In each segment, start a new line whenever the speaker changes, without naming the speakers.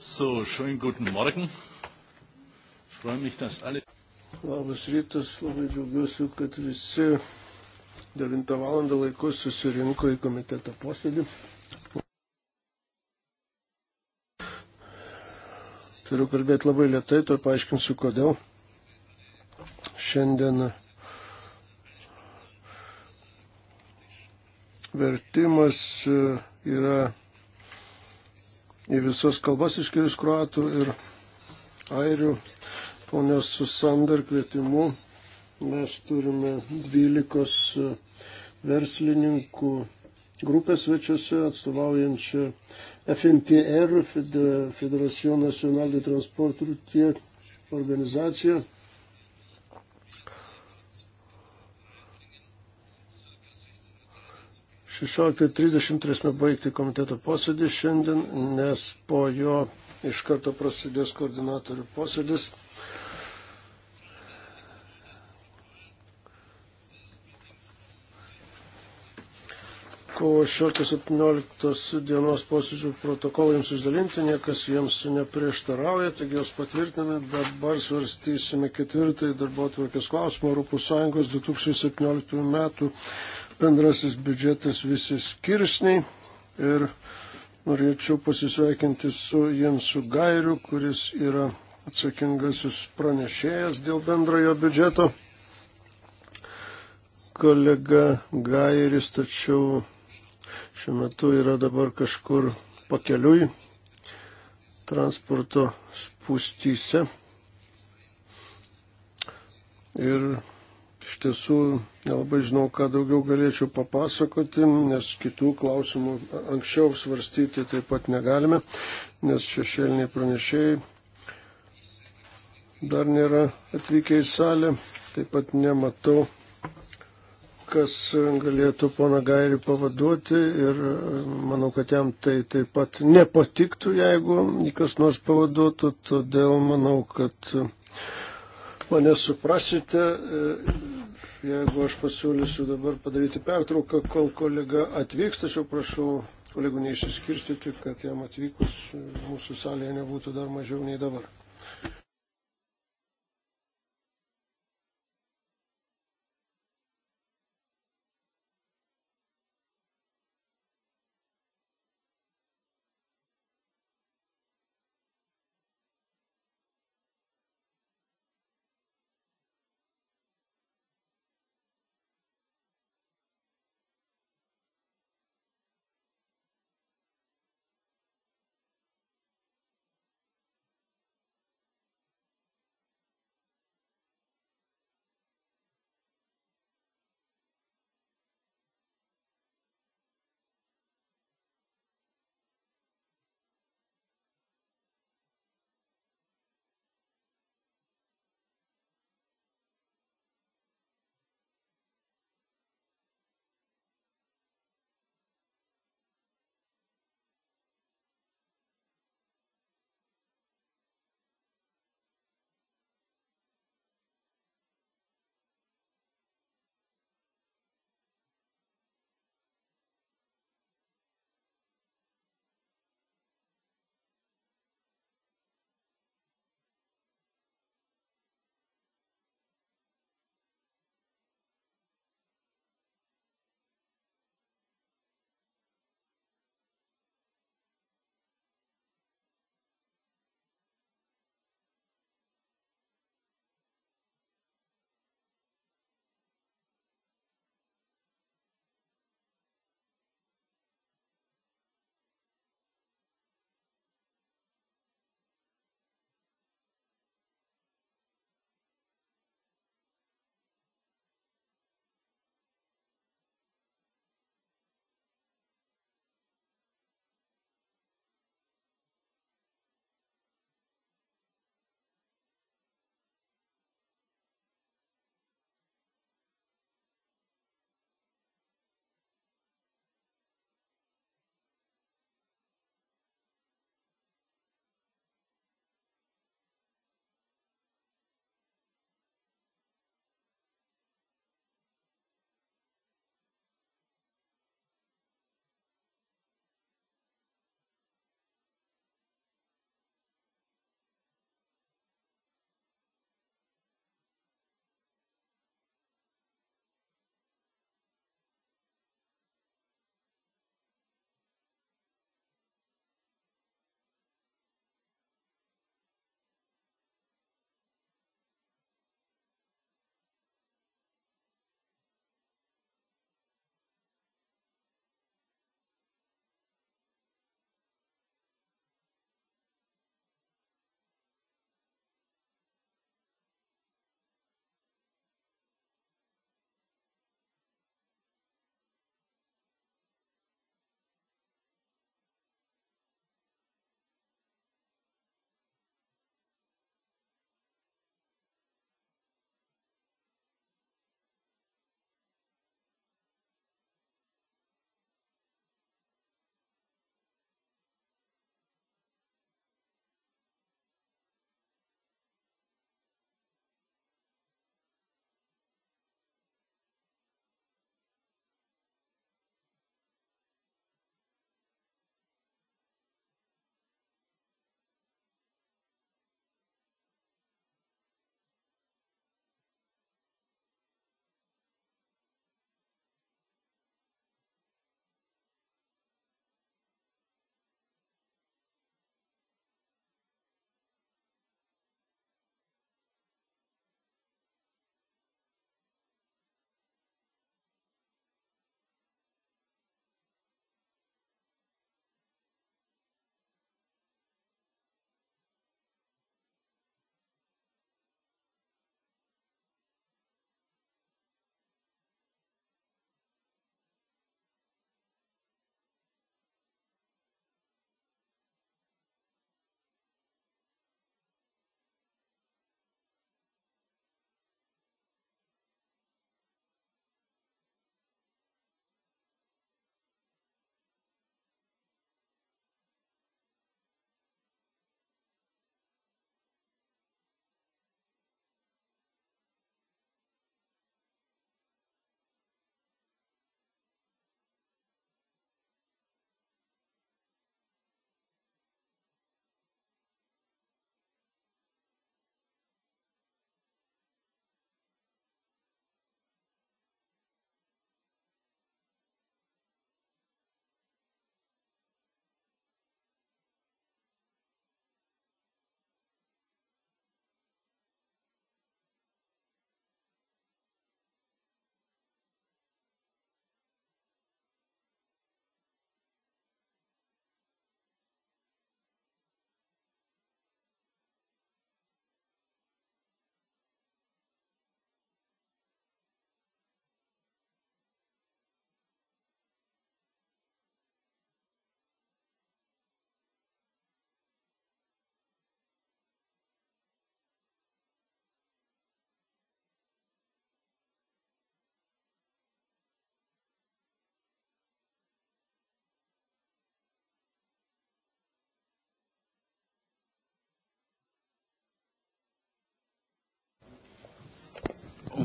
So, schönen guten Morgen. Ich freue mich, dass alle. Labas rytas, labai džiaugiuosi, kad visi 9 val. laiku susirinko į komiteto posėdį. Turiu kalbėti labai lietai, to paaiškinsiu kodėl. Šiandien vertimas e, yra į visas kalbas išskyrus kruatų ir airių. Ponios Susander kvietimu mes turime 12 e, verslininkų grupę svečiuose atstovaujančią FNTR, Federacijos nacionalinį transportų tie organizaciją. 16.30 turėsime baigti komiteto posėdį šiandien, nes po jo iš karto prasidės koordinatorių posėdis. kovo 16-17 dienos posėdžių protokolai jums išdalinti, niekas jiems neprieštarauja, taigi jos patvirtinami. Dabar svarstysime ketvirtąjį darbo atvarkės klausimą Europos Sąjungos 2017 metų bendrasis biudžetas visi skirsniai ir norėčiau pasisveikinti su Jensu Gairiu, kuris yra atsakingasis pranešėjas dėl bendrojo biudžeto. Kolega Gairis, tačiau šiuo metu yra dabar kažkur pakeliui transporto spūstyse. Ir iš tiesų nelabai žinau, ką daugiau galėčiau papasakoti, nes kitų klausimų anksčiau svarstyti taip pat negalime, nes šešėliniai pranešėjai dar nėra atvykę į salę, taip pat nematau, kas galėtų pana Gairį pavaduoti ir e, manau, kad jam tai taip pat nepatiktų, jeigu kas nors pavaduotų, todėl manau, kad e, mane suprasite e, jeigu aš pasiūlysiu dabar padaryti pertrauką, kol kolega atvyks, tačiau prašau kolegų neišsiskirstyti, kad jam atvykus mūsų salėje nebūtų dar mažiau nei dabar.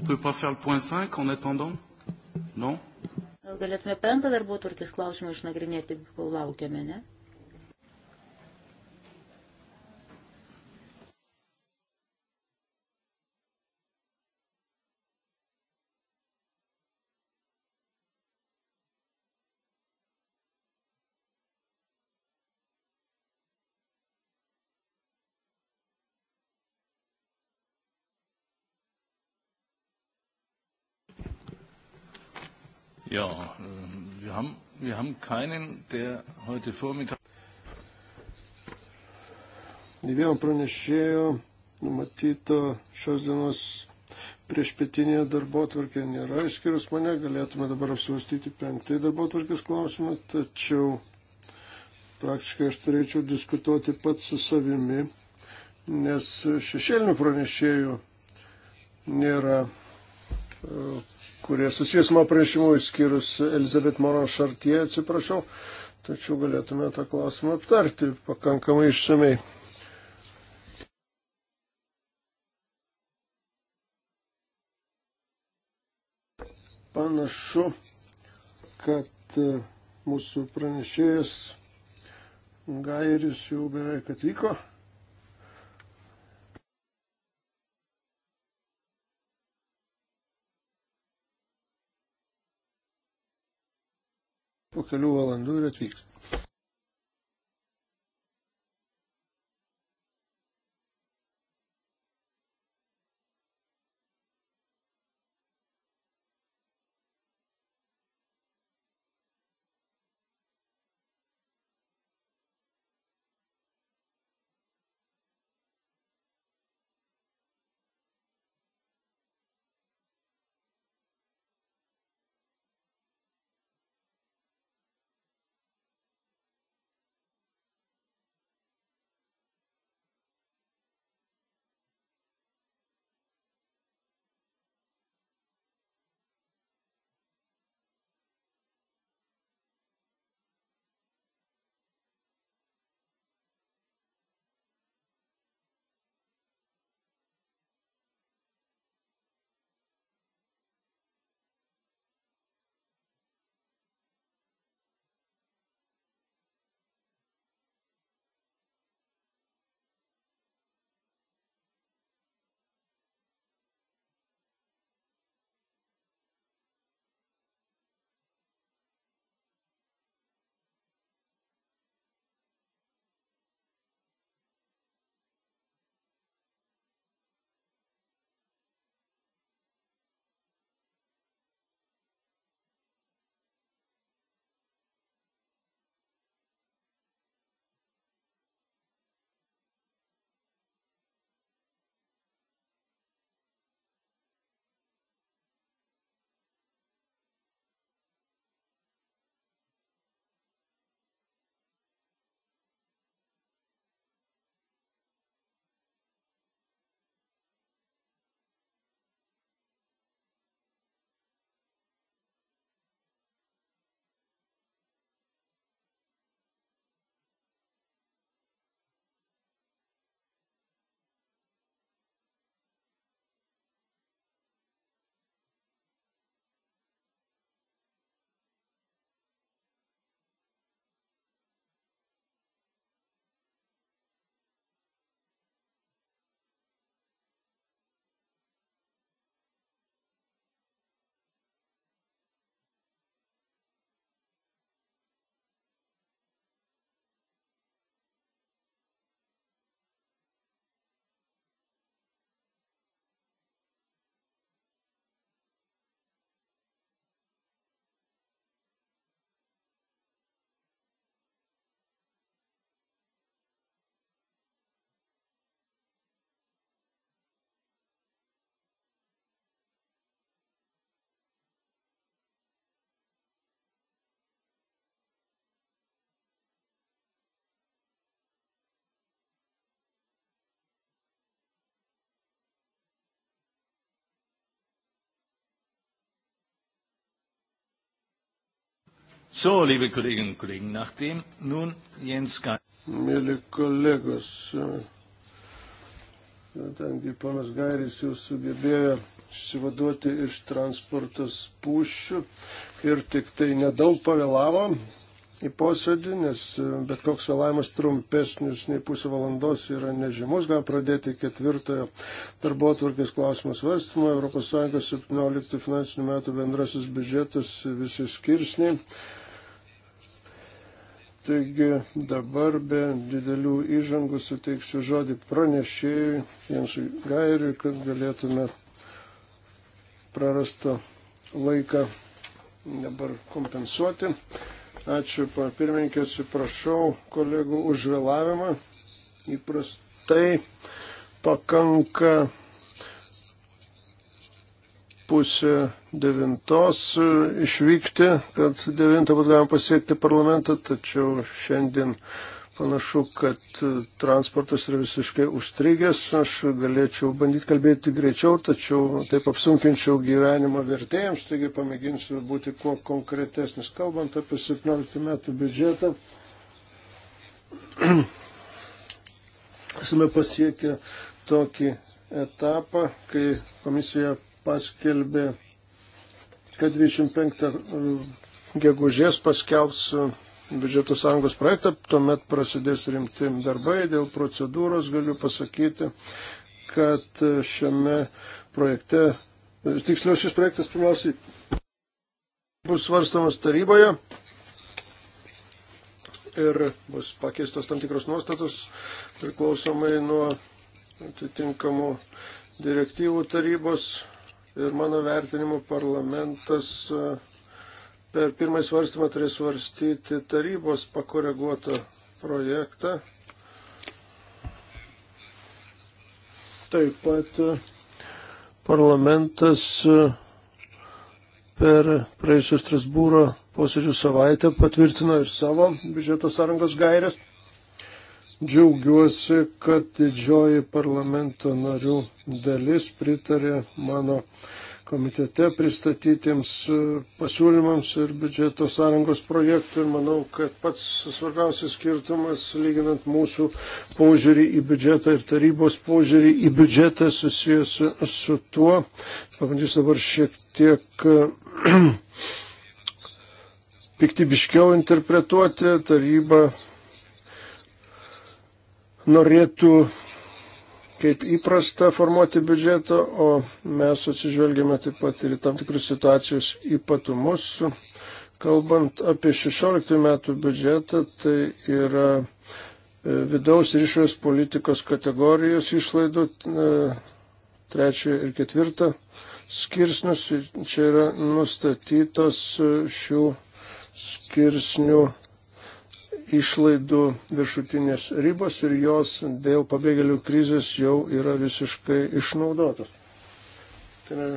peut pas faire le point 5 en attendant? Non?
Galėtume penktą darbo turkis klausimą išnagrinėti, kol laukiame, ne?
Ja, äh, wir haben, wir haben keinen, der heute Vormittag. Ne vieno pranešėjo numatyto šios dienos priešpietinėje darbo atvarkė nėra, išskyrus mane, galėtume dabar apsvarstyti penktąjį darbo atvarkės klausimą, tačiau praktiškai aš turėčiau diskutuoti pats su savimi, nes šešėlinių pranešėjų nėra. Uh, kurie susijęs mano pranešimu, išskyrus Elizabet Moron Šartie, atsiprašau, tačiau galėtume tą klausimą aptarti pakankamai išsamei. Panašu, kad e, mūsų pranešėjas Gairis jau beveik atvyko. kelių valandų ir atvykti. So, liebe Kolleginnen und Kollegen, nachdem nun Jens Geier. Mėly kolegos, kadangi ponas Gairis jau sugebėjo išsivaduoti iš transporto spūščių ir tik tai nedaug pavėlavo į posėdį, nes e, bet koks vėlavimas trumpesnis nei pusę valandos yra nežymus, galime pradėti ketvirtojo darbo atvarkės klausimų svarstymą, ES 17 finansinių metų bendrasis biudžetas visi skirsniai. Taigi dabar be didelių įžangų suteiksiu žodį pranešėjui Jensui Gairiui, kad galėtume prarastą laiką dabar kompensuoti. Ačiū, pirmininkė, atsiprašau kolegų už vėlavimą. Įprastai pakanka pusę devintos e, išvykti, kad devintą būtų galima pasiekti parlamentą, tačiau šiandien panašu, kad e, transportas yra visiškai užstrigęs. Aš galėčiau bandyti kalbėti greičiau, tačiau taip apsunkinčiau gyvenimą vertėjams, taigi pamėginsiu būti kuo konkretesnis. Kalbant apie 17 metų biudžetą, esame pasiekę tokį etapą, kai komisija paskelbė, kad 25 e, gegužės paskelbs e, biudžeto sąjungos projektą, tuomet prasidės rimti darbai. Dėl procedūros galiu pasakyti, kad e, šiame projekte, tiksliau šis projektas pirmiausiai bus svarstamas taryboje ir bus pakeistos tam tikros nuostatos priklausomai nuo atitinkamų direktyvų tarybos ir mano vertinimu parlamentas e, per pirmąjį svarstymą turės svarstyti tarybos pakoreguotą projektą. Taip pat e, parlamentas e, per praėjusią Strasbūro posėdžių savaitę patvirtino ir savo biudžeto sąrangos gairias. Džiaugiuosi, kad didžioji parlamento narių dalis pritarė mano komitete pristatytiems pasiūlymams ir biudžeto sąrangos projektų ir manau, kad pats svarbiausias skirtumas, lyginant mūsų požiūrį į biudžetą ir tarybos požiūrį į biudžetą susijęs su tuo, pabandysiu dabar šiek tiek piktybiškiau interpretuoti, taryba norėtų kaip įprasta formuoti biudžetą, o mes atsižvelgiame taip pat ir tam tikrus situacijos ypatumus. Kalbant apie 16 metų biudžetą, tai yra e, vidaus ir išorės politikos kategorijos išlaidų e, trečią ir ketvirtą skirsnius. Čia yra nustatytos e, šių skirsnių išlaidų viršutinės ribos ir jos dėl pabėgėlių krizės jau yra visiškai išnaudotos. Tai yra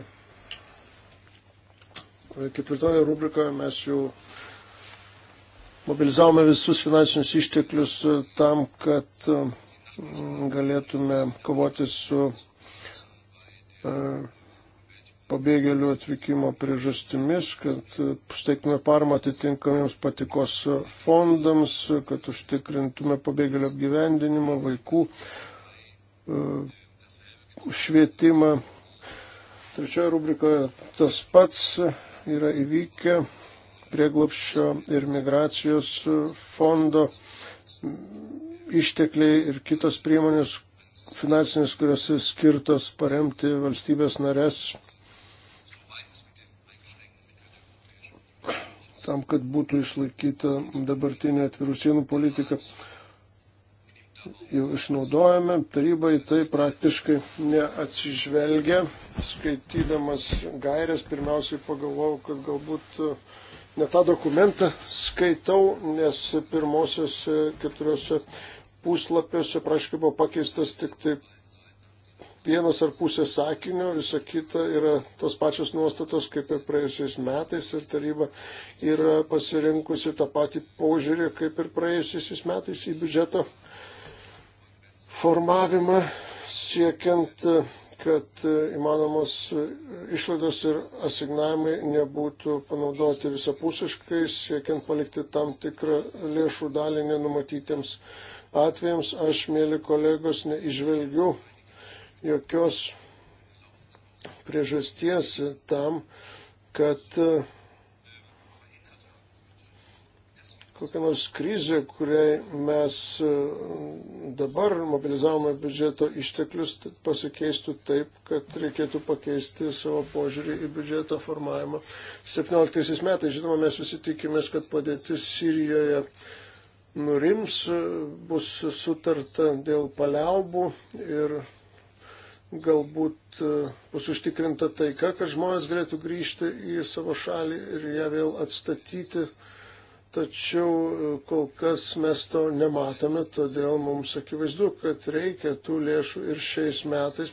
e, ketvirtoje rubrikoje mes jau mobilizavome visus finansinius išteklius e, tam, kad e, galėtume kovoti su pabėgėlių atvykimo priežastimis, kad e, steiktume paramą atitinkamiems patikos fondams, kad užtikrintume pabėgėlių apgyvendinimą, vaikų e, švietimą. Trečioje rubrikoje tas pats yra įvykę prieglopščio ir migracijos fondo ištekliai ir kitos priemonės finansinės, kurios skirtos paremti valstybės narės tam, kad būtų išlaikyta dabartinė atvirų sienų politika. Jau išnaudojame, tarybai tai praktiškai neatsižvelgia. Skaitydamas gairias, pirmiausiai pagalvojau, kad galbūt e, ne tą dokumentą skaitau, nes pirmosios keturiose puslapiuose praškai buvo pakeistas tik taip vienas ar pusė sakinio, visa kita yra tos pačios nuostatos kaip ir praėjusiais metais ir taryba yra pasirinkusi tą patį požiūrį kaip ir praėjusiais metais į biudžeto formavimą siekiant, kad įmanomos išlaidos ir asignavimai nebūtų panaudoti visapusiškai, siekiant palikti tam tikrą lėšų dalį nenumatytiems atvejams. Aš, mėly kolegos, neižvelgiu jokios priežasties tam, kad e, kokia nors krizė, kuriai mes e, dabar mobilizavome biudžeto išteklius, pasikeistų taip, kad reikėtų pakeisti savo požiūrį į biudžeto formavimą. 17 metais, žinoma, mes visi tikimės, kad padėtis Sirijoje nurims, bus sutarta dėl paliaubų ir galbūt e, bus užtikrinta taika, kad žmonės galėtų grįžti į savo šalį ir ją vėl atstatyti. Tačiau e, kol kas mes to nematome, todėl mums akivaizdu, kad reikia tų lėšų ir šiais metais e,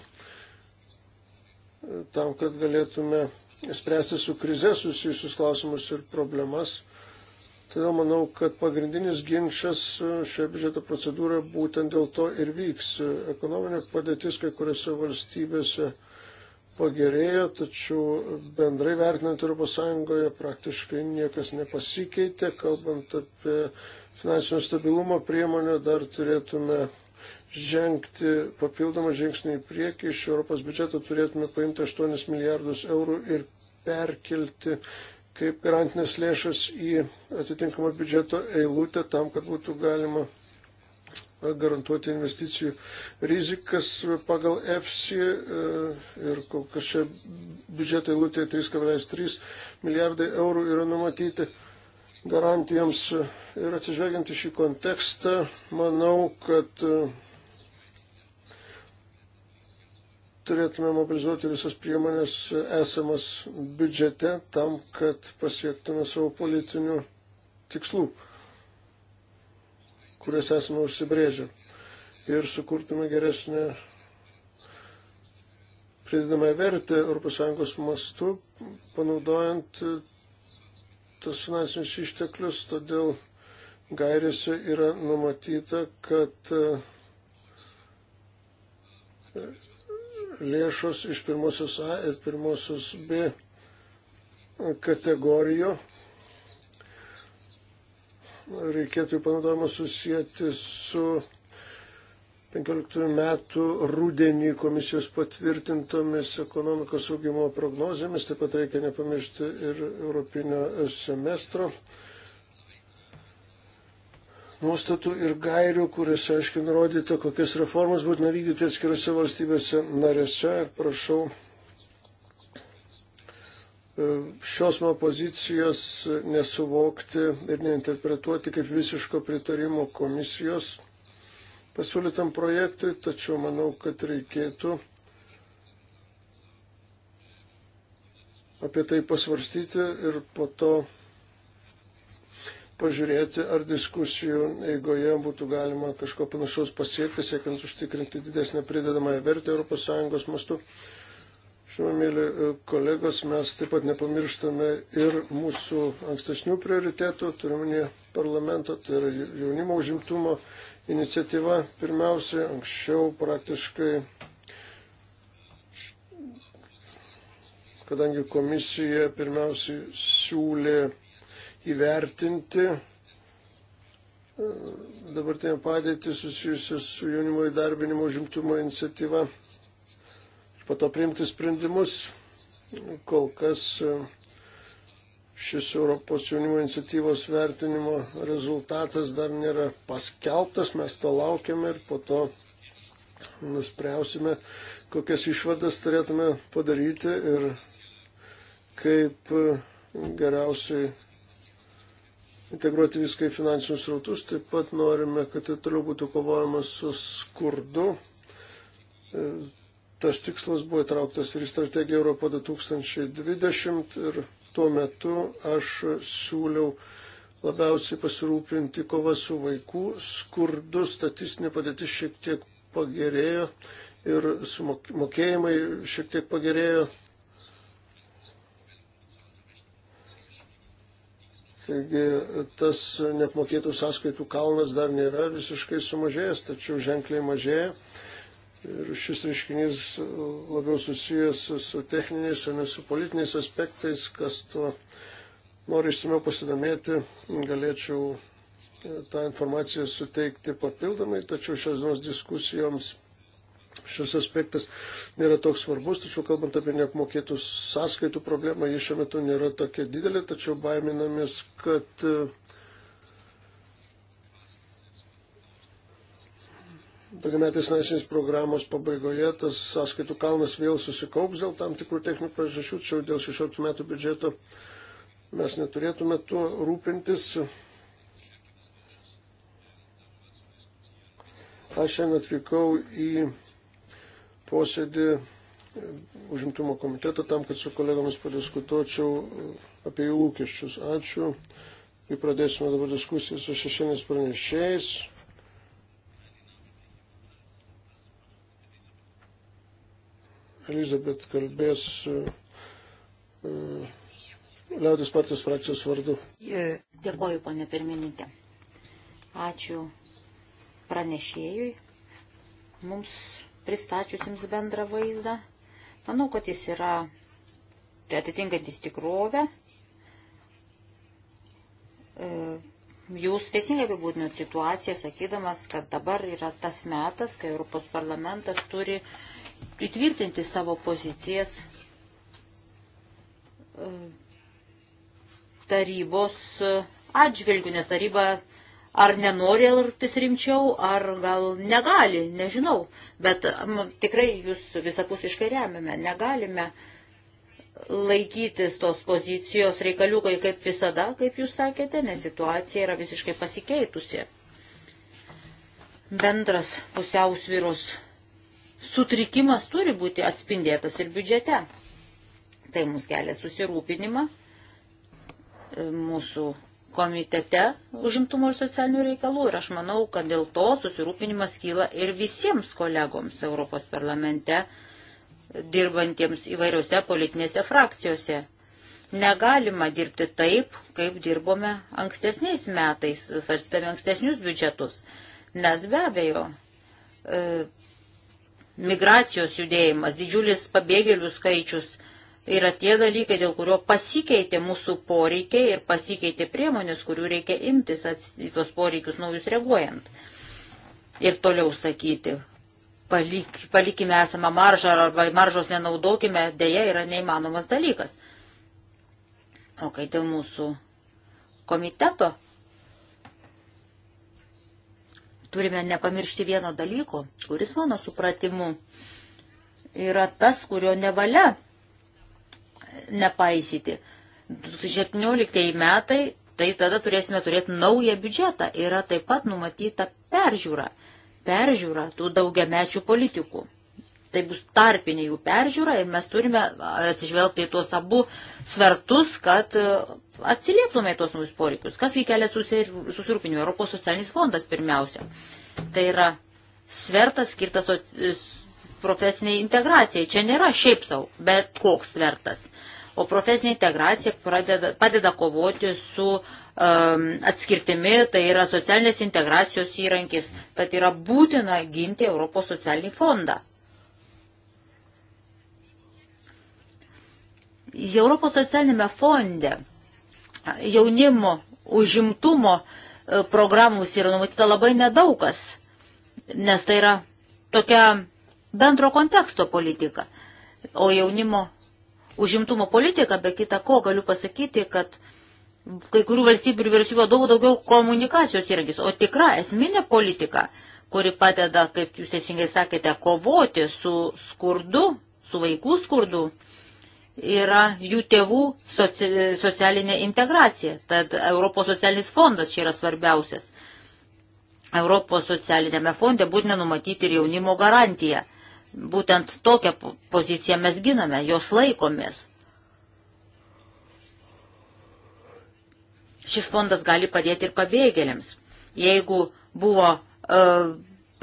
tam, kad galėtume spręsti su krize susijusius klausimus ir problemas. Todėl tai manau, kad pagrindinis ginčas e, šioje biudžeto procedūroje būtent dėl to ir vyks. Ekonominė padėtis kai kuriuose valstybėse pagerėjo, tačiau bendrai vertinant ES praktiškai niekas nepasikeitė. Kalbant apie finansinio stabilumo priemonę, dar turėtume žengti papildomą žingsnį į priekį. Iš Europos biudžeto turėtume paimti 8 milijardus eurų ir perkelti kaip garantinės lėšas į atitinkamą biudžeto eilutę tam, kad būtų galima garantuoti investicijų rizikas pagal EFSI ir kol kas čia biudžeto eilutėje 3,3 milijardai eurų yra numatyti garantijams ir atsižvelgiant į šį kontekstą, manau, kad e, turėtume mobilizuoti visas priemonės esamas biudžete tam, kad pasiektume savo politinių tikslų, kurias esame užsibrėžę ir sukurtume geresnę pridedamą vertę ES mastu, panaudojant tos finansinius išteklius, todėl gairėse yra numatyta, kad lėšos iš pirmosios A ir pirmosios B kategorijų reikėtų jų panaudojimą susijęti su 15 metų rūdienį komisijos patvirtintomis ekonomikos augimo prognozėmis. Taip pat reikia nepamiršti ir Europinio semestro nuostatų ir gairių, kuriuose aiškiai nurodyta, kokias reformas būtina vykdyti atskirose valstybėse narėse. Ir prašau e, šios mano pozicijos nesuvokti ir neinterpretuoti kaip visiško pritarimo komisijos pasiūlytam projektui, tačiau manau, kad reikėtų apie tai pasvarstyti ir po to pažiūrėti, ar diskusijų eigoje būtų galima kažko panašaus pasiekti, siekiant užtikrinti didesnę pridedamąją vertę ES mastu. Žinoma, mėly e, kolegos, mes taip pat nepamirštame ir mūsų ankstesnių prioritetų, turiminį parlamento, tai yra jaunimo užimtumo iniciatyva pirmiausia, anksčiau praktiškai kadangi komisija pirmiausiai siūlė įvertinti e, dabartinę padėtį susijusią su jaunimo įdarbinimo žimtumo iniciatyva ir po to priimti sprendimus. Kol kas e, šis Europos jaunimo iniciatyvos vertinimo rezultatas dar nėra paskelbtas, mes to laukiame ir po to nuspręsime, kokias išvadas turėtume padaryti ir kaip e, geriausiai integruoti viską į finansinius rautus, taip pat norime, kad ir tai toliau būtų kovojama su skurdu. E, tas tikslas buvo įtrauktas ir į strategiją Europą 2020 ir tuo metu aš siūliau labiausiai pasirūpinti kova su vaikų skurdu, statistinė padėtis šiek tiek pagerėjo ir sumokėjimai šiek tiek pagerėjo Taigi tas neapmokėtų sąskaitų kalnas dar nėra visiškai sumažėjęs, tačiau ženkliai mažėja. Ir šis reiškinys labiau susijęs su techniniais, o ne su politiniais aspektais, kas tuo nori išsimiau pasidomėti, galėčiau e, tą informaciją suteikti papildomai, tačiau šios dienos diskusijoms šis aspektas nėra toks svarbus, tačiau kalbant apie neapmokėtų sąskaitų problemą, ji šiuo metu nėra tokia didelė, tačiau baiminamės, kad e, Daugiametės nacinės programos pabaigoje tas sąskaitų kalnas vėl susikaups dėl tam tikrų techninių priežasčių, tačiau dėl 16 metų biudžeto mes neturėtume tuo rūpintis. Aš šiandien atvykau į posėdį užimtumo komiteto tam, kad su kolegomis padiskutuočiau apie jų lūkesčius. Ačiū. Ir pradėsime dabar diskusiją su šešėnės pranešėjais. Elizabet kalbės uh, Liaudės partijos frakcijos vardu.
Dėkoju, ponė pirmininkė. Ačiū pranešėjui. Mums pristačiusiems bendrą vaizdą. Manau, kad jis yra atitinkantis tikrovę. E, jūs teisingai apibūdinot situaciją, sakydamas, kad dabar yra tas metas, kai Europos parlamentas turi įtvirtinti savo pozicijas e, tarybos atžvilgių, nes taryba Ar nenori elgtis rimčiau, ar gal negali, nežinau. Bet tikrai jūs visapusiškai remiame. Negalime laikytis tos pozicijos reikaliukai kaip visada, kaip jūs sakėte, nes situacija yra visiškai pasikeitusi. Bendras pusiausvyros sutrikimas turi būti atspindėtas ir biudžete. Tai mums kelia susirūpinimą
e,
mūsų komitete užimtumo ir socialinių reikalų ir aš manau, kad dėl to susirūpinimas kyla ir visiems kolegoms Europos parlamente dirbantiems įvairiose politinėse frakcijose. Negalima dirbti taip, kaip dirbome ankstesniais metais, svarstydami ankstesnius biudžetus, nes be abejo, e, migracijos judėjimas, didžiulis pabėgėlių skaičius yra tie dalykai, dėl kurio pasikeitė mūsų poreikiai ir pasikeitė priemonės, kurių reikia imtis į tuos poreikius naujus reaguojant. Ir toliau sakyti, palik, palikime esamą maržą arba maržos nenaudokime, dėja yra neįmanomas dalykas. O kai dėl mūsų komiteto, turime nepamiršti vieno dalyko, kuris mano supratimu yra tas, kurio nevalia nepaisyti. 2017 metai, tai tada turėsime turėti naują biudžetą. Yra taip pat numatyta peržiūra. Peržiūra tų daugiamečių politikų. Tai bus tarpinė jų peržiūra ir mes turime atsižvelgti į tuos abu svertus, kad e, atsilieptume į tuos naujus poreikius. Kas įkelia susirūpinimą? Europos socialinis fondas pirmiausia. Tai yra svertas skirtas profesiniai integracijai. Čia nėra šiaip savo, bet koks svertas. O profesinė integracija pradeda, padeda kovoti su um, atskirtimi, tai yra socialinės integracijos įrankis, tad yra būtina ginti Europos socialinį fondą. Europos socialinėme fonde jaunimo užimtumo e, programus yra numatyta labai nedaugas, nes tai yra tokia bendro konteksto politiką. O jaunimo užimtumo politiką, be kita ko, galiu pasakyti, kad kai kurių valstybių ir vyriausybių vadovų daugiau komunikacijos įrankis, o tikra esminė politika, kuri padeda, kaip jūs teisingai sakėte, kovoti su skurdu, su vaikų skurdu, yra jų tėvų soci, socialinė integracija. Tad Europos socialinis fondas čia yra svarbiausias. Europos socialinėme fonde būtina numatyti ir jaunimo garantiją. Būtent tokią poziciją mes giname, jos laikomės. Šis fondas gali padėti ir pabėgėliams, jeigu buvo e,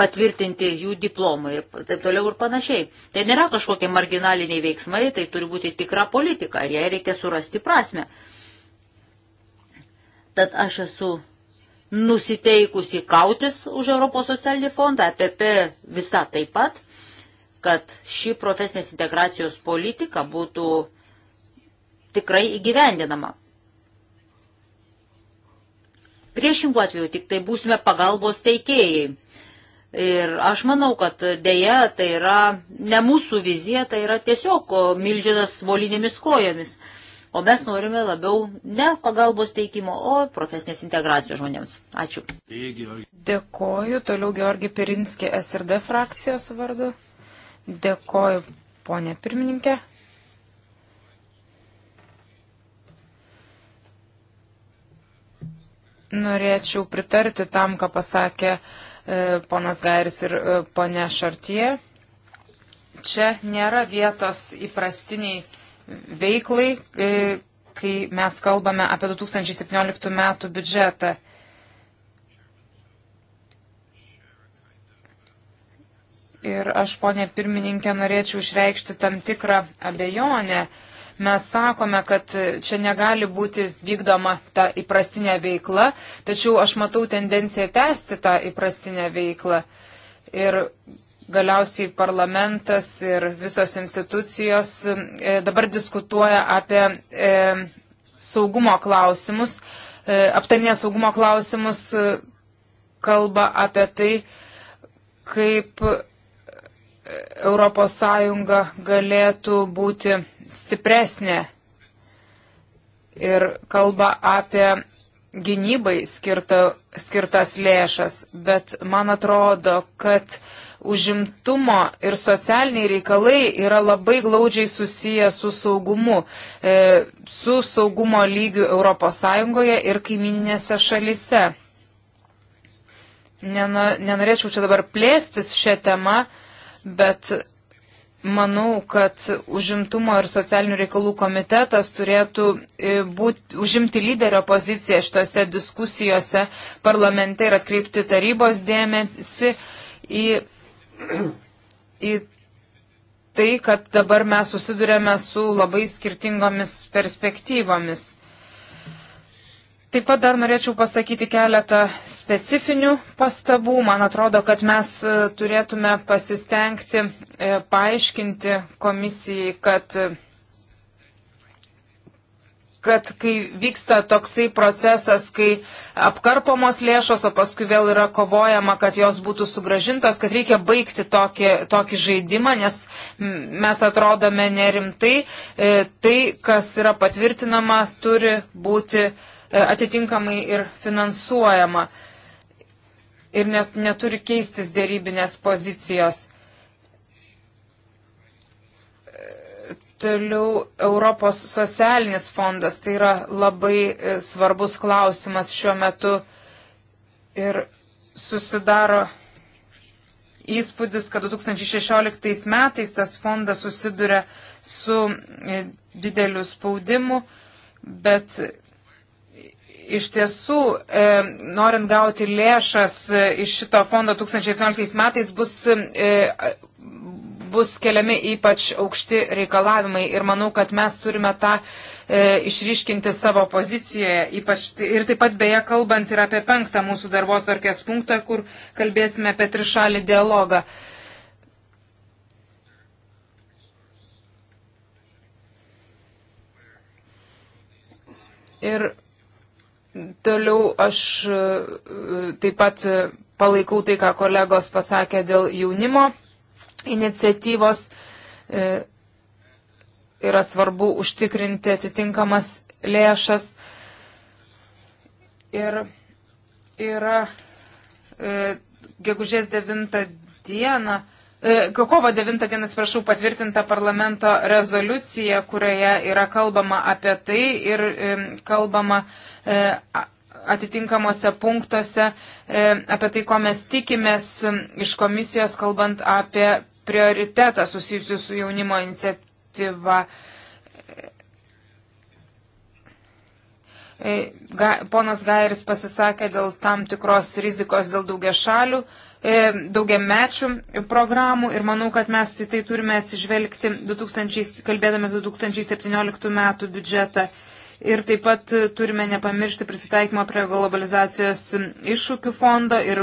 patvirtinti jų diplomai ir taip toliau ir panašiai. Tai nėra kažkokie marginaliniai veiksmai, tai turi būti tikra politika ir jai reikia surasti prasme. Tad aš esu nusiteikusi kautis už Europos socialinį fondą, EPP visa taip pat kad ši profesinės integracijos politika būtų tikrai įgyvendinama. Priešingų atveju tik tai būsime pagalbos teikėjai. Ir aš manau, kad dėja tai yra ne mūsų vizija, tai yra tiesiog milžinas volinėmis kojomis. O mes norime labiau ne pagalbos teikimo, o profesinės integracijos žmonėms. Ačiū. Dėkoju. Toliau Georgi Pirinski
SRD frakcijos vardu. Dėkoju, ponė pirmininkė. Norėčiau pritarti tam, ką pasakė e, ponas Gairis ir e, ponė Šartie. Čia nėra vietos įprastiniai veiklai, e, kai mes kalbame apie 2017 metų biudžetą. Ir aš, ponė pirmininkė, norėčiau išreikšti tam tikrą abejonę. Mes sakome, kad čia negali būti vykdoma ta įprastinė veikla, tačiau aš matau tendenciją tęsti tą įprastinę veiklą. Ir galiausiai parlamentas ir visos institucijos e, dabar diskutuoja apie e, saugumo klausimus, e, aptarinė saugumo klausimus, kalba apie tai, kaip ES galėtų būti stipresnė ir kalba apie gynybai skirta, skirtas lėšas, bet man atrodo, kad užimtumo ir socialiniai reikalai yra labai glaudžiai susiję su saugumu, e, su saugumo lygiu ES ir kaimininėse šalise. Nenorėčiau čia dabar plėstis šią temą, bet manau, kad užimtumo ir socialinių reikalų komitetas turėtų e, būt, užimti lyderio poziciją šitose diskusijose parlamente ir atkreipti tarybos dėmesį į, į tai, kad dabar mes susidurėme su labai skirtingomis perspektyvomis. Taip pat dar norėčiau pasakyti keletą specifinių pastabų. Man atrodo, kad mes e, turėtume pasistengti e, paaiškinti komisijai, kad, e, kad kai vyksta toksai procesas, kai apkarpomos lėšos, o paskui vėl yra kovojama, kad jos būtų sugražintos, kad reikia baigti tokį, tokį žaidimą, nes mes atrodome nerimtai. Tai, kas yra patvirtinama, turi būti E, atitinkamai ir finansuojama ir net, neturi keistis dėrybinės pozicijos. Toliau Europos socialinis fondas tai yra labai e, svarbus klausimas šiuo metu ir susidaro įspūdis, kad 2016 metais tas fondas susiduria su e, dideliu spaudimu, bet iš tiesų, e, norint gauti lėšas e, iš šito fondo 2015 metais bus, e, e, bus keliami ypač aukšti reikalavimai ir manau, kad mes turime tą e, išryškinti savo pozicijoje. Ypač, tai, ir taip pat beje kalbant ir apie penktą mūsų darbo atvarkės punktą, kur kalbėsime apie trišalį dialogą. Ir Toliau aš e, taip pat palaikau tai, ką kolegos pasakė dėl jaunimo iniciatyvos. E, yra svarbu užtikrinti atitinkamas lėšas. Ir yra e, gegužės 9 dieną E, kovo 9 dieną, atsiprašau, patvirtinta parlamento rezoliucija, kurioje yra kalbama apie tai ir e, kalbama e, atitinkamuose punktuose apie tai, ko mes tikimės iš komisijos, kalbant apie prioritetą susijusiu su jaunimo iniciatyva. Ponas Gairis pasisakė dėl tam tikros rizikos dėl daugia šalių E, daugiamečių programų ir manau, kad mes į tai turime atsižvelgti, 2000, kalbėdami apie 2017 metų biudžetą. Ir taip pat turime nepamiršti prisitaikymo prie globalizacijos iššūkių fondo ir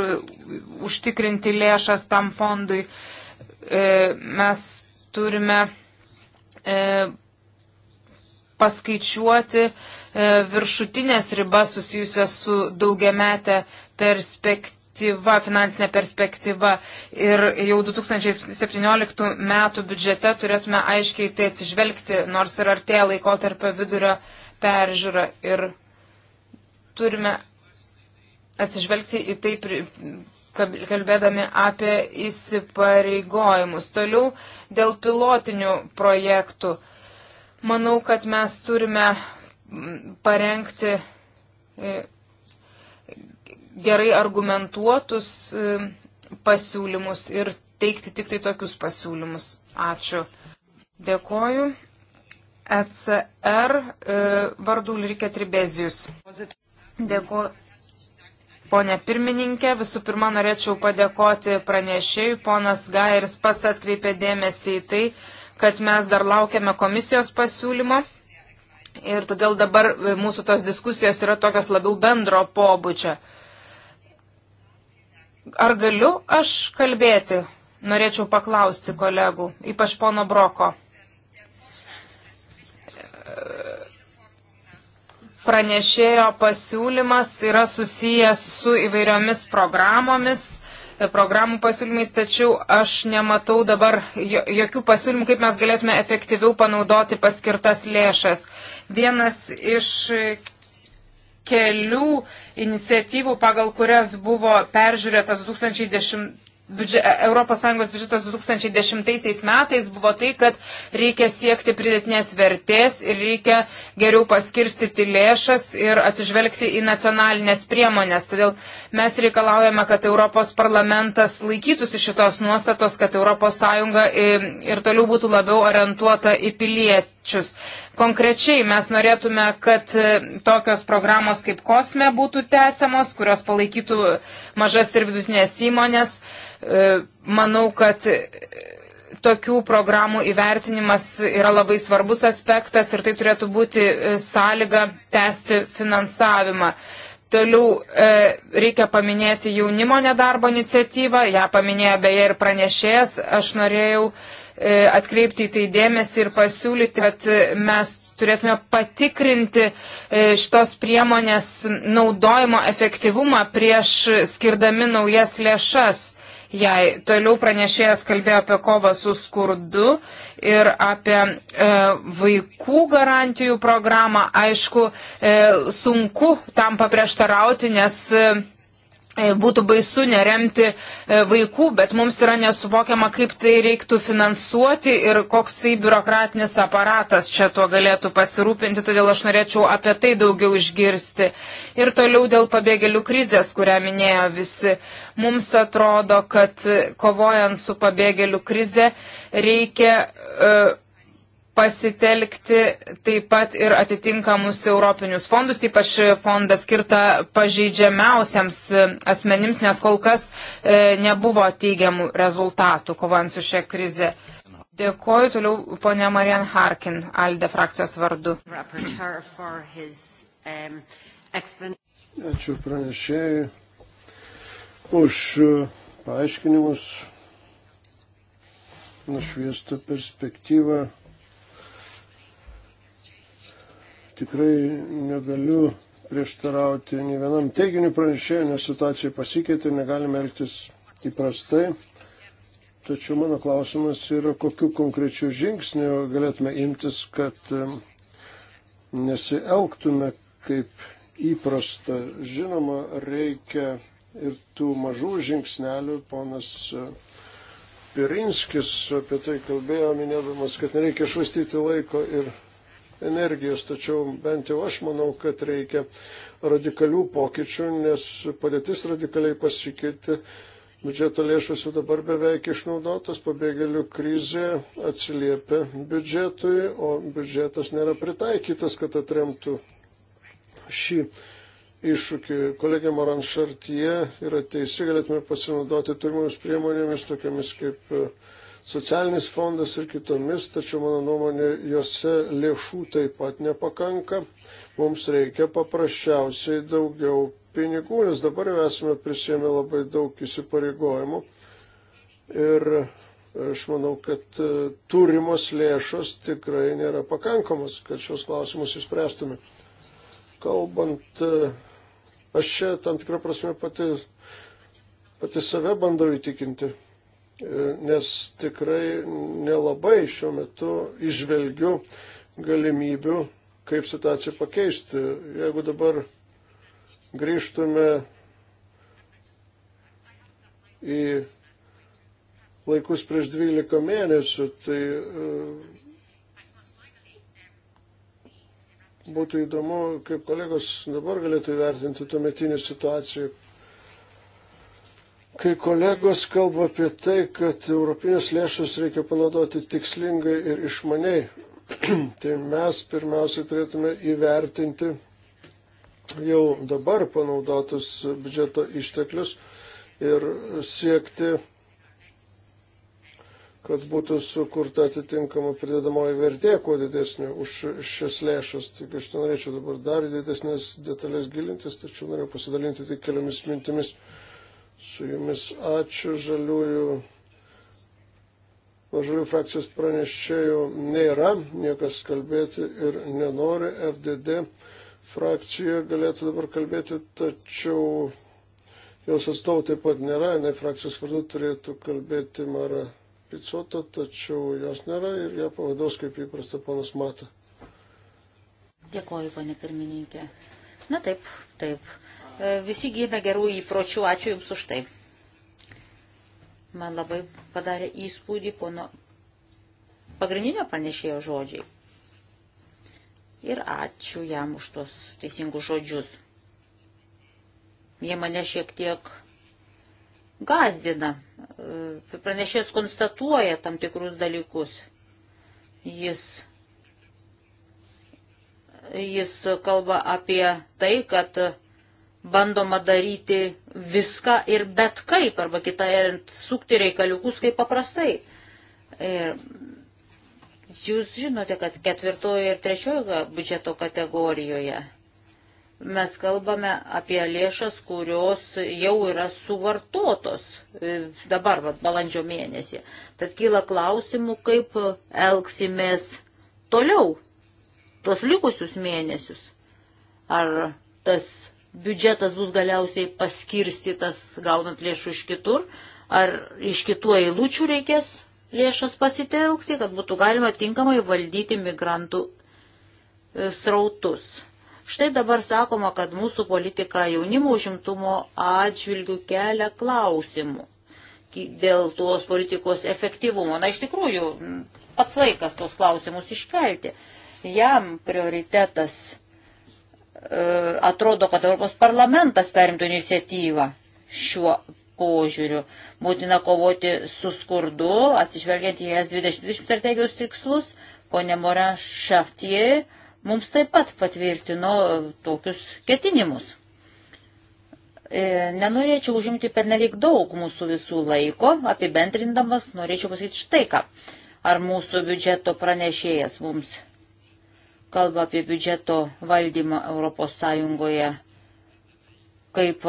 užtikrinti lėšas tam fondui. E, mes turime e, paskaičiuoti viršutinės ribas susijusias su daugiametė perspektyva perspektyva, finansinė perspektyva ir jau 2017 metų biudžete turėtume aiškiai tai atsižvelgti, nors ir artėja laikotarpio vidurio peržiūra ir turime atsižvelgti į tai kalbėdami apie įsipareigojimus. Toliau dėl pilotinių projektų. Manau, kad mes turime parengti e, gerai argumentuotus e, pasiūlymus ir teikti tik tai tokius pasiūlymus. Ačiū. Dėkoju. ECR e, vardų Lirikė Tribezijus. Dėkoju. Pone pirmininkė, visų pirma norėčiau padėkoti pranešėjui. Ponas Gairis pats atkreipė dėmesį į tai, kad mes dar laukiame komisijos pasiūlymo. Ir todėl dabar e, mūsų tos diskusijos yra tokios labiau bendro pobūdžio. Ar galiu aš kalbėti? Norėčiau paklausti kolegų, ypač pono Broko. Pranešėjo pasiūlymas yra susijęs su įvairiomis programomis, programų pasiūlymais, tačiau aš nematau dabar jokių pasiūlymų, kaip mes galėtume efektyviau panaudoti paskirtas lėšas. Vienas iš kelių iniciatyvų, pagal kurias buvo peržiūrėtas 2010 biudžet, ES biudžetas 2010 metais buvo tai, kad reikia siekti pridėtinės vertės ir reikia geriau paskirstyti lėšas ir atsižvelgti į nacionalinės priemonės. Todėl mes reikalaujame, kad Europos parlamentas laikytųsi šitos nuostatos, kad ES e, ir toliau būtų labiau orientuota į piliečius. Konkrečiai mes norėtume, kad e, tokios programos kaip Kosme būtų tęsiamos, kurios palaikytų mažas ir vidutinės įmonės. Uh, E, manau, kad tokių programų įvertinimas yra labai svarbus aspektas ir tai turėtų būti e, sąlyga tęsti finansavimą. Toliau e, reikia paminėti jaunimo nedarbo iniciatyvą, ją paminėjo beje ir pranešėjas. Aš norėjau e, atkreipti į tai dėmesį ir pasiūlyti, kad e, mes turėtume patikrinti šitos priemonės naudojimo efektyvumą prieš skirdami naujas lėšas jai. Toliau pranešėjas kalbėjo apie kovą su skurdu ir apie e, vaikų garantijų programą. Aišku, e, sunku tam paprieštarauti, nes. E, E, būtų baisu neremti e, vaikų, bet mums yra nesuvokiama, kaip tai reiktų finansuoti ir koksai biurokratinis aparatas čia tuo galėtų pasirūpinti, todėl aš norėčiau apie tai daugiau išgirsti. Ir toliau dėl pabėgėlių krizės, kurią minėjo visi. Mums atrodo, kad e, kovojant su pabėgėlių krize reikia. Uh, pasitelkti taip pat ir atitinkamus europinius fondus, ypač fondą skirtą pažeidžiamiausiams e, asmenims, nes kol kas e, nebuvo teigiamų rezultatų kovant su šia krize. Dėkoju toliau ponia Marian Harkin, Alde frakcijos vardu.
Ačiū pranešėjai už e, paaiškinimus nušviestą perspektyvą tikrai negaliu prieštarauti nei vienam teiginiu pranešėjui, nes situacija pasikeitė, negalime elgtis įprastai. Tačiau mano klausimas yra, kokiu konkrečiu žingsniu galėtume imtis, kad nesielgtume kaip įprasta. Žinoma, reikia ir tų mažų žingsnelių, ponas e, Pirinskis apie tai kalbėjo, minėdamas, kad nereikia švaistyti laiko ir energijos, tačiau bent jau aš manau, kad reikia radikalių pokyčių, nes padėtis radikaliai pasikeitė. Biudžeto lėšos jau dabar beveik išnaudotos, pabėgėlių krizė atsiliepia biudžetui, o biudžetas nėra pritaikytas, kad atremtų šį iššūkį. Kolegė Moran Šartie yra teisi, galėtume pasinaudoti turimomis priemonėmis, tokiamis kaip uh, socialinis fondas ir kitomis, tačiau mano nuomonė, juose lėšų taip pat nepakanka. Mums reikia paprasčiausiai daugiau pinigų, nes dabar jau esame prisėmę labai daug įsipareigojimų. Ir aš manau, kad e, turimos lėšos tikrai nėra pakankamos, kad šios klausimus įspręstume. Kalbant, e, aš čia tam tikrą prasme pati, pati save bandau įtikinti nes tikrai nelabai šiuo metu išvelgiu galimybių, kaip situaciją pakeisti. Jeigu dabar grįžtume į laikus prieš 12 mėnesių, tai e, būtų įdomu, kaip kolegos dabar galėtų įvertinti tuometinį situaciją, Kai kolegos kalba apie tai, kad europinės lėšus reikia panaudoti tikslingai ir išmaniai, tai mes pirmiausiai turėtume įvertinti jau dabar panaudotus biudžeto išteklius ir siekti, kad būtų sukurta atitinkama pridedamoji vertė kuo didesnė už šias lėšas. Tik aš ten norėčiau dabar dar didesnės detalės gilintis, tačiau norėjau pasidalinti tik keliomis mintimis su jumis. Ačiū žaliųjų. Žaliųjų frakcijos pranešėjų nėra, niekas kalbėti ir nenori. FDD frakcija galėtų dabar kalbėti, tačiau jos atstovų taip pat nėra. Jis frakcijos vardu turėtų kalbėti Mara Picota, tačiau jos nėra ir ją pavados kaip įprasta panas Mata.
Dėkoju, ponė pirmininkė. Na taip, taip. E, visi gimė gerų įpročių, ačiū Jums už tai. Man labai padarė įspūdį pono pagrindinio pranešėjo žodžiai. Ir ačiū jam už tos teisingus žodžius. Jie mane šiek tiek gazdina. E, pranešėjas konstatuoja tam tikrus dalykus. Jis, jis kalba apie tai, kad bandoma daryti viską ir bet kaip, arba kitą erint, sukti reikaliukus kaip paprastai. Ir jūs žinote, kad ketvirtojo ir trečiojo biudžeto kategorijoje mes kalbame apie lėšas, kurios jau yra suvartotos e, dabar, va, balandžio mėnesį. Tad kyla klausimų, kaip elgsimės toliau, tuos likusius mėnesius. Ar tas biudžetas bus galiausiai paskirstytas, gaunant lėšų iš kitur, ar iš kitų eilučių reikės lėšas pasitelkti, kad būtų galima tinkamai valdyti migrantų e, srautus. Štai dabar sakoma, kad mūsų politika jaunimo užimtumo atžvilgių kelia klausimų dėl tos politikos efektyvumo. Na, iš tikrųjų, pats laikas tos klausimus iškelti. Jam prioritetas E, atrodo, kad Europos parlamentas perimtų iniciatyvą šiuo požiūriu. Būtina kovoti su skurdu, atsižvelgiant į ES 2020 strategijos tikslus. Pone Mora Šaftie mums taip pat patvirtino tokius ketinimus. E, nenorėčiau užimti pernelyg daug mūsų visų laiko, apibendrindamas norėčiau pasakyti štai ką. Ar mūsų biudžeto pranešėjas mums kalba apie biudžeto valdymą Europos Sąjungoje, kaip,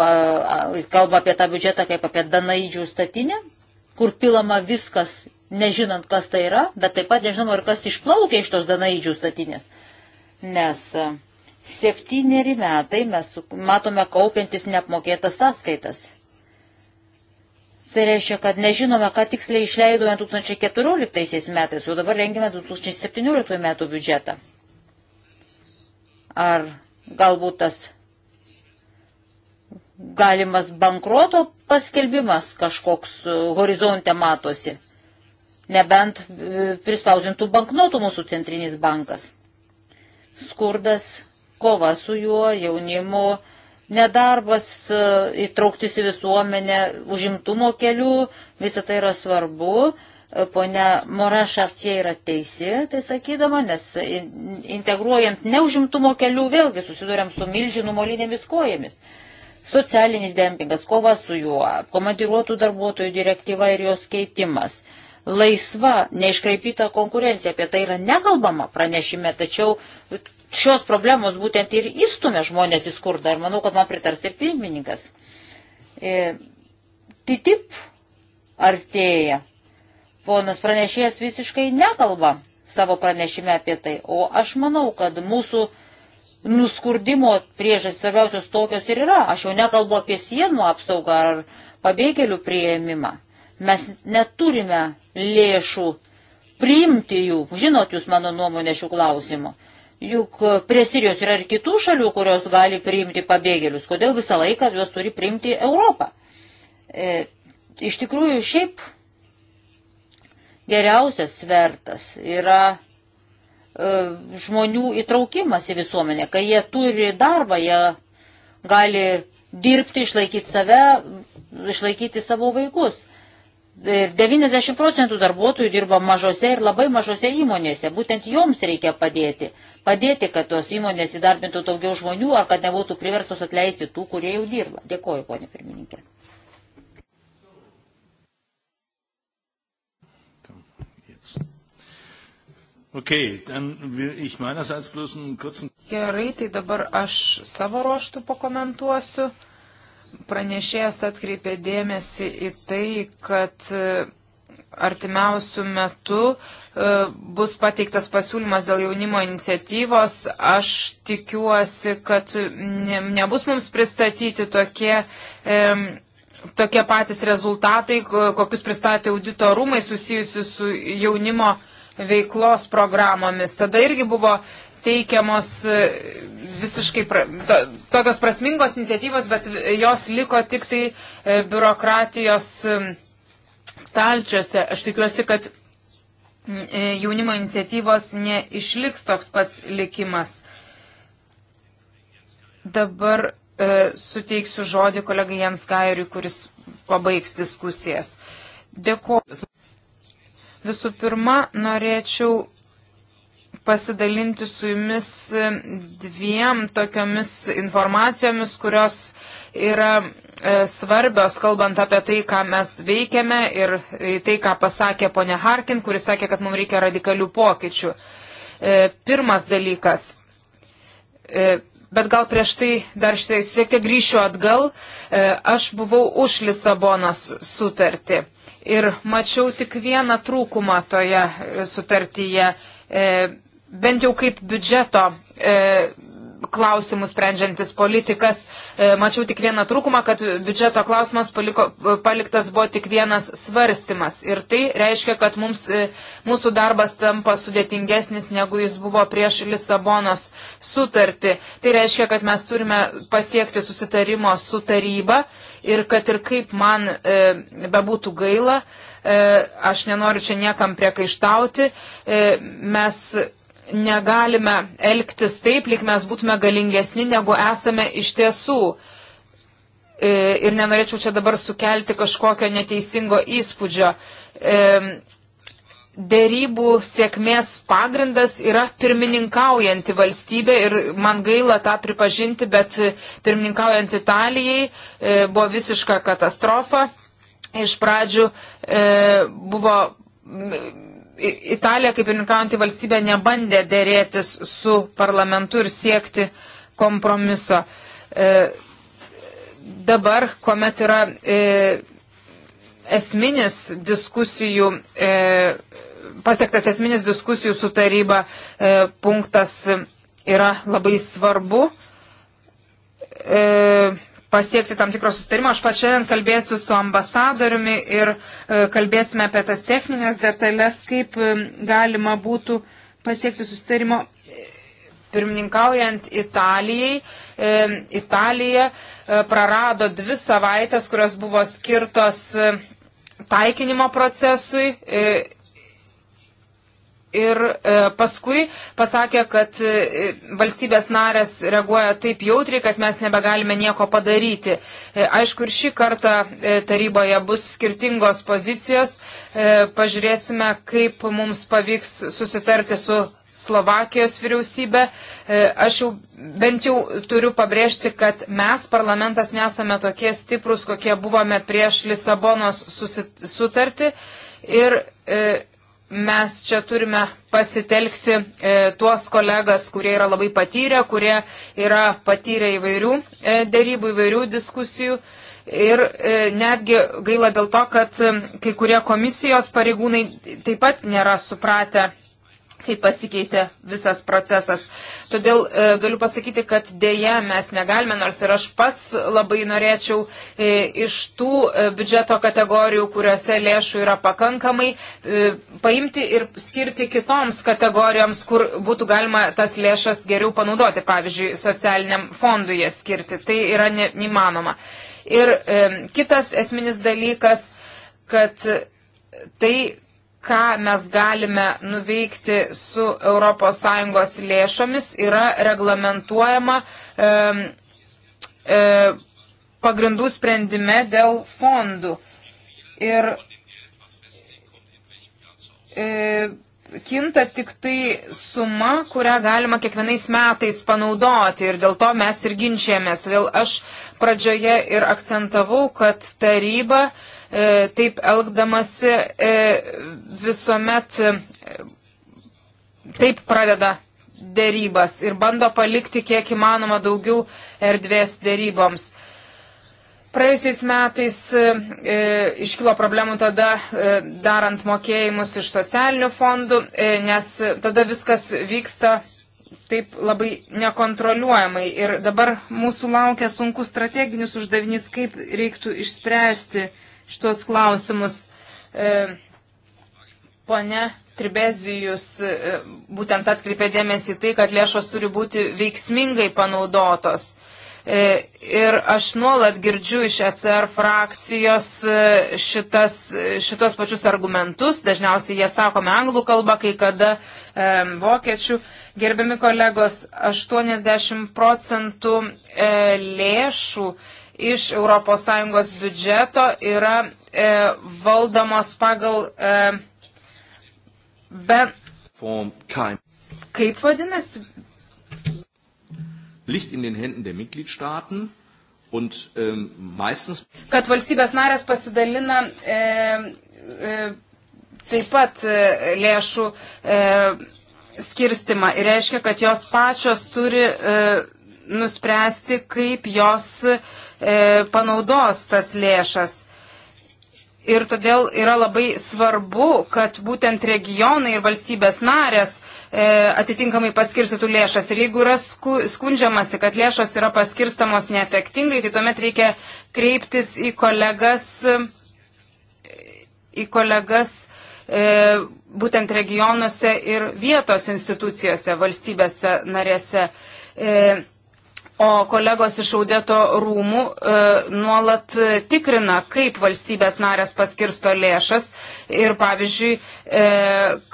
kalba apie tą biudžetą kaip apie Danaidžių statinę, kur pilama viskas, nežinant, kas tai yra, bet taip pat nežinoma ir kas išplaukia iš tos Danaidžių statinės. Nes septyneri metai mes matome kaupiantis neapmokėtas sąskaitas. Tai reiškia, kad nežinome, ką tiksliai išleidome 2014 metais, jau dabar rengime 2017 metų biudžetą. Ar galbūt tas galimas bankroto paskelbimas kažkoks e, horizonte matosi, nebent e, prispausintų banknotų mūsų centrinis bankas. Skurdas, kova su juo, jaunimo, nedarbas, e, įtrauktis į visuomenę, užimtumo kelių, visa tai yra svarbu E, ponia Mora Šartie yra teisi, tai sakydama, nes integruojant neužimtumo kelių vėlgi susidurėm su milžinų molinėmis kojomis. Socialinis dempingas, kova su juo, komandiruotų darbuotojų direktyva ir jos keitimas, laisva, neiškreipyta konkurencija, apie tai yra nekalbama pranešime, tačiau šios problemos būtent ir įstumia žmonės į skurdą ir manau, kad man pritars ir pirmininkas. E, TTIP artėja Ponas pranešėjas visiškai nekalba savo pranešime apie tai, o aš manau, kad mūsų nuskurdimo priežastis svarbiausios tokios ir yra. Aš jau nekalbu apie sienų apsaugą ar pabėgėlių prieimimą. Mes neturime lėšų priimti jų. Žinot jūs mano nuomonę šių klausimų. Juk prie Sirijos yra ir kitų šalių, kurios gali priimti pabėgėlius. Kodėl visą laiką juos turi priimti Europą? E, iš tikrųjų, šiaip Geriausias svertas yra e, žmonių įtraukimas į visuomenę. Kai jie turi darbą, jie gali dirbti, išlaikyti save, išlaikyti savo vaikus. Ir 90 procentų darbuotojų dirba mažose ir labai mažose įmonėse. Būtent joms reikia padėti. Padėti, kad tos įmonės įdarbintų daugiau žmonių ar kad nebūtų priversos atleisti tų, kurie jau dirba. Dėkoju, ponė pirmininkė.
Okay, dann will ich meinerseits bloß einen kurzen. Gerai, tai dabar aš savo ruoštų pakomentuosiu. Pranešėjas atkreipė dėmesį į tai, kad e, artimiausių metų e, bus pateiktas pasiūlymas dėl jaunimo iniciatyvos. Aš tikiuosi, kad ne, nebus mums pristatyti tokie. E, Tokie patys rezultatai, kokius pristatė audito rūmai susijusi su jaunimo uh, veiklos programomis. Tada irgi buvo teikiamos e, visiškai pra, to, tokios prasmingos iniciatyvos, bet jos liko tik tai e, biurokratijos e, stalčiuose. Aš tikiuosi, kad jaunimo iniciatyvos neišliks toks pats likimas. Dabar e, suteiksiu žodį kolegai Jens Gairiui, kuris pabaigs diskusijas. Dėkuoju. Visų pirma, norėčiau pasidalinti su jumis dviem tokiomis informacijomis, kurios yra e, svarbios, kalbant apie tai, ką mes veikiame ir e, tai, ką pasakė ponė Harkin, kuris sakė, kad mums reikia radikalių pokyčių. E, pirmas dalykas. Bet gal prieš tai dar šiek tiek grįšiu atgal. E, aš buvau už Lisabonos sutartį ir mačiau tik vieną trūkumą toje sutartyje, e, bent jau kaip biudžeto, e, klausimus sprendžiantis politikas. E, mačiau tik vieną trūkumą, kad biudžeto klausimas paliko, paliktas buvo tik vienas svarstymas. Ir tai reiškia, kad mums, e, mūsų darbas tampa sudėtingesnis, negu jis buvo prieš Lisabonos sutartį. Tai reiškia, kad mes turime pasiekti susitarimo su taryba ir kad ir kaip man e, bebūtų gaila, e, aš nenoriu čia niekam priekaištauti, e, mes negalime elgtis taip, lik mes būtume galingesni, negu esame iš tiesų. E, ir nenorėčiau čia dabar sukelti kažkokio neteisingo įspūdžio. E, dėrybų sėkmės pagrindas yra pirmininkaujanti valstybė ir man gaila tą pripažinti, bet pirmininkaujant Italijai e, buvo visiška katastrofa. Iš pradžių buvo Italija kaip pirmininkaujantį valstybę nebandė dėrėtis su parlamentu ir siekti kompromiso. E, dabar, kuomet yra e, esminis diskusijų, e, pasiektas esminis diskusijų su taryba e, punktas yra labai svarbu. E, pasiekti tam tikro sustarimo. Aš pat šiandien kalbėsiu su ambasadoriumi ir e, kalbėsime apie tas techninės detalės, kaip e, galima būtų pasiekti sustarimo. E, pirmininkaujant Italijai, Italija prarado dvi savaitės, kurios buvo skirtos taikinimo procesui Ir e, paskui pasakė, kad e, valstybės narės reaguoja taip jautriai, kad mes nebegalime nieko padaryti. E, aišku, ir šį kartą e, taryboje bus skirtingos pozicijos. E, pažiūrėsime, kaip mums pavyks susitarti su Slovakijos vyriausybė. E, aš jau bent jau turiu pabrėžti, kad mes, parlamentas, nesame tokie stiprus, kokie buvome prieš Lisabonos sutartį. Ir, e, mes čia turime pasitelkti e, tuos kolegas, kurie yra labai patyrę, kurie yra patyrę įvairių e, dėrybų, įvairių diskusijų. Ir e, netgi gaila dėl to, kad e, kai kurie komisijos pareigūnai taip pat nėra supratę kai pasikeitė visas procesas. Todėl e, galiu pasakyti, kad dėja mes negalime, nors ir aš pats labai norėčiau e, iš tų e, biudžeto kategorijų, kuriuose lėšų yra pakankamai, e, paimti ir skirti kitoms kategorijoms, kur būtų galima tas lėšas geriau panaudoti, pavyzdžiui, socialiniam fondui jas skirti. Tai yra ne, neįmanoma. Ir e, kitas esminis dalykas, kad tai, ką mes galime nuveikti su ES lėšomis, yra reglamentuojama e, e, pagrindų sprendime dėl fondų. Ir e, kinta tik tai suma, kurią galima kiekvienais metais panaudoti ir dėl to mes ir ginčiamės. Todėl aš pradžioje ir akcentavau, kad taryba e, E, taip elgdamasi e, visuomet e, taip pradeda dėrybas ir bando palikti kiek įmanoma daugiau erdvės dėryboms. Praėjusiais metais e, iškilo problemų tada e, darant mokėjimus iš socialinių fondų, e, nes tada viskas vyksta taip labai nekontroliuojamai. Ir dabar mūsų laukia sunkus strateginis uždavinys, kaip reiktų išspręsti šitos klausimus. E, Pone Tribezijus e, būtent atkreipė dėmesį tai, kad lėšos turi būti veiksmingai panaudotos. E, ir aš nuolat girdžiu iš ECR frakcijos šitas, šitos pačius argumentus, dažniausiai jie sakome anglų kalbą, kai kada e, vokiečių. Gerbiami kolegos, 80 procentų e, lėšų e, iš ES biudžeto yra e, valdomos pagal. E, be, kaip vadinasi? Licht in den Händen der Mitgliedstaaten. Und, ähm, meistens kad valstybės narės pasidalina e, e, taip pat e, lėšų e, skirstimą ir reiškia, kad jos pačios turi e, nuspręsti, kaip jos e, E, panaudos tas lėšas. Ir todėl yra labai svarbu, kad būtent regionai ir valstybės narės e, atitinkamai paskirstytų lėšas. Ir jeigu yra sku, skundžiamasi, kad lėšos yra paskirstamos neefektingai, tai tuomet reikia kreiptis į kolegas, į kolegas e, būtent regionuose ir vietos institucijose, valstybėse narėse. E, O kolegos iš audito rūmų e, nuolat tikrina, kaip valstybės narės paskirsto lėšas. Ir pavyzdžiui, e,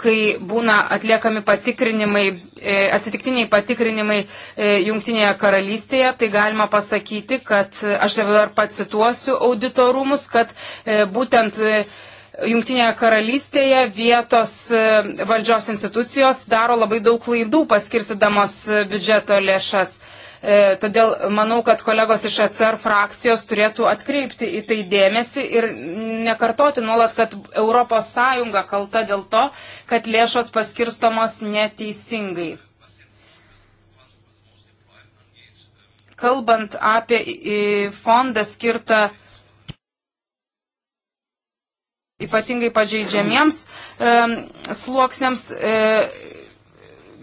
kai būna atliekami patikrinimai, e, atsitiktiniai patikrinimai e, Junktinėje karalystėje, tai galima pasakyti, kad aš tai dabar pacituosiu audito rūmus, kad e, būtent. E, Junktinėje karalystėje vietos e, valdžios institucijos daro labai daug klaidų paskirsidamos biudžeto lėšas. E, todėl manau, kad kolegos iš ACR frakcijos turėtų atkreipti į tai dėmesį ir nekartoti nuolat, kad ES kalta dėl to, kad lėšos paskirstomos neteisingai. Kalbant apie fondą skirtą ypatingai pažeidžiamiems e, sluoksniams, e,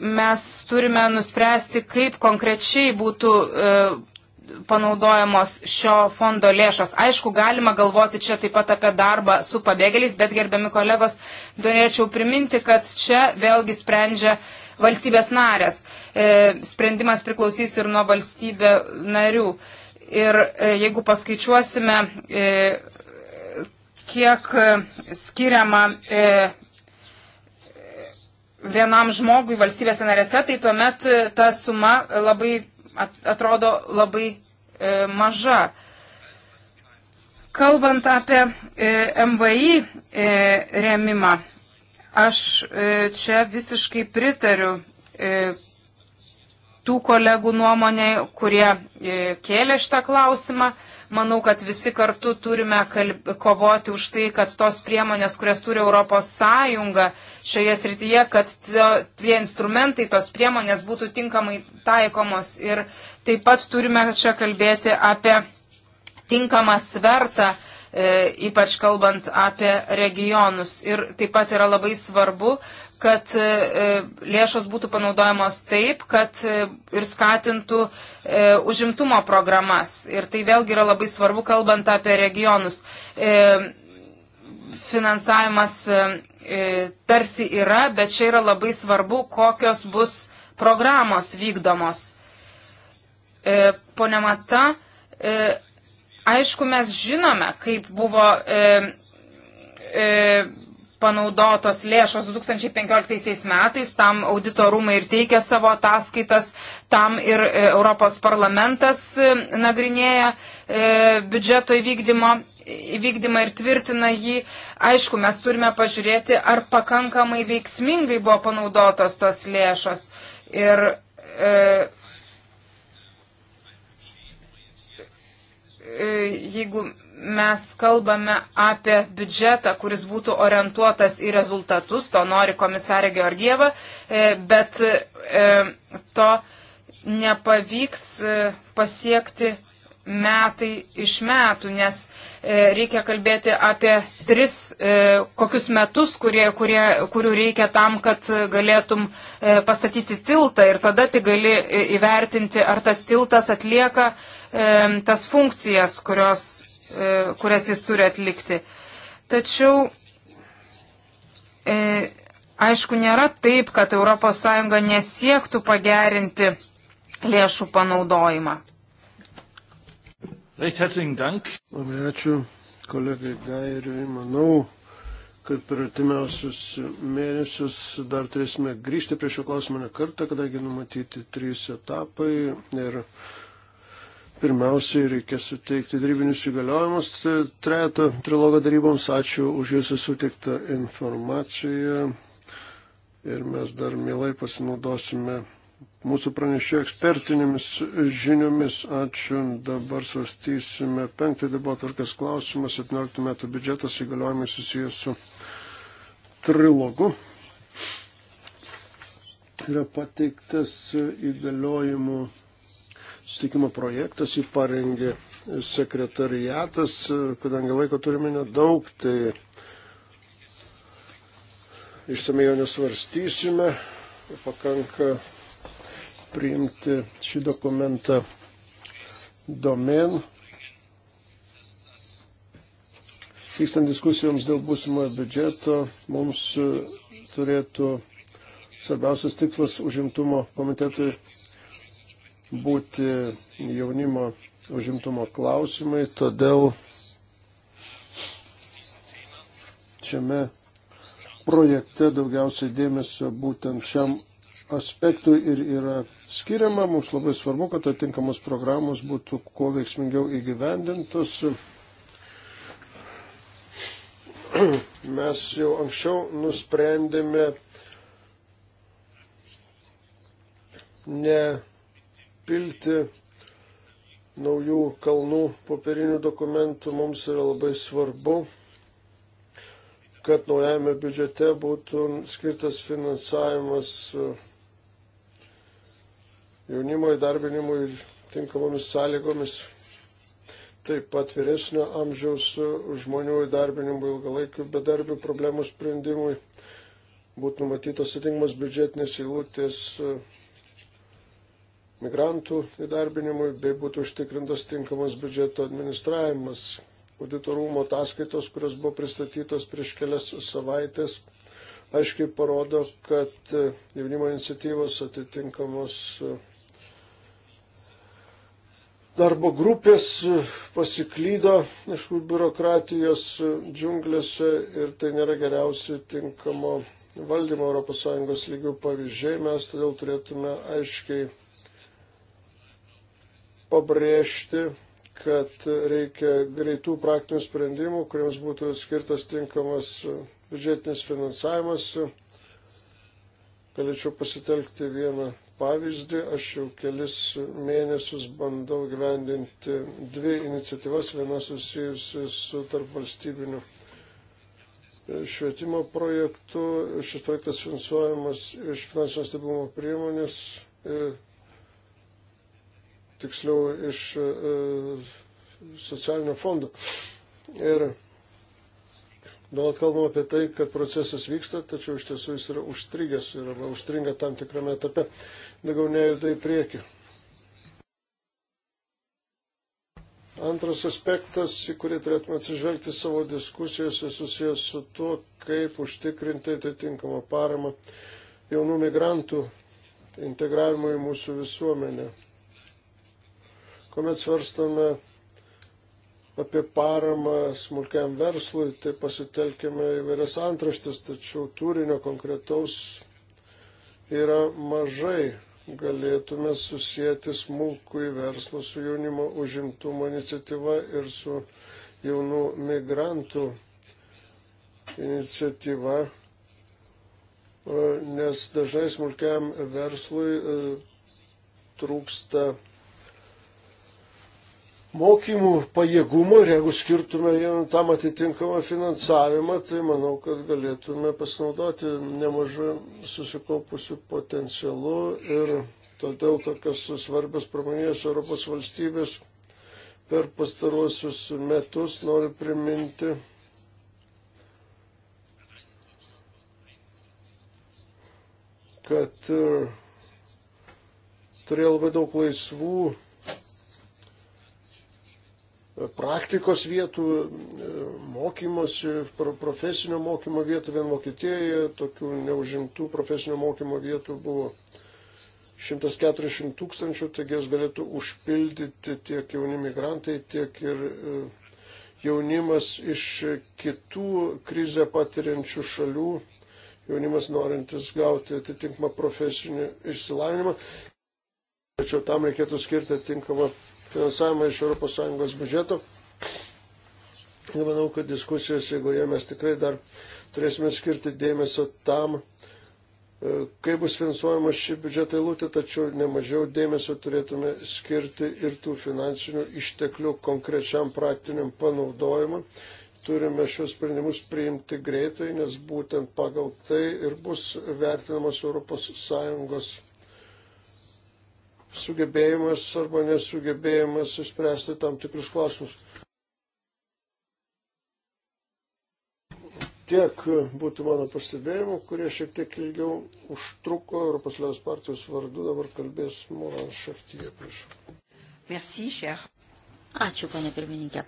mes turime nuspręsti, kaip konkrečiai būtų e, panaudojamos šio fondo lėšos. Aišku, galima galvoti čia taip pat apie darbą su pabėgėliais, bet gerbiami kolegos, norėčiau priminti, kad čia vėlgi sprendžia valstybės narės. E, sprendimas priklausys ir nuo valstybė narių. Ir e, jeigu paskaičiuosime, e, kiek e, skiriama. E, vienam žmogui valstybėse narėse, tai tuomet e, ta suma e, labai atrodo labai e, maža. Kalbant apie e, MVI e, remimą, aš e, čia visiškai pritariu e, tų kolegų nuomonė, kurie e, kėlė šitą klausimą. Manau, kad visi kartu turime kalb, kovoti už tai, kad tos priemonės, kurias turi Europos Sąjunga, e, šioje srityje, kad tie instrumentai, tos priemonės būtų tinkamai taikomos. Ir taip pat turime čia kalbėti apie tinkamą svertą, e, ypač kalbant apie regionus. Ir taip pat yra labai svarbu, kad e, e, lėšos būtų panaudojamos taip, kad ir skatintų užimtumo programas. Ir tai vėlgi yra labai svarbu, kalbant apie regionus finansavimas e, e, tarsi yra, bet čia yra labai svarbu, kokios bus programos vykdomos. E, pone Mata, aišku, mes žinome, kaip buvo panaudotos lėšos 2015 metais, tam auditorumai ir teikia savo ataskaitas, tam ir e, Europos parlamentas e, nagrinėja e, biudžeto įvykdymo, įvykdymą ir tvirtina jį. Aišku, mes turime pažiūrėti, ar pakankamai veiksmingai buvo panaudotos tos lėšos. Ir, e, E, jeigu mes kalbame apie biudžetą, kuris būtų orientuotas į rezultatus, to nori komisarė Georgieva, e, bet e, to nepavyks pasiekti metai iš metų, nes reikia kalbėti apie tris kokius metus, kurie, kurie, kurių reikia tam, kad galėtum pastatyti tiltą ir tada tik gali įvertinti, ar tas tiltas atlieka E, tas funkcijas, kurios, e, kurias jis turi atlikti. Tačiau e, aišku, nėra taip, kad ES nesiektų pagerinti lėšų panaudojimą.
Labai ačiū kolegai Gairiui. Manau, kad per artimiausius mėnesius dar turėsime grįžti prie šio klausimo ne kartą, kadangi numatyti trys etapai ir Pirmiausiai reikia suteikti darybinius įgaliojimus e, trejato trilogo daryboms. Ačiū už jūsų suteiktą informaciją. Ir mes dar mielai pasinaudosime mūsų pranešėjo ekspertinėmis žiniomis. Ačiū. Dabar svarstysime penktą debotvarkės klausimą. 17 metų biudžetas įgaliojimai susijęs su trilogu. Yra pateiktas įgaliojimų sutikimo projektas, jį parengė sekretariatas, e, kadangi laiko turime nedaug, tai išsamei jo nesvarstysime, pakanka priimti šį dokumentą domen. Vykstant diskusijoms dėl būsimojo biudžeto, mums turėtų svarbiausias tikslas užimtumo komitetui būti jaunimo užimtumo klausimai, todėl šiame projekte daugiausiai dėmesio būtent šiam aspektui ir yra skiriama. Mums labai svarbu, kad atitinkamos programos būtų kuo veiksmingiau įgyvendintos. Mes jau anksčiau nusprendėme ne pilti naujų kalnų popierinių dokumentų mums yra labai svarbu, kad naujame biudžete būtų skirtas finansavimas jaunimo įdarbinimui ir tinkamomis sąlygomis, taip pat vyresnio amžiaus žmonių įdarbinimui, ilgalaikių bedarbių problemų sprendimui būtų numatytos atitinkamas biudžetinės įlūtės migrantų įdarbinimui, bei būtų užtikrintas tinkamas biudžeto administravimas. Auditorumo ataskaitos, kurios buvo pristatytos prieš kelias savaitės, aiškiai parodo, kad e, jaunimo iniciatyvos atitinkamos e, darbo grupės e, pasiklydo, aišku, biurokratijos džiunglėse ir tai nėra geriausi tinkamo valdymo ES lygių pavyzdžiai. Mes todėl turėtume aiškiai pabrėžti, kad reikia greitų praktinių sprendimų, kuriems būtų skirtas tinkamas biudžetinis finansavimas. Galėčiau pasitelkti vieną pavyzdį. Aš jau kelis mėnesius bandau gyvendinti dvi iniciatyvas, viena susijusi su tarpvalstybiniu švietimo projektu. Šis projektas finansuojamas iš finansinio stabilumo priemonės tiksliau iš e, socialinio fondo. Ir nuolat kalbam apie tai, kad procesas vyksta, tačiau iš tiesų jis yra užstrigęs ir užstringa tam tikrame etape, daugiau nejuda į priekį. Antras aspektas, į kurį turėtume atsižvelgti savo diskusijose, susijęs su tuo, kaip užtikrinti atitinkamą paramą jaunų migrantų integravimui į mūsų visuomenę. Komet svarstame apie paramą smulkiam verslui, tai pasitelkime įvairias antraštis, tačiau turinio konkretaus yra mažai. Galėtume susijęti smulkų į verslą su jaunimo užimtumo iniciatyva ir su jaunų migrantų iniciatyva, nes dažnai smulkiam verslui e, trūksta mokymų pajėgumų ir jeigu skirtume jam tam atitinkamą finansavimą, tai manau, kad galėtume pasinaudoti nemažai susikaupusių potencialų ir todėl tokios svarbios pramonės Europos valstybės per pastaruosius metus noriu priminti. kad e, turėjo labai daug laisvų praktikos vietų, e, mokymosi, profesinio mokymo vietų vien Vokietijoje, tokių neužimtų profesinio mokymo vietų buvo 140 tūkstančių, taigi jas galėtų užpildyti tiek jauni migrantai, tiek ir e, jaunimas iš kitų krizę patiriančių šalių, jaunimas norintis gauti atitinkamą profesinį išsilavinimą. Tačiau tam reikėtų skirti atitinkamą finansavimą iš ES biudžeto. Ir manau, kad diskusijos, jeigu jie mes tikrai dar turėsime skirti dėmesio tam, e, kaip bus finansuojama ši biudžeto eilutė, tačiau nemažiau dėmesio turėtume skirti ir tų finansinių išteklių konkrečiam praktiniam panaudojimui. Turime šios sprendimus priimti greitai, nes būtent pagal tai ir bus vertinamos ES sugebėjimas arba nesugebėjimas išspręsti tam tikrus klausimus. Tiek būtų mano pastebėjimų, kurie šiek tiek ilgiau užtruko Europos Liaudės partijos vardu, dabar kalbės Moran Šaftyje, prašau.
Merci, cher. Ačiū, ponė pirmininkė.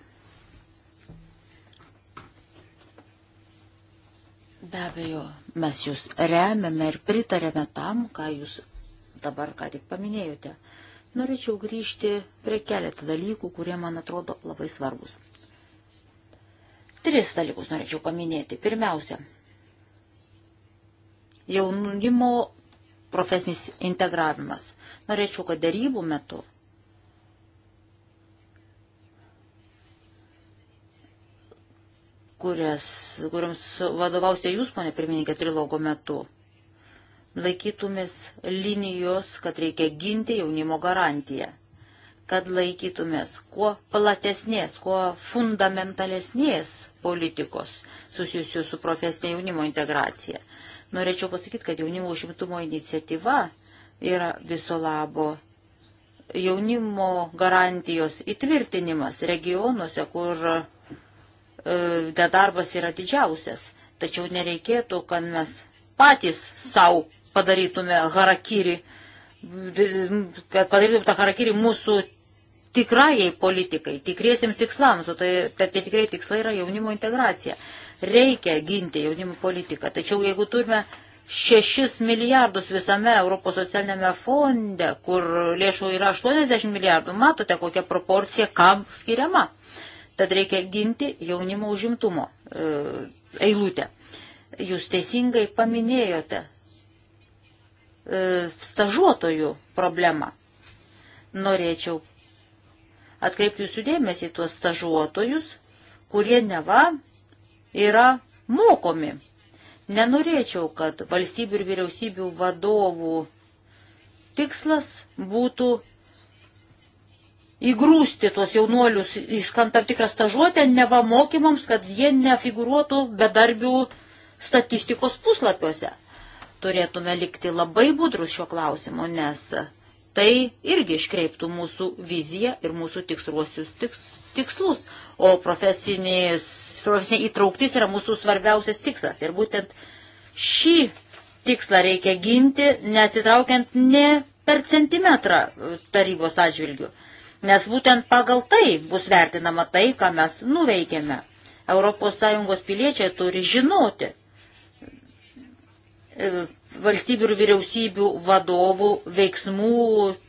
Be abejo, mes jūs remiame ir pritarėme tam, ką jūs dabar ką tik paminėjote. Norėčiau grįžti prie keletą dalykų, kurie man atrodo labai svarbus. Tris dalykus norėčiau paminėti. Pirmiausia, jaunimo profesinis integravimas. Norėčiau, kad darybų metu kurias, kuriams vadovausite jūs, ponė pirmininkė, trilogo metu laikytumės linijos, kad reikia ginti jaunimo garantiją, kad laikytumės kuo platesnės, kuo fundamentalesnės politikos susijusių su profesinė jaunimo integracija. Norėčiau pasakyti, kad jaunimo užimtumo iniciatyva yra viso labo jaunimo garantijos įtvirtinimas regionuose, kur e, nedarbas yra didžiausias. Tačiau nereikėtų, kad mes patys savo padarytume harakiri, kad padarytume tą harakiri mūsų tikrajai politikai, tikriesiems tikslams, o tai, tai tie tikrai tikslai yra jaunimo integracija. Reikia ginti jaunimo politiką, tačiau jeigu turime 6 milijardus visame Europos socialinėme fonde, kur lėšų yra 80 milijardų, matote, kokia proporcija kam skiriama. Tad reikia ginti jaunimo užimtumo e, eilutę. Jūs teisingai paminėjote E, stažuotojų problemą. Norėčiau atkreipti jūsų dėmesį tuos stažuotojus, kurie neva yra mokomi. Nenorėčiau, kad valstybių ir vyriausybių vadovų tikslas būtų įgrūsti tuos jaunuolius į tam tikrą stažuotę, neva mokymams, kad jie nefiguruotų bedarbių statistikos puslapiuose turėtume likti labai budrus šio klausimo, nes tai irgi iškreiptų mūsų viziją ir mūsų tiksruosius tiks, tikslus. O profesinė įtrauktis yra mūsų svarbiausias tikslas. Ir būtent šį tikslą reikia ginti, nesitraukiant ne per centimetrą tarybos atžvilgių. Nes būtent pagal tai bus vertinama tai, ką mes nuveikėme. ES piliečiai turi žinoti, E, valstybių ir vyriausybių vadovų veiksmų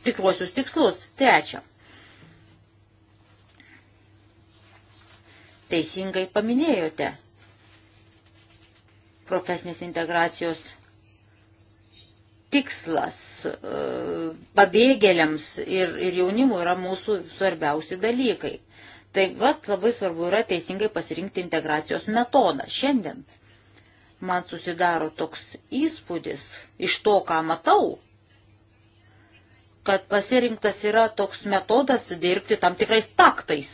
tikruosius tikslus. Trečia. Teisingai paminėjote profesinės integracijos tikslas e, pabėgėliams ir, ir jaunimui yra mūsų svarbiausi dalykai. Taip pat labai svarbu yra teisingai pasirinkti integracijos metodą. Šiandien man susidaro toks įspūdis iš to, ką matau, kad pasirinktas yra toks metodas dirbti tam tikrais taktais.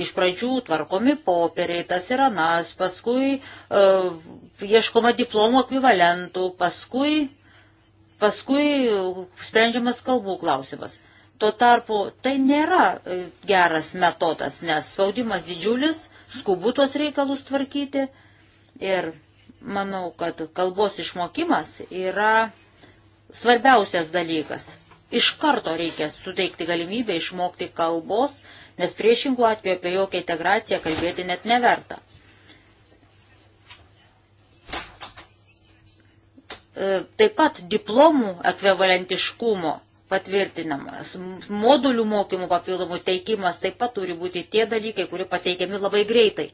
Iš pradžių tvarkomi popieriai, tas ir anas, paskui uh, ieškoma diplomų ekvivalentų, paskui, paskui sprendžiamas kalbų klausimas. Tuo tarpu tai nėra e, geras metodas, nes spaudimas didžiulis, skubu tuos reikalus tvarkyti ir manau, kad kalbos išmokimas yra svarbiausias dalykas. Iš karto reikia suteikti galimybę išmokti kalbos, nes priešingų atveju apie jokią integraciją kalbėti net neverta. E, taip pat diplomų ekvivalentiškumo patvirtinamas, modulių mokymų papildomų teikimas taip pat turi būti tie dalykai, kurie pateikiami labai greitai.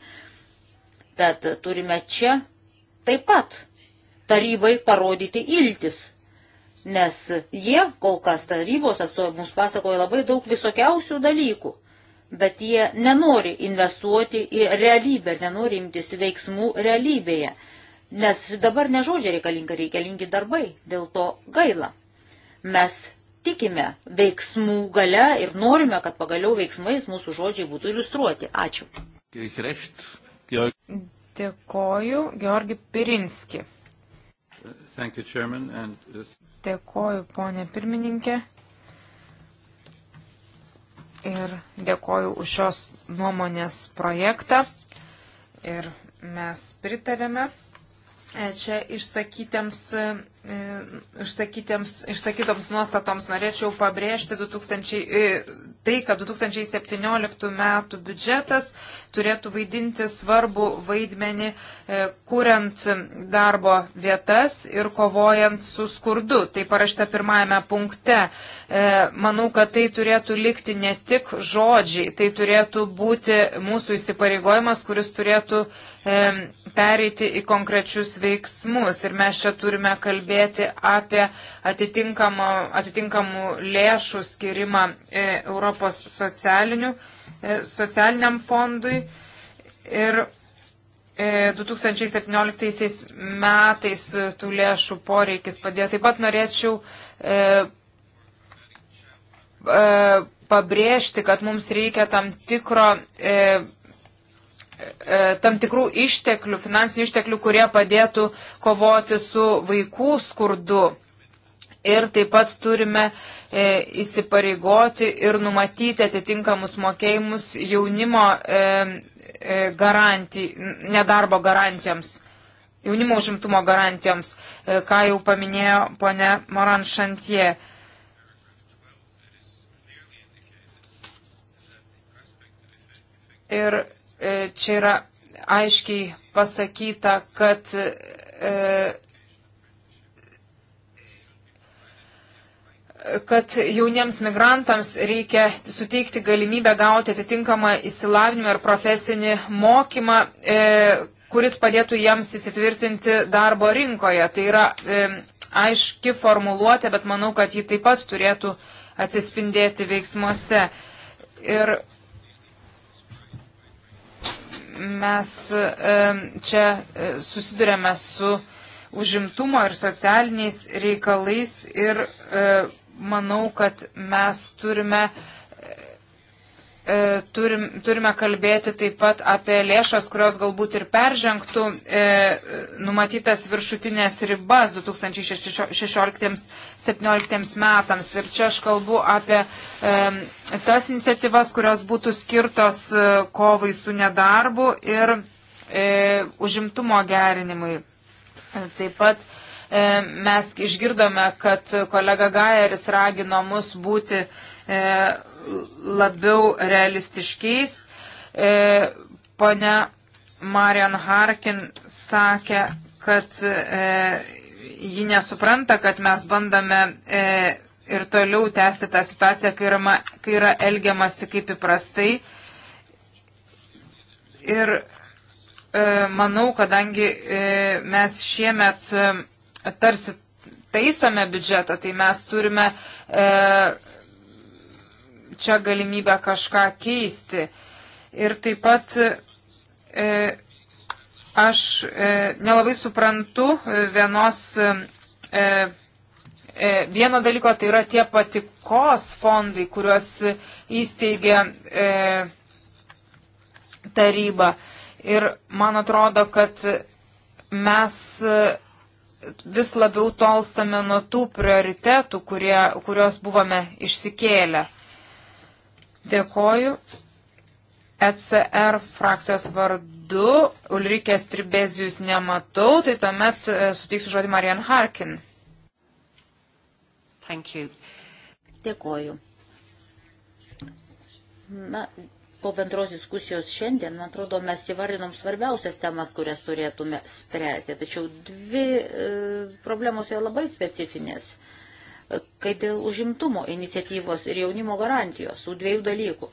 Tad turime čia taip pat tarybai parodyti iltis, nes jie kol kas tarybos atstovai mums pasakoja labai daug visokiausių dalykų, bet jie nenori investuoti į realybę ir nenori imtis veiksmų realybėje, nes dabar ne žodžiai reikalinga, reikalingi darbai, dėl to gaila. Mes tikime veiksmų gale ir norime, kad pagaliau veiksmais mūsų žodžiai būtų iliustruoti. Ačiū. Dėkoju, Georgi Pirinski.
Thank you, Chairman, and... Uh,
dėkoju, ponė pirmininkė. Ir dėkoju už šios nuomonės projektą. Ir mes pritarėme e, čia išsakytiems E, išsakytoms nuostatoms norėčiau pabrėžti 2000, e, tai, kad 2017 metų biudžetas turėtų vaidinti svarbu vaidmenį, e, kuriant darbo vietas ir kovojant su skurdu. Tai parašta pirmajame punkte. Manau, kad tai turėtų likti ne tik žodžiai, tai turėtų būti mūsų įsipareigojimas, kuris turėtų pereiti į konkrečius veiksmus. Ir mes čia turime kalbėti kalbėti apie atitinkamų lėšų skirimą e, Europos e, socialiniam fondui. Ir 2017 e, metais tų lėšų poreikis padėjo. Taip pat norėčiau pabrėžti, kad mums reikia tam tikro E, tam tikrų išteklių, finansinių išteklių, kurie padėtų kovoti su vaikų skurdu. Ir taip pat turime e, įsipareigoti ir numatyti atitinkamus mokėjimus jaunimo e, e, garantij, nedarbo garantijoms, jaunimo užimtumo garantijoms, e, ką jau paminėjo ponė Moran Šantie. E, Ir E, čia yra aiškiai pasakyta, kad e, kad jauniems migrantams reikia suteikti galimybę gauti atitinkamą įsilavinimą ir profesinį mokymą, e, kuris padėtų jiems įsitvirtinti darbo rinkoje. Tai yra e, aiški formuluotė, bet manau, kad ji taip pat turėtų atsispindėti veiksmuose. Ir mes čia e, susidurėme su užimtumo ir socialiniais reikalais ir e, manau, kad mes turime E, turim, turime kalbėti taip pat apie lėšas, kurios galbūt ir peržengtų e, numatytas viršutinės ribas 2016-2017 metams. Ir čia aš kalbu apie e, tas iniciatyvas, kurios būtų skirtos e, kovai su nedarbu ir e, užimtumo gerinimui. Taip pat e, mes išgirdome, kad kolega Gajeris ragino mus būti e, labiau realistiškiais. E, pone Marion Harkin sakė, kad e, ji nesupranta, kad mes bandome e, ir toliau tęsti tą situaciją, kai yra, kai yra elgiamasi kaip įprastai. Ir e, manau, kadangi e, mes šiemet e, tarsi taisome biudžetą, tai mes turime e, čia galimybę kažką keisti. Ir taip pat e, aš e, nelabai suprantu e, vienos. E, e, e, Vieno dalyko tai yra tie patikos fondai, kuriuos įsteigė e, taryba. Ir man atrodo, kad mes vis labiau tolstame nuo tų prioritetų, kurie, kuriuos buvome išsikėlę. Dėkoju. ECR frakcijos vardu Ulrikės Tribezijus nematau, tai tuomet e, suteiksiu
žodį Marian Harkin. Thank you. Dėkoju. Na, po bendros diskusijos šiandien, man atrodo, mes įvardinom svarbiausias temas, kurias turėtume spręsti. Tačiau dvi e, problemos yra labai specifinės kai dėl užimtumo iniciatyvos ir jaunimo garantijos, tų dviejų dalykų.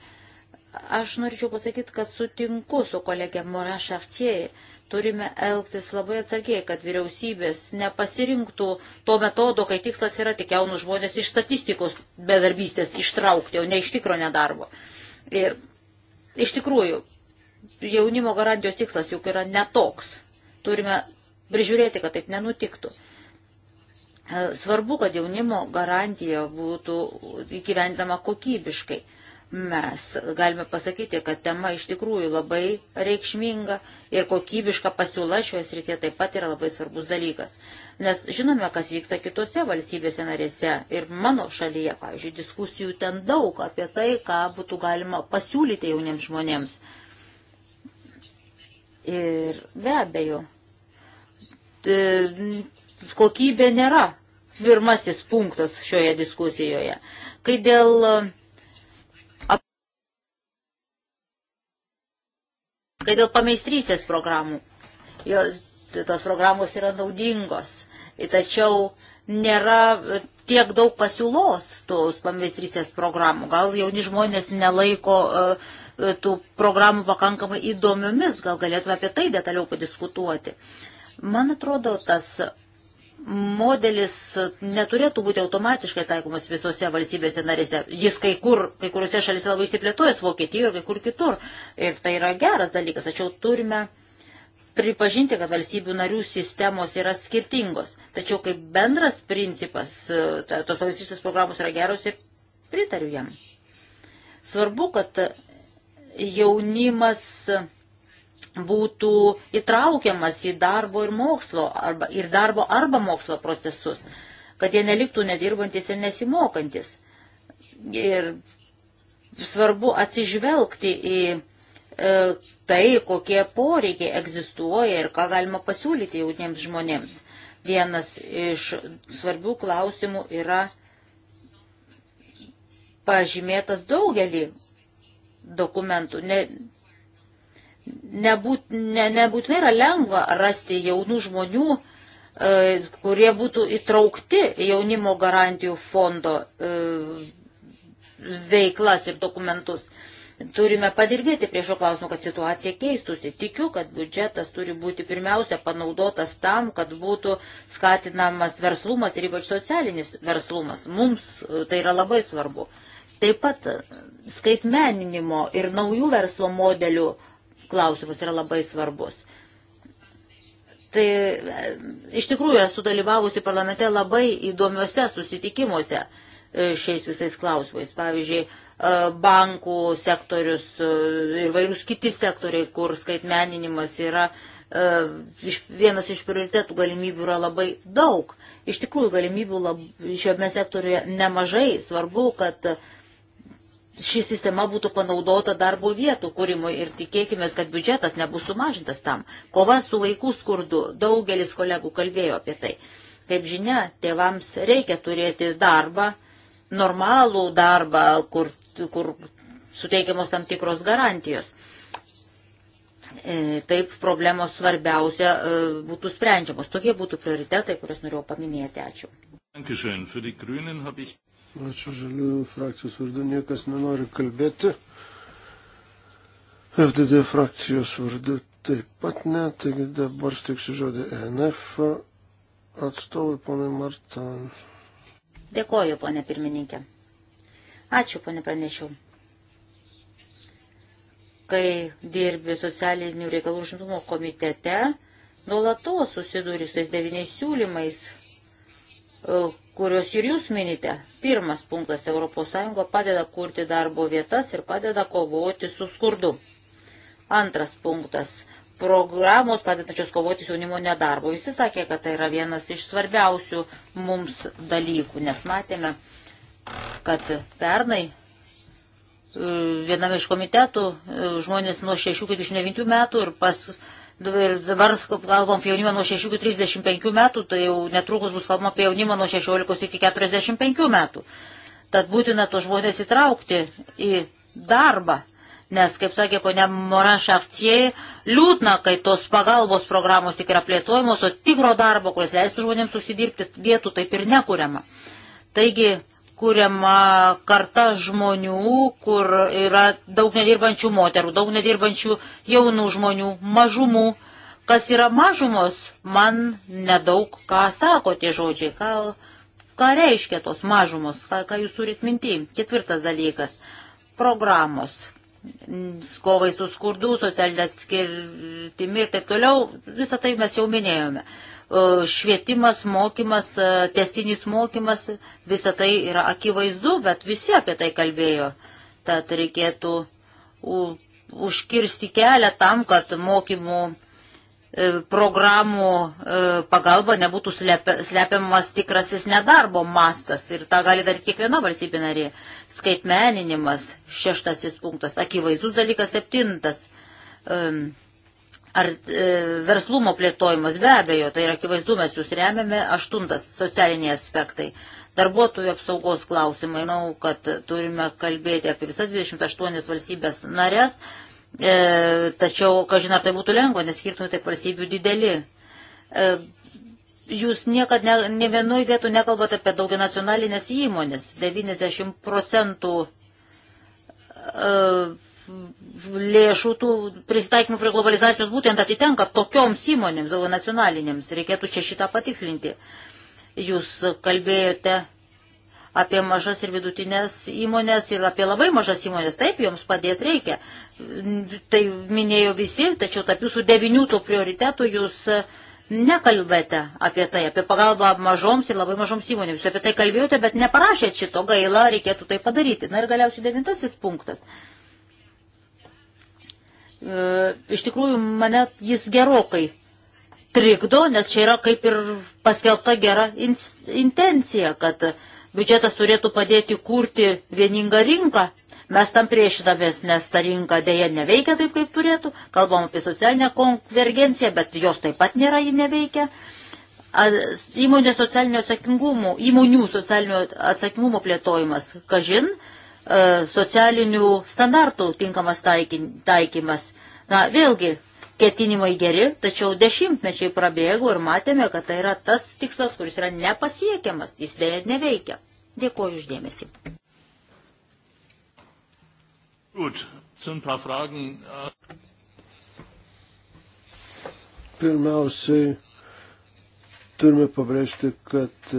Aš norėčiau pasakyti, kad sutinku su kolegė Mora Šarcijai, turime elgtis labai atsargiai, kad vyriausybės nepasirinktų to metodo, kai tikslas yra tik jaunus žmonės iš statistikos bedarbystės ištraukti, o ne iš tikro nedarbo. Ir iš tikrųjų, jaunimo garantijos tikslas juk yra netoks. Turime prižiūrėti, kad taip nenutiktų. E, svarbu, kad jaunimo garantija būtų įgyvendama kokybiškai. Mes galime pasakyti, kad tema iš tikrųjų labai reikšminga ir kokybiška pasiūla šioje srityje taip pat yra labai svarbus dalykas. Nes žinome, kas vyksta kitose valstybėse narėse ir mano šalyje, pavyzdžiui, diskusijų ten daug apie tai, ką būtų galima pasiūlyti jauniems žmonėms. Ir be abejo, kokybė nėra pirmasis punktas šioje diskusijoje. Kai dėl, kai dėl pameistrystės programų, jos, tos programos yra naudingos, tačiau nėra tiek daug pasiūlos tos pameistrystės programų. Gal jauni žmonės nelaiko uh, tų programų pakankamai įdomiomis, gal galėtume apie tai detaliau padiskutuoti. Man atrodo, tas modelis neturėtų būti automatiškai taikomas visose valstybėse narėse. Jis kai kur, kai kuriuose šalise labai įsiplėtojęs, Vokietijoje, kai kur kitur. Ir tai yra geras dalykas, tačiau turime pripažinti, kad valstybių narių sistemos yra skirtingos. Tačiau kaip bendras principas, e, tos valstybės programos yra geros ir pritariu jam. Svarbu, kad jaunimas būtų įtraukiamas į darbo ir mokslo arba, ir darbo arba mokslo procesus, kad jie neliktų nedirbantis ir nesimokantis. Ir svarbu atsižvelgti į e, tai, kokie poreikiai egzistuoja ir ką galima pasiūlyti jauniems žmonėms. Vienas iš svarbių klausimų yra pažymėtas daugelį dokumentų. Ne, nebūt, ne, nebūtinai yra lengva rasti jaunų žmonių, e, kurie būtų įtraukti jaunimo garantijų fondo e, veiklas ir dokumentus. Turime padirbėti prie šio klausimo, kad situacija keistusi. Tikiu, kad biudžetas turi būti pirmiausia panaudotas tam, kad būtų skatinamas verslumas ir ypač socialinis verslumas. Mums e, tai yra labai svarbu. Taip pat e, skaitmeninimo ir naujų verslo modelių uh, klausimus yra labai svarbus. Tai e, iš tikrųjų esu dalyvavusi parlamente labai įdomiuose susitikimuose e, šiais visais klausimais. Pavyzdžiui, e, bankų sektorius ir vairius kiti sektoriai, kur skaitmeninimas yra vienas iš prioritetų galimybių yra labai daug. Iš tikrųjų, galimybių lab, šiame sektoriuje nemažai. Svarbu, kad uh, ši sistema būtų panaudota darbo vietų kūrimui ir tikėkime, kad biudžetas nebus sumažintas tam. Kova su vaikų skurdu, daugelis kolegų kalbėjo apie tai. Kaip žinia, tėvams reikia turėti darbą, normalų darbą, kur, kur suteikiamos tam tikros garantijos. E, taip problemos svarbiausia e, būtų sprendžiamos. Tokie būtų prioritetai,
kuriuos norėjau paminėti. Ačiū.
Dankeschön. Für die Grünen habe ich
Ačiū žaliųjų frakcijos vardu, niekas nenori kalbėti. FDD frakcijos vardu taip pat ne, taigi dabar stiksiu žodį NF atstovui, ponai Martan.
Dėkoju, ponė pirmininkė. Ačiū, ponė pranešiau. Kai dirbi socialinių reikalų žindumo komitete, nuolatos susidūri su tais devyniais siūlymais, E, kuriuos ir jūs minite. Pirmas punktas - ES padeda kurti darbo vietas ir padeda kovoti su skurdu. Antras punktas - programos padedančios kovoti su jaunimo nedarbu. Visi sakė, kad tai yra vienas iš svarbiausių mums dalykų, nes matėme, kad pernai e, viename iš komitetų e, žmonės nuo 6 iki 29 metų ir pas dabar kalbam apie jaunimą nuo 6 iki 35 metų, tai jau netrukus bus kalbama apie jaunimą nuo 16 iki 45 metų. Tad būtina to žmonės įtraukti į darbą. Nes, kaip sakė ponia Moran Šafcijai, liūdna, kai tos pagalbos programos tik yra plėtojamos, o tikro darbo, kuris leistų žmonėms susidirbti vietų, taip ir nekuriama. Taigi, kuriama karta žmonių, kur yra daug nedirbančių moterų, daug nedirbančių jaunų žmonių, mažumų. Kas yra mažumos, man nedaug ką sako tie žodžiai, ką, ką reiškia tos mažumos, ką, ką jūs turit minti. Ketvirtas dalykas - programos. Kovai su skurdu, socialinė atskirtimi ir taip toliau, visą tai mes jau minėjome. Uh, E, švietimas, mokymas, e, testinis mokymas, visa tai yra akivaizdu, bet visi apie tai kalbėjo. Tad reikėtų užkirsti kelią tam, kad mokymų e, programų pagalba nebūtų slepiamas tikrasis nedarbo mastas. Ir tą gali daryti kiekviena valstybė narė. Skaitmeninimas, šeštasis punktas, akivaizdus dalykas, septintas. Um, Ar e, verslumo plėtojimas, be abejo, tai yra akivaizdu, mes jūs remiame. Aštuntas - socialiniai aspektai. Darbuotojų apsaugos klausimai, manau, kad turime kalbėti apie visas 28 valstybės narės, e, tačiau, kažin ar tai būtų lengva, nes skirtumai taip valstybių dideli. E, jūs niekad ne, ne vienoj vietų nekalbate apie daugia nacionalinės įmonės. 90 procentų e, lėšų tų prisitaikymų prie globalizacijos būtent atitenka tokioms įmonėms, savo nacionalinėms. Reikėtų čia šitą patikslinti. Jūs kalbėjote apie mažas ir vidutinės įmonės ir apie labai mažas įmonės. Taip, joms padėti reikia. Tai minėjo visi, tačiau tarp jūsų devinių tų prioritetų jūs nekalbėte apie tai, apie pagalbą mažoms ir labai mažoms įmonėms. Jūs apie tai kalbėjote, bet neparašėt šito gaila, reikėtų tai padaryti. Na ir galiausiai devintasis punktas. E, iš tikrųjų mane jis gerokai trikdo, nes čia yra kaip ir paskelbta gera in, intencija, kad biudžetas turėtų padėti kurti vieningą rinką. Mes tam priešinamės, nes ta rinka dėja neveikia taip, kaip turėtų. Kalbam apie socialinę konvergenciją, bet jos taip pat nėra, ji neveikia. Įmonės socialinio atsakingumo, įmonių socialinio atsakingumo plėtojimas, kažin, uh, E, socialinių standartų tinkamas taikymas. Na, vėlgi, ketinimai geri, tačiau dešimtmečiai prabėgo ir matėme, kad tai yra tas tikslas, kuris yra nepasiekiamas, jis dėja neveikia. Dėkuoju uždėmesi.
Äh,
Pirmiausiai turime pabrėžti, kad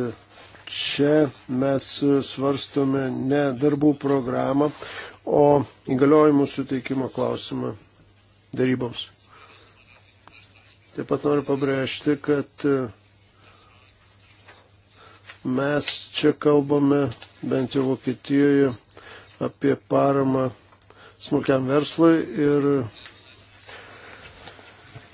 čia mes svarstome ne darbų programą, o įgaliojimų suteikimo klausimą daryboms. Taip pat noriu pabrėžti, kad e, mes čia kalbame, bent jau Vokietijoje, apie paramą smulkiam verslui ir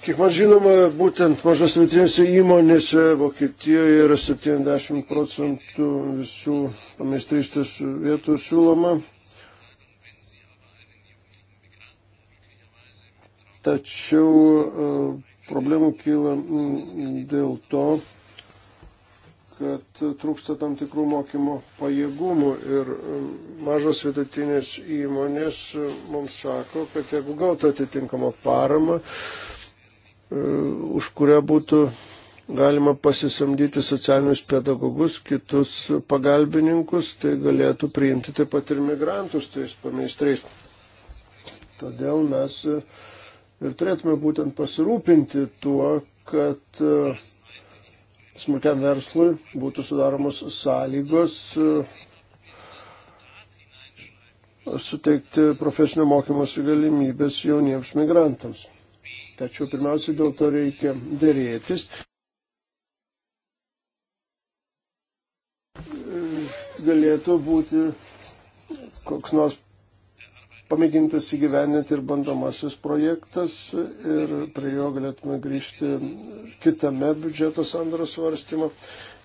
Kiek man žinoma, būtent mažos vidutinėse įmonėse Vokietijoje yra 70 procentų visų pameistrystės vietų siūloma. Tačiau e, problemų kyla dėl to, kad trūksta tam tikrų mokymo pajėgumų ir e, mažos vidutinės įmonės mums sako, kad jeigu gautų atitinkamą paramą, E, už kurią būtų galima pasisamdyti socialinius pedagogus, kitus pagalbininkus, tai galėtų priimti taip pat ir migrantus tais pameistrais. Todėl mes e, ir turėtume būtent pasirūpinti tuo, kad e, smulkiam verslui būtų sudaromos sąlygos suteikti profesinio mokymosi galimybės jauniems migrantams. Tačiau pirmiausia, dėl to reikia dėrėtis. Galėtų būti koks nors pamėgintas įgyveninti ir bandomasis projektas ir prie jo galėtume grįžti kitame biudžeto sandaros svarstymo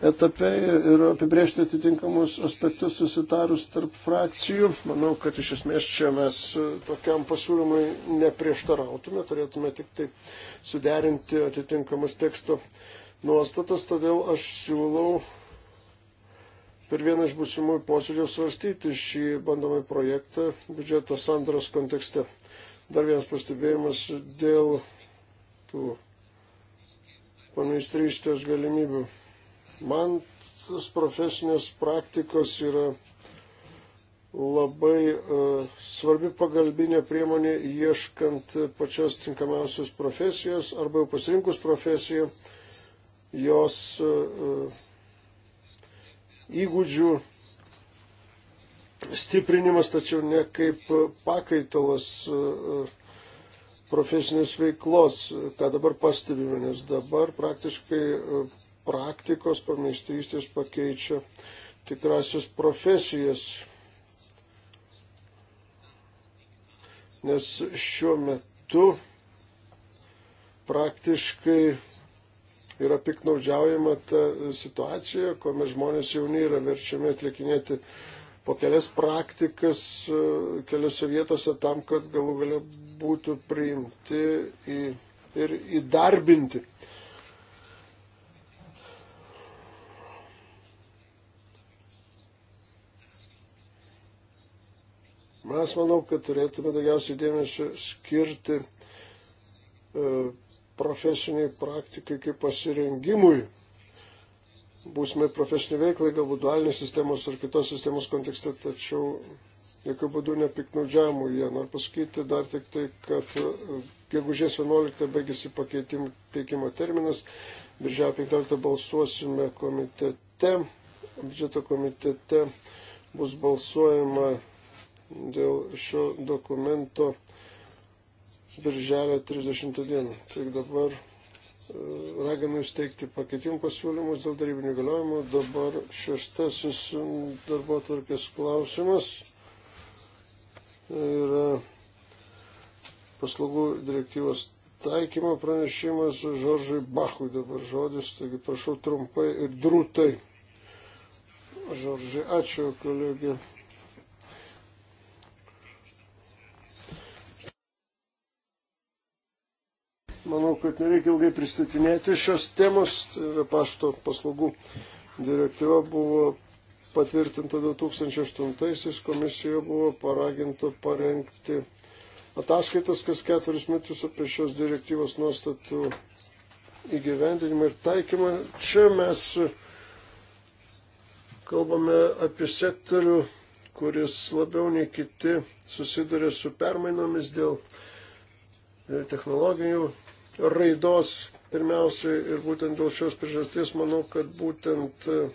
etape ir apibriežti atitinkamus aspektus susitarus tarp frakcijų. Manau, kad iš esmės čia mes e, tokiam pasiūlymui neprieštarautume, turėtume tik tai suderinti atitinkamas teksto nuostatas, todėl aš siūlau per vieną iš būsimųjų posėdžių svarstyti šį bandomą projektą biudžeto sandros kontekste. Dar vienas pastebėjimas dėl tų pameistrystės galimybių. Man tos profesinės praktikos yra labai uh, svarbi pagalbinė priemonė ieškant pačios tinkamiausios profesijos arba jau pasirinkus profesiją, jos uh, įgūdžių stiprinimas, tačiau ne kaip pakaitalas uh, profesinės veiklos, ką dabar pastebime, nes dabar praktiškai uh, praktikos, pameistrystės pakeičia tikrasias profesijas. Nes šiuo metu praktiškai yra piknaudžiaujama ta situacija, kuomet žmonės jauni yra verčiami atlikinėti po kelias praktikas e, keliose vietose tam, kad galų galia būtų priimti į, ir įdarbinti. Mes manau, kad turėtume daugiausiai dėmesio skirti e, profesiniai praktikai kaip pasirengimui būsime profesinį veiklai, galbūt dualinės sistemos ar kitos sistemos kontekste, tačiau jokių būdų nepiknaudžiamų jie. Noriu pasakyti dar tik tai, kad e, gegužės 11 baigėsi pakeitimų teikimo terminas, birželio 15 balsuosime komitete, biudžeto komitete bus balsuojama dėl šio dokumento birželio 30 dieną. Tik dabar e, raginu įsteigti pakeitimų pasiūlymus dėl darybinių galiojimų. Dabar šeštasis darbo tvarkės klausimas yra paslaugų direktyvos taikymo pranešimas Žoržui Bachui dabar žodis, taigi prašau trumpai ir drūtai. Žoržai, ačiū kolegė Manau, kad nereikia ilgai pristatinėti šios temos. Tai yra pašto paslaugų direktyva buvo patvirtinta 2008-aisiais, komisija buvo paraginta parengti ataskaitas kas ketveris metus apie šios direktyvos nuostatų įgyvendinimą ir taikymą. Čia mes kalbame apie sektorių, kuris labiau nei kiti susiduria su permainomis dėl technologijų raidos pirmiausiai ir būtent dėl šios priežasties manau, kad būtent e,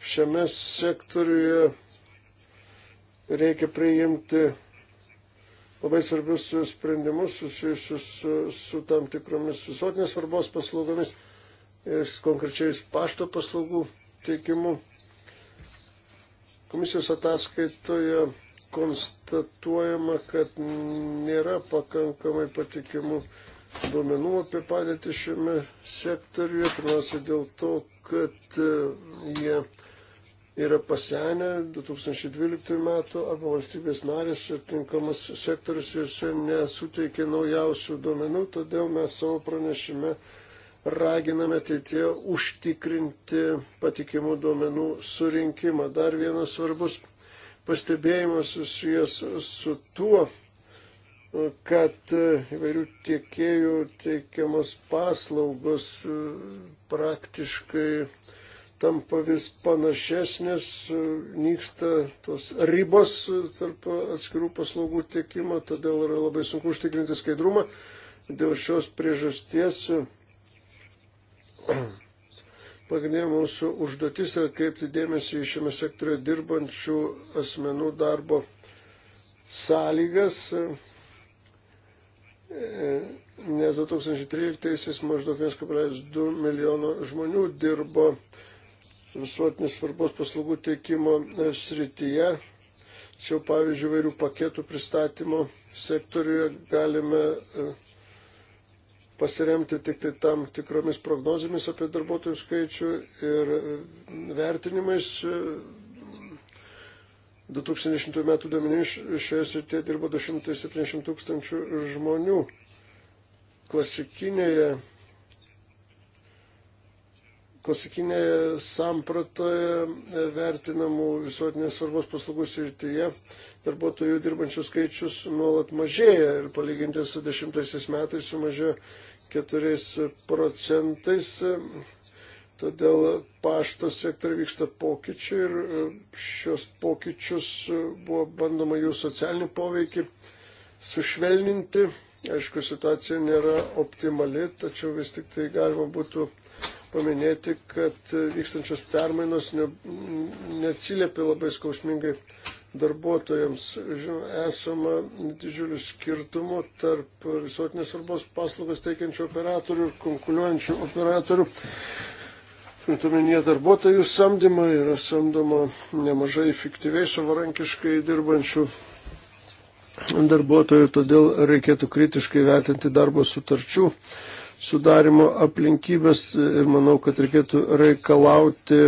šiame sektoriuje reikia priimti labai svarbius sprendimus susijusius su, su tam tikromis visuotinės svarbos paslaugomis ir konkrečiais pašto paslaugų teikimu. Komisijos ataskaitoje konstatuojama, kad nėra pakankamai patikimų duomenų apie padėtį šiame sektoriuje, pirmiausia dėl to, kad e, jie yra pasenę 2012 metų arba valstybės narės ir tinkamas sektorius juose nesuteikė naujausių duomenų, todėl mes savo pranešime raginame ateitie užtikrinti patikimų duomenų surinkimą. Dar vienas svarbus pastebėjimas susijęs su tuo, kad įvairių tiekėjų teikiamos paslaugos praktiškai tampa vis panašesnės, nyksta tos ribos tarp atskirų paslaugų tiekimo, todėl yra labai sunku užtikrinti skaidrumą. Dėl šios priežasties Pagrindinė mūsų užduotis yra kreipti dėmesį į šiame sektorio dirbančių asmenų darbo sąlygas, nes 2013-aisiais maždaug 1,2 milijono žmonių dirbo visuotinės svarbos paslaugų teikimo srityje. Čia pavyzdžiui, vairių paketų pristatymo sektoriuje galime pasiremti tik tai tam tikromis prognozėmis apie darbuotojų skaičių ir vertinimais. 2010 metų duomenimis šioje srityje dirbo 270 tūkstančių žmonių. Klasikinėje klasikinėje sampratoje vertinamų visuotinės svarbos paslaugų srityje darbuotojų dirbančių skaičius nuolat mažėja ir palyginti su dešimtaisiais metais sumažėjo keturiais procentais. Todėl pašto sektoriai vyksta pokyčių ir šios pokyčius buvo bandoma jų socialinį poveikį sušvelninti. Aišku, situacija nėra optimali, tačiau vis tik tai galima būtų paminėti, kad vykstančios permainos ne, neatsiliepia labai skausmingai darbuotojams. Žinoma, esama didžiulių skirtumų tarp visuotinės svarbos paslaugas teikiančių operatorių ir konkuliuojančių operatorių. Tuomenyje darbuotojų samdymą yra samdoma nemažai fiktyviai savarankiškai dirbančių darbuotojų, todėl reikėtų kritiškai vertinti darbo sutarčių sudarimo aplinkybės ir manau, kad reikėtų reikalauti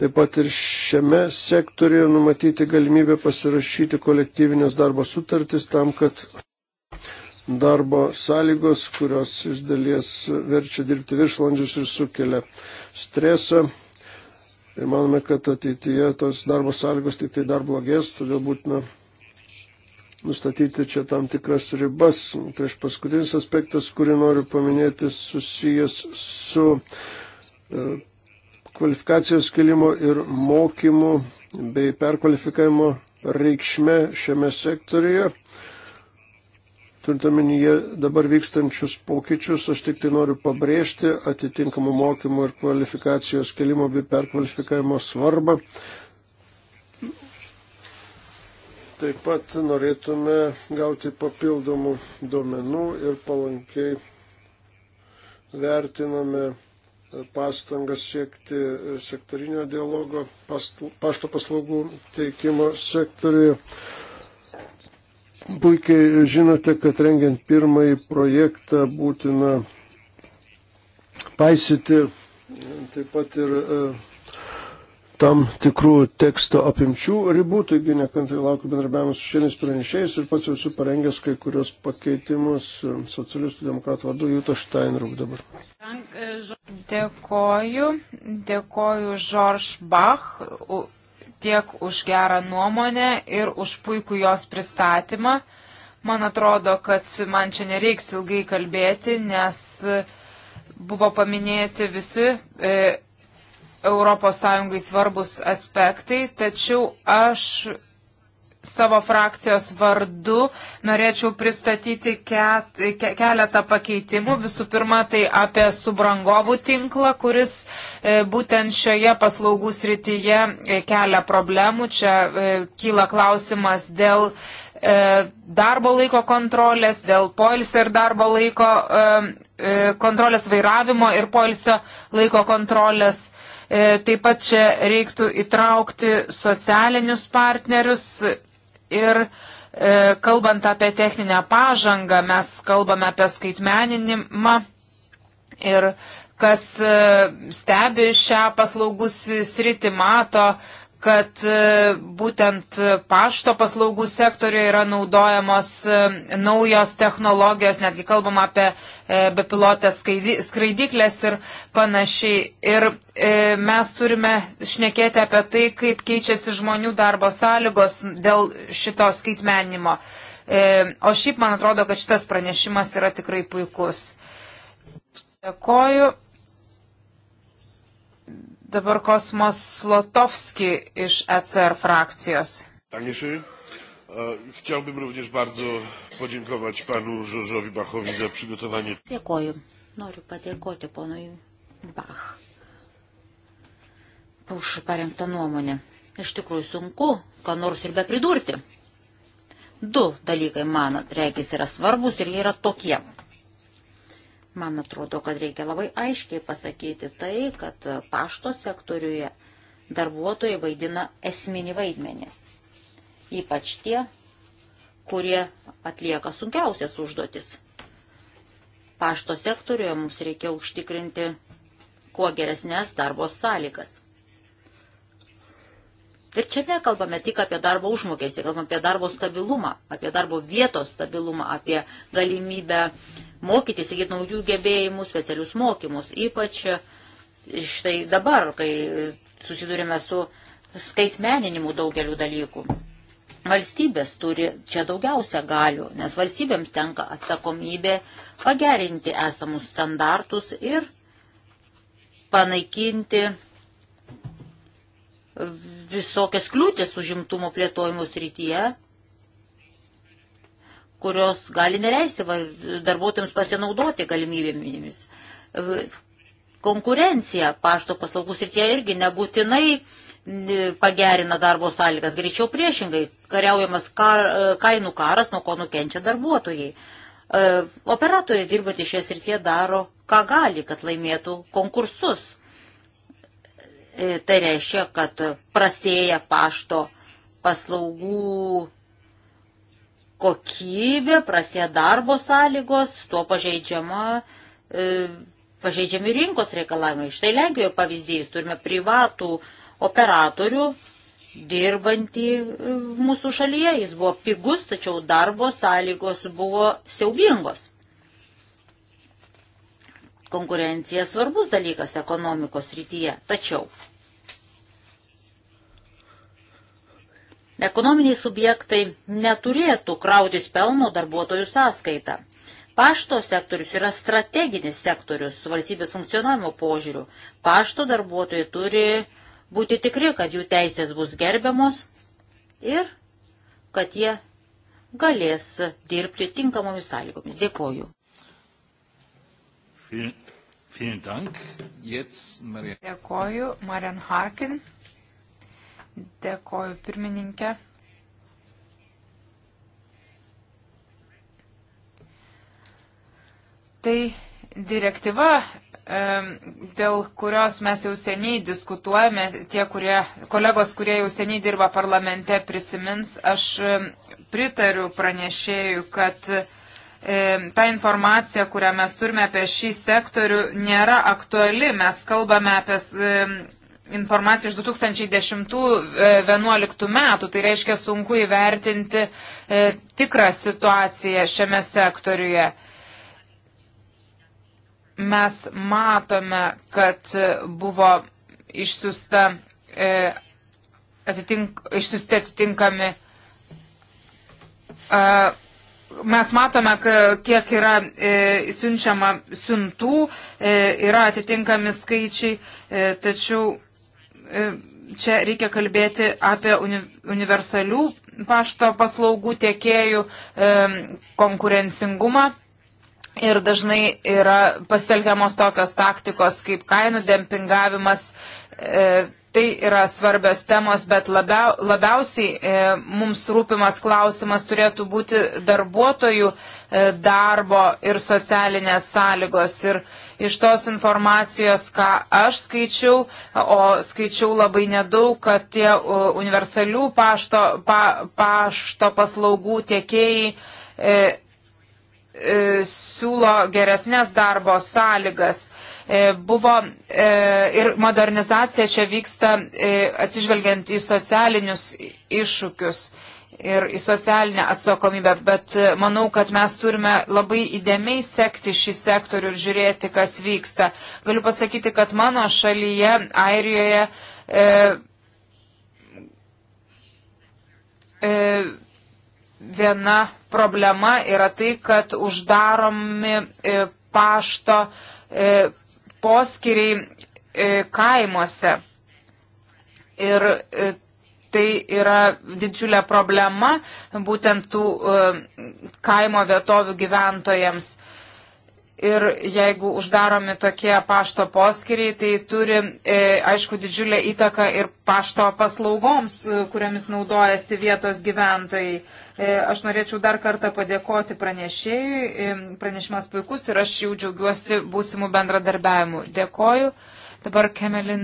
taip pat ir šiame sektoriuje numatyti galimybę pasirašyti kolektyvinės darbo sutartis tam, kad darbo sąlygos, kurios iš dalies verčia dirbti viršlandžius ir sukelia stresą. Ir manome, kad ateityje tos darbo sąlygos tik tai dar blogės, todėl būtina nustatyti čia tam tikras ribas. Prieš tai paskutinis aspektas, kurį noriu paminėti, susijęs su e, kvalifikacijos kelimo ir mokymų bei perkvalifikavimo reikšme šiame sektorijoje. Turint omenyje dabar vykstančius pokyčius, aš tik tai noriu pabrėžti atitinkamų mokymų ir kvalifikacijos kelimo bei perkvalifikavimo svarbą Taip pat norėtume gauti papildomų duomenų ir palankiai vertiname pastangas siekti sektorinio dialogo pašto paslaugų teikimo sektoriuje. Puikiai žinote, kad rengiant pirmąjį projektą būtina paisyti taip pat ir uh, tam tikrų teksto apimčių ribų, taigi nekantrai laukiu bendrabiavimo su šiandienis pranešėjais ir pats esu parengęs kai kurios pakeitimus socialistų demokratų vadu Jūta Steinruk dabar.
Dėkoju, dėkoju Žorž Bach tiek už gerą nuomonę ir už puikų jos pristatymą. Man atrodo, kad man čia nereiks ilgai kalbėti, nes buvo paminėti visi. E, ES svarbus aspektai, tačiau aš savo frakcijos vardu norėčiau pristatyti ket, ke, keletą pakeitimų. Visų pirma, tai apie subrangovų tinklą, kuris e, būtent šioje paslaugų srityje e, kelia problemų. Čia e, kyla klausimas dėl e, darbo laiko kontrolės, dėl poilsio ir darbo laiko e, e kontrolės vairavimo ir poilsio laiko kontrolės. E, taip pat čia reiktų įtraukti socialinius partnerius ir e, kalbant apie techninę pažangą, mes kalbame apie skaitmeninimą ir kas e, stebi šią paslaugus sritį, mato, kad e, būtent pašto paslaugų sektoriuje yra naudojamos e, naujos technologijos, netgi kalbam apie e, bepilotės skraidyklės ir panašiai. Ir mes turime šnekėti apie tai, kaip keičiasi žmonių darbo sąlygos dėl šito skaitmenimo. O šiaip man atrodo, kad šitas pranešimas yra tikrai puikus. Dėkoju. Dabar Kosmos Lotovski
iš ECR
frakcijos. Tanieszy. E, chciałbym również bardzo podziękować panu Żorzowi Bachowi za przygotowanie.
Dziękuję. Noriu padėkoti ponui Bach už parengtą nuomonę. Iš tikrųjų sunku, ką nors ir be pridurti. Du dalykai, man reikės, yra svarbus ir jie yra tokie. Man atrodo, kad reikia labai aiškiai pasakyti tai, kad pašto sektoriuje darbuotojai vaidina esminį vaidmenį. Ypač tie, kurie atlieka sunkiausias užduotis. Pašto sektoriuje mums reikia užtikrinti kuo geresnės darbo sąlygas. Ir čia nekalbame tik apie darbo užmokestį, kalbame apie darbo stabilumą, apie darbo vietos stabilumą, apie galimybę mokytis, įgyti naujų gebėjimų, specialius mokymus. Ypač e, štai dabar, kai susidurime su skaitmeninimu daugeliu dalykų. Valstybės turi čia daugiausia galių, nes valstybėms tenka atsakomybė pagerinti esamus standartus ir panaikinti visokias kliūtis užimtumo plėtojimų srityje, kurios gali neleisti darbuotojams pasinaudoti galimybėmis. Konkurencija pašto paslaugų srityje irgi nebūtinai pagerina darbo sąlygas, greičiau priešingai, kariaujamas kar, kainų karas, nuo ko nukenčia darbuotojai. E, operatoriai dirbantys šioje srityje daro, ką gali, kad laimėtų konkursus. E, tai reiškia, kad prastėja pašto paslaugų kokybė, prasė darbo sąlygos, tuo pažeidžiama, e, pažeidžiami rinkos reikalavimai. Štai Lenkijoje pavyzdys, turime privatų operatorių dirbantį e, mūsų šalyje. Jis buvo pigus, tačiau darbo sąlygos buvo siaubingos. Konkurencija svarbus dalykas ekonomikos rytyje. Tačiau Ekonominiai subjektai neturėtų krautis pelno darbuotojų sąskaitą. Pašto sektorius yra strateginis sektorius valstybės funkcionavimo požiūrių. Pašto darbuotojai turi būti tikri, kad jų teisės bus gerbiamos ir kad jie galės dirbti tinkamomis sąlygomis. Dėkoju.
Vielen, vielen Dank. Jetzt Marian.
Dėkoju, Marian Harkin.
Dėkoju pirmininkė. Tai direktyva, dėl kurios mes jau seniai diskutuojame, tie kurie, kolegos, kurie jau seniai dirba parlamente, prisimins, aš pritariu pranešėjų, kad ta informacija, kurią mes turime apie šį sektorių, nėra aktuali. Mes kalbame apie informacija iš 2010-2011 e, metų, tai reiškia sunku įvertinti e, tikrą situaciją šiame sektoriuje. Mes matome, kad buvo išsiusta, e, atitink, išsiusti atitinkami. E, mes matome, kiek yra e, siunčiama siuntų, e, yra atitinkami skaičiai, e, tačiau E, čia reikia kalbėti apie universalių pašto paslaugų tiekėjų e, konkurencingumą. Ir dažnai yra pastelkiamos tokios taktikos kaip kainų dempingavimas, e, tai yra svarbios temos, bet labia, labiausiai e, mums rūpimas klausimas turėtų būti darbuotojų e, darbo ir socialinės sąlygos. Ir iš tos informacijos, ką aš skaičiau, o skaičiau labai nedaug, kad tie universalių pašto, pa, pašto paslaugų tiekėjai e, E, siūlo geresnės darbo sąlygas. E, buvo e, ir modernizacija čia vyksta atsižvelgiant į socialinius iššūkius ir į socialinę atsakomybę, bet manau, kad mes turime labai įdėmiai sekti šį sektorių ir žiūrėti, kas vyksta. Galiu pasakyti, kad mano šalyje, Airijoje, e, e, viena problema yra tai, kad uždaromi e, pašto e, poskiriai e, kaimuose. Ir tai yra didžiulė problema būtent tų kaimo vietovių gyventojams. Ir jeigu uždaromi tokie pašto poskiriai, tai turi, e, aišku, didžiulę įtaką ir pašto paslaugoms, kuriomis naudojasi vietos gyventojai. E, E, aš norėčiau dar kartą padėkoti pranešėjui. E, pranešimas puikus ir aš jau džiaugiuosi būsimų bendradarbiavimų. Dėkoju. Dabar Kemelin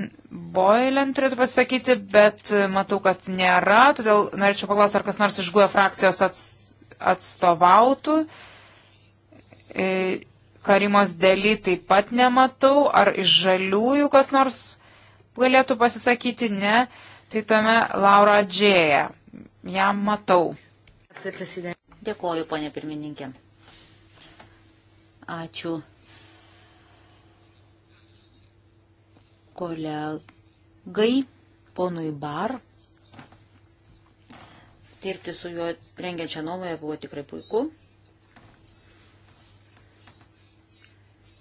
Boilen turėtų pasakyti, bet e, matau, kad nėra, todėl norėčiau paklausti, ar kas nors iš GUE frakcijos atstovautų. Karimos dėly taip pat nematau, ar iš žaliųjų kas nors galėtų pasisakyti, ne. Tai tuome Laura Džėja. Jam matau.
Dėkoju, ponė pirmininkė. Ačiū kolegai, ponui Bar. Dirbti su juo rengiančią nuomoje buvo tikrai puiku.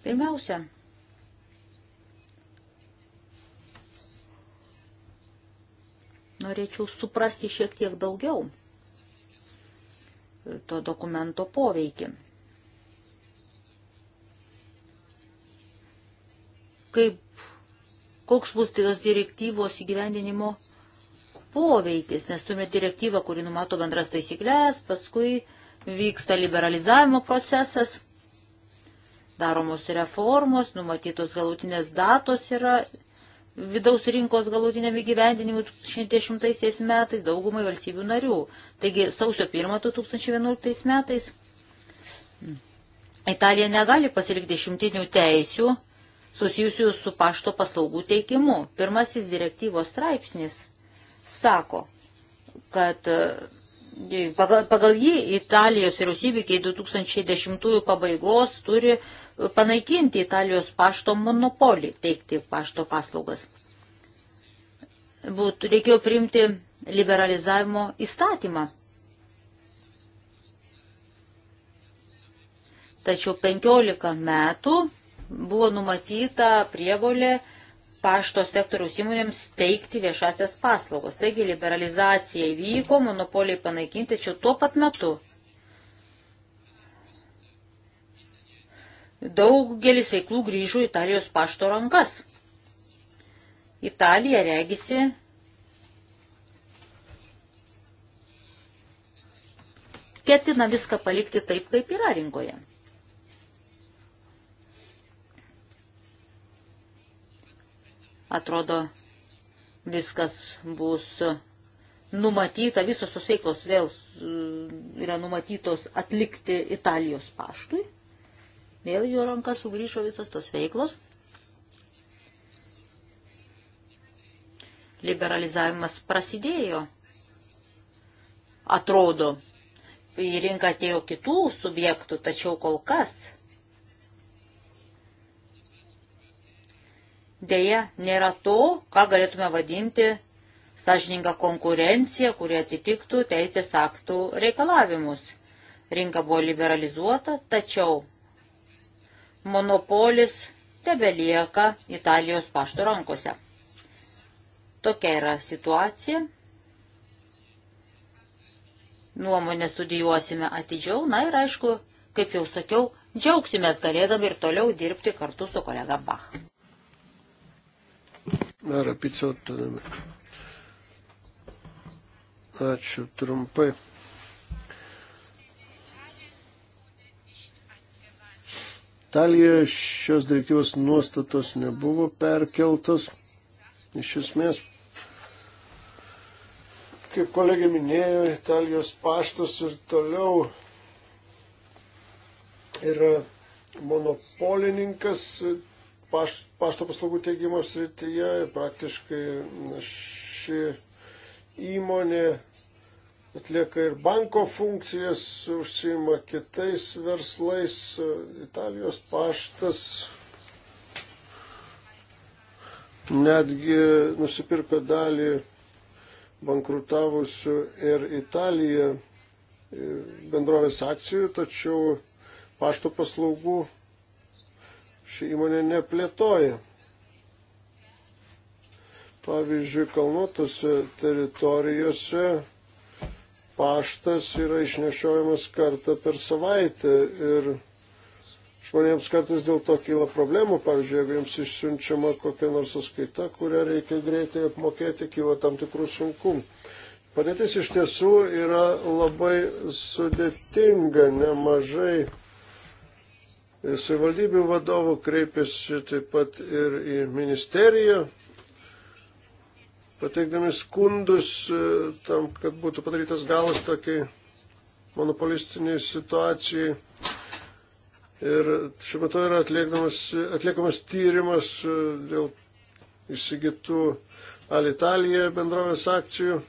Pirmiausia, norėčiau suprasti šiek tiek daugiau to dokumento poveikį. Kaip, koks bus tai tos direktyvos įgyvendinimo poveikis, nes turime direktyvą, kuri numato bendras taisyklės, paskui vyksta liberalizavimo procesas, daromos reformos, numatytos galutinės datos yra vidaus rinkos galutiniam įgyvendinimui 2010 metais daugumai valstybių narių. Taigi sausio 1 2011 metais hmm, Italija negali pasilikti šimtinių teisių susijusių su pašto paslaugų teikimu. Pirmasis direktyvos straipsnis sako, kad e, pagal, pagal jį Italijos vyriausybė iki 2010 pabaigos turi panaikinti Italijos pašto monopolį teikti pašto paslaugas. Būtų reikėjo priimti liberalizavimo įstatymą. Tačiau 15 metų buvo numatyta prievolė pašto sektoriaus įmonėms teikti viešasias paslaugos. Taigi liberalizacija įvyko, monopoliai panaikinti, tačiau tuo pat metu daugelis veiklų grįžo Italijos pašto rankas. Italija regisi ketina viską palikti taip, kaip yra rinkoje. Atrodo, viskas bus numatyta, visos tos veiklos vėl mm, yra numatytos atlikti Italijos paštui. Vėl jo rankas sugrįžo visos tos veiklos. Liberalizavimas prasidėjo. Atrodo, į rinką atėjo kitų subjektų, tačiau kol kas dėja nėra to, ką galėtume vadinti sąžininga konkurencija, kurie atitiktų teisės aktų reikalavimus. Rinka buvo liberalizuota, tačiau monopolis tebelieka Italijos pašto rankose. Tokia yra situacija. Nuomonę studijuosime atidžiau, na ir aišku, kaip jau sakiau, džiaugsimės galėdami ir toliau dirbti kartu su kolega Bach.
Ačiū trumpai. Italijoje šios direktyvos nuostatos nebuvo perkeltos. Iš esmės, kaip kolegė minėjo, Italijos paštas ir toliau yra monopolininkas paš, pašto paslaugų teikimo srityje ir praktiškai ši įmonė atlieka ir banko funkcijas, užsima kitais verslais, Italijos paštas netgi nusipirko dalį bankrutavusių ir Italija bendrovės akcijų, tačiau pašto paslaugų ši įmonė neplėtoja. Pavyzdžiui, kalnuotose teritorijose paštas yra išnešiojamas kartą per savaitę ir žmonėms kartais dėl to kyla problemų. Pavyzdžiui, jeigu jiems išsiunčiama kokia nors sąskaita, kurią reikia greitai apmokėti, kyla tam tikrų sunkumų. Padėtis iš tiesų yra labai sudėtinga, nemažai. Savivaldybių vadovų kreipėsi taip pat ir į ministeriją pateikdami skundus e, tam, kad būtų padarytas galas tokiai monopolistiniai situacijai. Ir šiuo metu yra atliekamas tyrimas e, dėl įsigytų Alitalija bendrovės akcijų.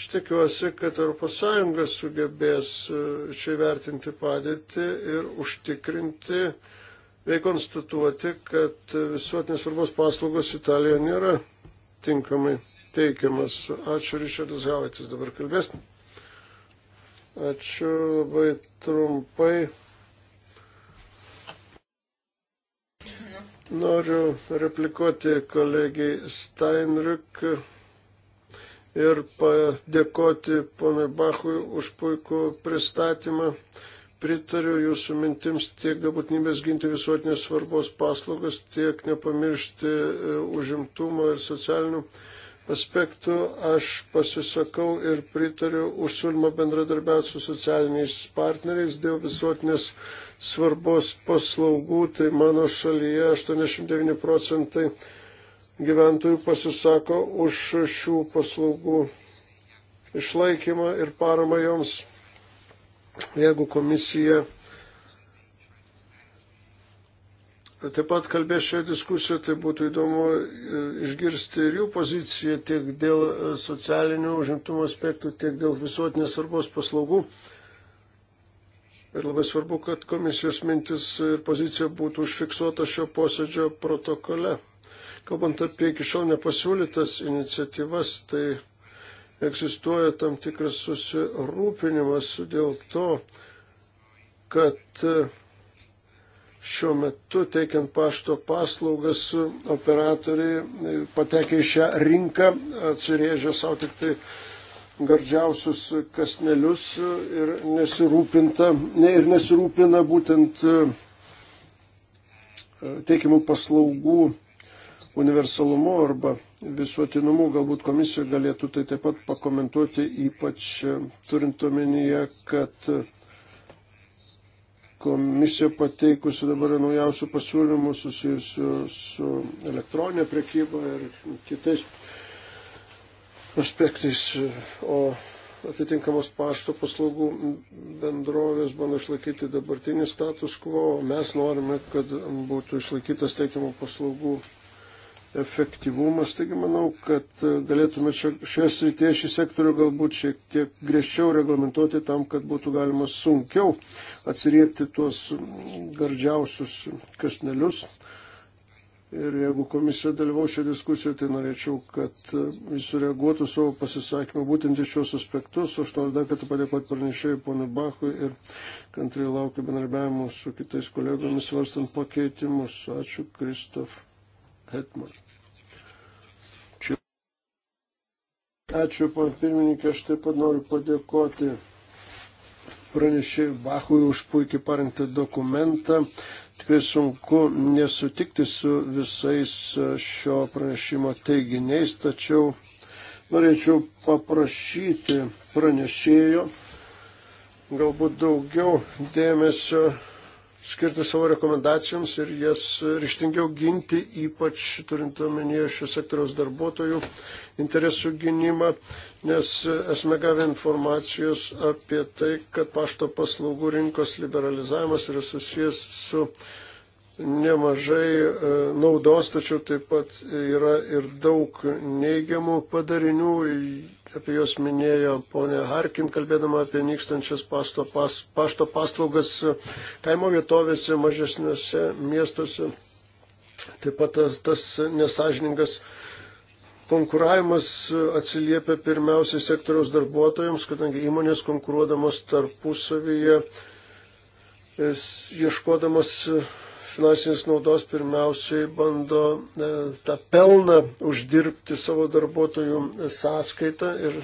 Aš tikiuosi, kad ES sugebės e, čia vertinti padėtį ir užtikrinti bei konstatuoti, kad visuotinės svarbos paslaugos Italijoje nėra tinkamai teikiamas. Ačiū Ryšėdas Gavatis, dabar kalbėsim. Ačiū labai trumpai. Noriu replikuoti kolegiai Steinrück ir padėkoti ponui Bachui už puikų pristatymą pritariu jūsų mintims tiek dėl būtinybės ginti visuotinės svarbos paslaugas, tiek nepamiršti e, užimtumo ir socialinių aspektų. Aš pasisakau ir pritariu užsiūlymą bendradarbiauti su socialiniais partneriais dėl visuotinės svarbos paslaugų. Tai mano šalyje 89 procentai gyventojų pasisako už šių paslaugų išlaikymą ir paramą joms Jeigu komisija Taip pat kalbės šioje diskusijoje, tai būtų įdomu e, išgirsti ir jų poziciją tiek dėl e, socialinių užimtumo aspektų, tiek dėl visuotinės svarbos paslaugų. Ir labai svarbu, kad komisijos mintis ir pozicija būtų užfiksuota šio posėdžio protokole. Kalbant apie iki šiol nepasiūlytas iniciatyvas, tai egzistuoja tam tikras susirūpinimas dėl to, kad e, šiuo metu teikiant pašto paslaugas e, operatoriai e, patekia į šią rinką, atsirėžia savo tik tai gardžiausius kasnelius ir, ne, ir nesirūpina būtent teikiamų paslaugų universalumu arba visuotinumu. Galbūt komisija galėtų tai taip pat pakomentuoti, ypač e, turint omenyje, kad e, komisija pateikusi dabar naujausių pasiūlymų susijusių su elektroninė priekyba ir kitais aspektais. E, o atitinkamos pašto paslaugų bendrovės bando išlaikyti dabartinį status quo, o mes norime, kad būtų išlaikytas teikiamų paslaugų efektyvumas. Taigi manau, kad e, galėtume šioje srityje šį sektorių galbūt šiek tiek griežčiau reglamentuoti tam, kad būtų galima sunkiau atsiriekti tuos gardžiausius kasnelius. Ir jeigu komisija dalyvau šią diskusiją, tai norėčiau, kad e, jis sureaguotų savo pasisakymą būtent iš šios aspektus. Aš noriu dar kartą padėkoti pranešėjai ponui Bachui ir kantriai laukiu bendarbiavimo su kitais kolegomis svarstant pakeitimus. Ačiū, Kristof. Hetman. Čia. Ačiū, pan pirmininkė, aš taip pat noriu padėkoti pranešėjui Bachui už puikiai parengtą dokumentą. Tikrai sunku nesutikti su visais šio pranešimo teiginiais, tačiau norėčiau paprašyti pranešėjo galbūt daugiau dėmesio skirti savo rekomendacijoms ir jas ryštingiau ginti, ypač turint omenyje šio sektoriaus darbuotojų interesų gynimą, nes esame gavę informacijos apie tai, kad pašto paslaugų rinkos liberalizavimas yra susijęs su nemažai e, naudos, tačiau taip pat yra ir daug neigiamų padarinių apie juos minėjo ponė Harkin, kalbėdama apie nykstančias pasto, pas, pašto paslaugas e, kaimo vietovėse, mažesniuose miestuose. Taip pat tas, tas nesažiningas konkuravimas e, atsiliepia pirmiausiai sektoriaus darbuotojams, kadangi įmonės konkuruodamos tarpusavyje, e, ieškodamos finansinės naudos pirmiausiai bando e, tą pelną uždirbti savo darbuotojų sąskaitą ir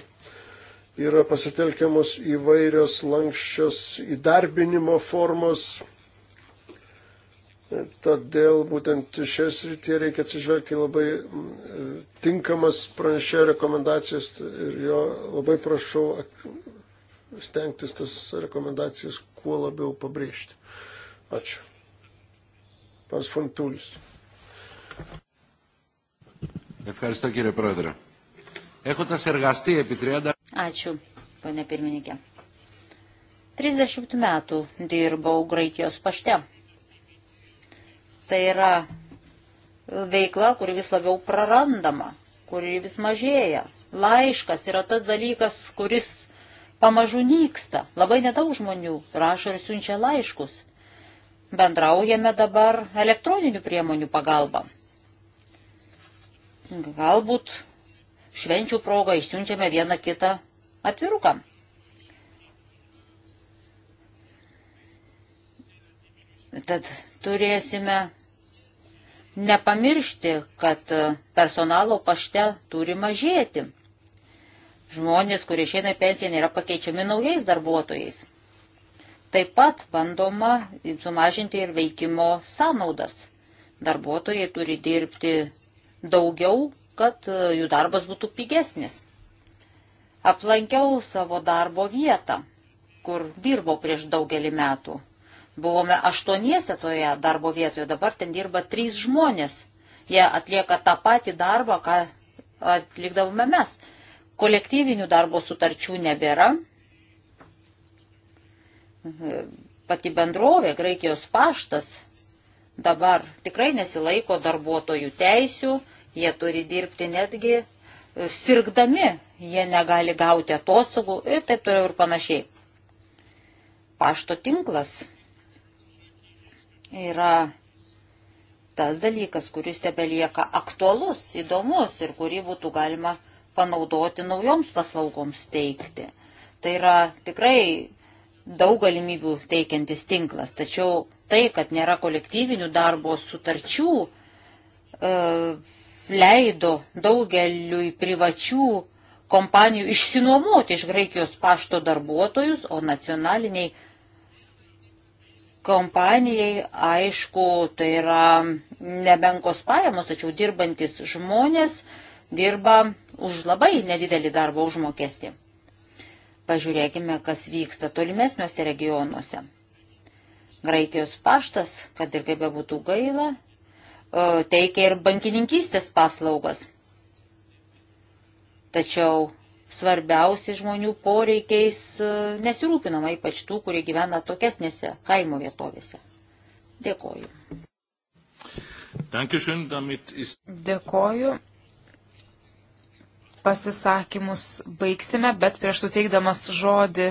yra pasitelkiamos įvairios lankščios įdarbinimo formos. E, todėl būtent šias rytyje reikia atsižvelgti labai e, tinkamas pranešėjo rekomendacijas ir jo labai prašau stengtis tas rekomendacijas kuo labiau pabrėžti. Ačiū. Pas Φουντούλης. Ευχαριστώ κύριε Πρόεδρε. Έχοντας εργαστεί επί 30...
Ačiū, ponė pirmininkė. 30 metų dirbau Graikijos pašte. Tai yra veikla, kuri vis labiau prarandama, kuri vis mažėja. Laiškas yra tas dalykas, kuris pamažu nyksta. Labai nedaug žmonių rašo ir siunčia laiškus bendraujame dabar elektroninių priemonių pagalba. Galbūt švenčių progą išsiunčiame vieną kitą atviruką. Tad turėsime nepamiršti, kad personalo pašte turi mažėti. Žmonės, kurie išeina į pensiją, nėra pakeičiami naujais darbuotojais. Taip pat bandoma sumažinti ir veikimo sąnaudas. Darbuotojai turi dirbti daugiau, kad e, jų darbas būtų pigesnis. Aplankiau savo darbo vietą, kur dirbo prieš daugelį metų. Buvome aštuoniese toje darbo vietoje, dabar ten dirba trys žmonės. Jie atlieka tą patį darbą, ką atlikdavome mes. Kolektyvinių darbo sutarčių nebėra, pati bendrovė, Graikijos paštas, dabar tikrai nesilaiko darbuotojų teisių, jie turi dirbti netgi e, sirgdami, jie negali gauti atostogų ir taip toliau ir panašiai. Pašto tinklas yra tas dalykas, kuris tebelieka aktualus, įdomus ir kurį būtų galima panaudoti naujoms paslaugoms teikti. Tai yra tikrai daug galimybių teikiantis tinklas, tačiau tai, kad nėra kolektyvinių darbo sutarčių, e, leido daugeliui privačių kompanijų išsinuomoti iš Graikijos pašto darbuotojus, o nacionaliniai kompanijai, aišku, tai yra nebenkos pajamos, tačiau dirbantis žmonės dirba už labai nedidelį darbo užmokestį. Pažiūrėkime, kas vyksta tolimesniuose regionuose. Graikijos paštas, kad ir kaip bebūtų gaila, e, teikia ir bankininkystės paslaugas. Tačiau svarbiausi žmonių poreikiais e, nesirūpinama, ypač tų, kurie gyvena tokesnėse kaimo vietovėse. Dėkoju.
Dankeschön,
damit ist...
Dėkoju pasisakymus baigsime, bet prieš suteikdamas žodį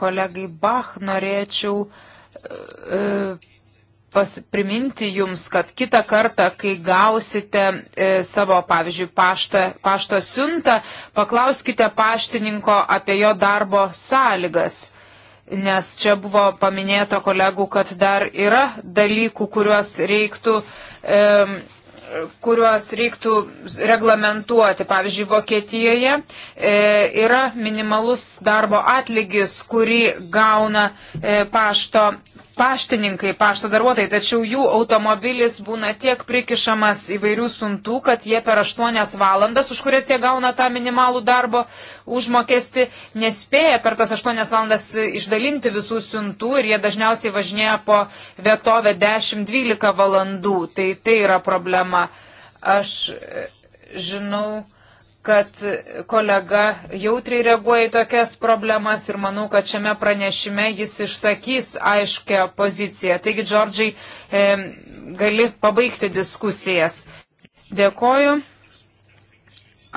kolegai Bach norėčiau e, pas, priminti jums, kad kitą kartą, kai gausite e, savo, pavyzdžiui, paštą, pašto siuntą, paklauskite paštininko apie jo darbo sąlygas nes čia buvo paminėta kolegų, kad dar yra dalykų, kuriuos reiktų e, kuriuos reiktų reglamentuoti. Pavyzdžiui, Vokietijoje e, yra minimalus darbo atlygis, kurį gauna e, pašto paštininkai, pašto darbuotojai, tačiau jų automobilis būna tiek prikišamas įvairių suntų, kad jie per 8 valandas, už kurias jie gauna tą minimalų darbo užmokesti, nespėja per tas 8 valandas išdalinti visų suntų ir jie dažniausiai važinėja po vietovę 10-12 valandų. Tai tai yra problema. Aš e, žinau kad kolega jautriai reaguoja į tokias problemas ir manau, kad šiame pranešime jis išsakys aiškę poziciją. Taigi, Džordžiai, e, gali pabaigti diskusijas. Dėkoju.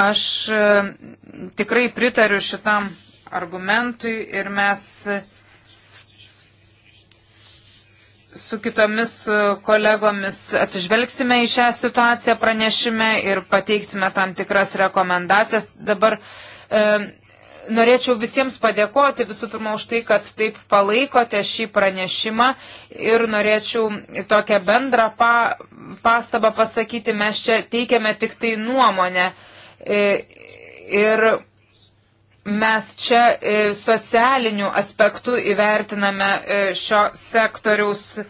Aš e, tikrai pritariu šitam argumentui ir mes. E, su kitomis e, kolegomis atsižvelgsime į šią situaciją pranešime ir pateiksime tam tikras rekomendacijas. Dabar e, norėčiau visiems padėkoti visų pirma už tai, kad taip palaikote šį pranešimą ir norėčiau tokią bendrą pa, pastabą pasakyti, mes čia teikiame tik tai nuomonę. E, ir mes čia e, socialinių aspektų įvertiname e, šio sektoriaus e,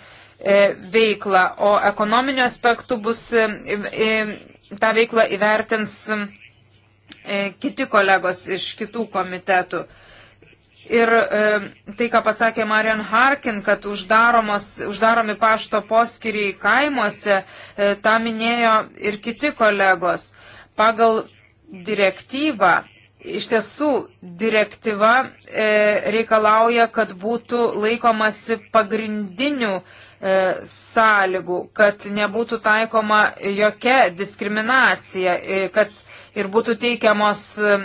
veiklą, o ekonominių aspektų bus tą veiklą įvertins kiti kolegos iš kitų komitetų. Ir e, tai, ką pasakė Marian Harkin, kad uždaromi pašto poskiriai kaimuose, e, tą minėjo ir kiti kolegos. Pagal direktyvą Iš tiesų, direktyva e, reikalauja, kad būtų laikomasi pagrindinių e, sąlygų, kad nebūtų taikoma jokia diskriminacija, e, kad ir būtų teikiamos e,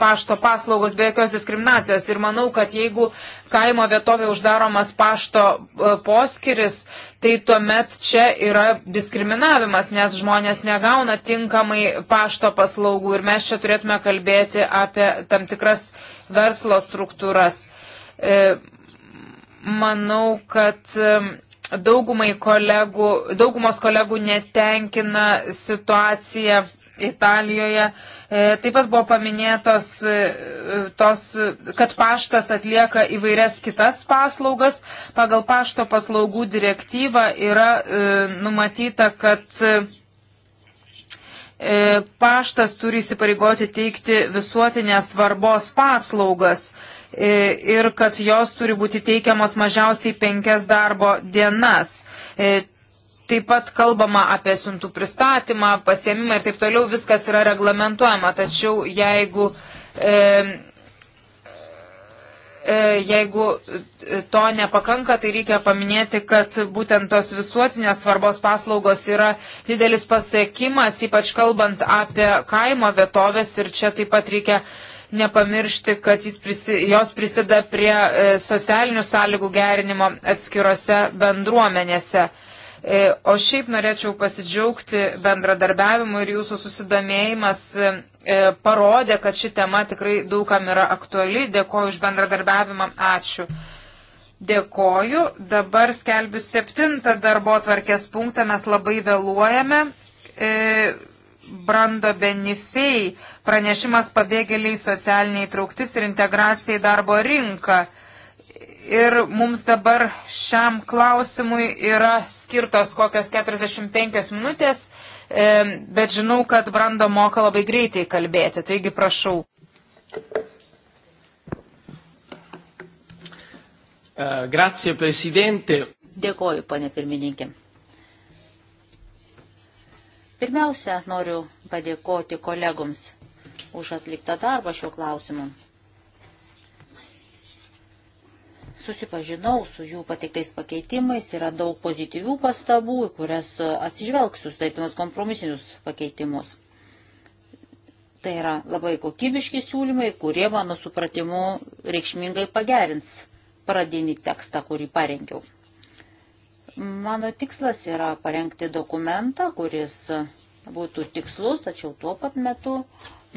pašto paslaugos be jokios diskriminacijos. Ir manau, kad jeigu kaimo vietovė uždaromas pašto e, poskiris, tai tuomet čia yra diskriminavimas, nes žmonės negauna tinkamai pašto paslaugų ir mes čia turėtume kalbėti apie tam tikras verslo struktūras. E, manau, kad daugumai kolegų, daugumos kolegų netenkina situacija Italijoje. E, taip pat buvo paminėtos e, tos, kad paštas atlieka įvairias kitas paslaugas. Pagal pašto paslaugų direktyvą yra e, numatyta, kad paštas turi įsipareigoti teikti visuotinės svarbos paslaugas ir kad jos turi būti teikiamos mažiausiai penkias darbo dienas. Taip pat kalbama apie siuntų pristatymą, pasiemimą ir taip toliau, viskas yra reglamentuojama. Tačiau jeigu, e, e, jeigu to nepakanka, tai reikia paminėti, kad būtent tos visuotinės svarbos paslaugos yra didelis pasiekimas, ypač kalbant apie kaimo vietovės ir čia taip pat reikia nepamiršti, kad prisi, jos prisideda prie e, socialinių sąlygų gerinimo atskirose bendruomenėse. E, o šiaip norėčiau pasidžiaugti bendradarbiavimu ir jūsų susidomėjimas e, e, parodė, kad ši tema tikrai daugam yra aktuali. Dėkoju už bendradarbiavimą. Ačiū. Dėkoju. Dabar skelbiu septintą darbo tvarkės punktą. Mes labai vėluojame. Brando Benifei pranešimas pabėgėliai socialiniai trauktis ir integracija į darbo rinką. Ir mums dabar šiam klausimui yra skirtos kokios 45 minutės, e, bet žinau, kad Brando moka labai greitai kalbėti, taigi
prašau. E, grazie, prezidente.
Dėkoju, ponė pirmininkė. Pirmiausia, noriu padėkoti kolegoms už atliktą darbą šiuo klausimu. susipažinau su jų pateiktais pakeitimais, yra daug pozityvių pastabų, į kurias atsižvelgsiu, statymas kompromisinius pakeitimus. Tai yra labai kokybiški siūlymai, kurie, mano supratimu, reikšmingai pagerins pradinį tekstą, kurį parengiau. Mano tikslas yra parengti dokumentą, kuris būtų tikslus, tačiau tuo pat metu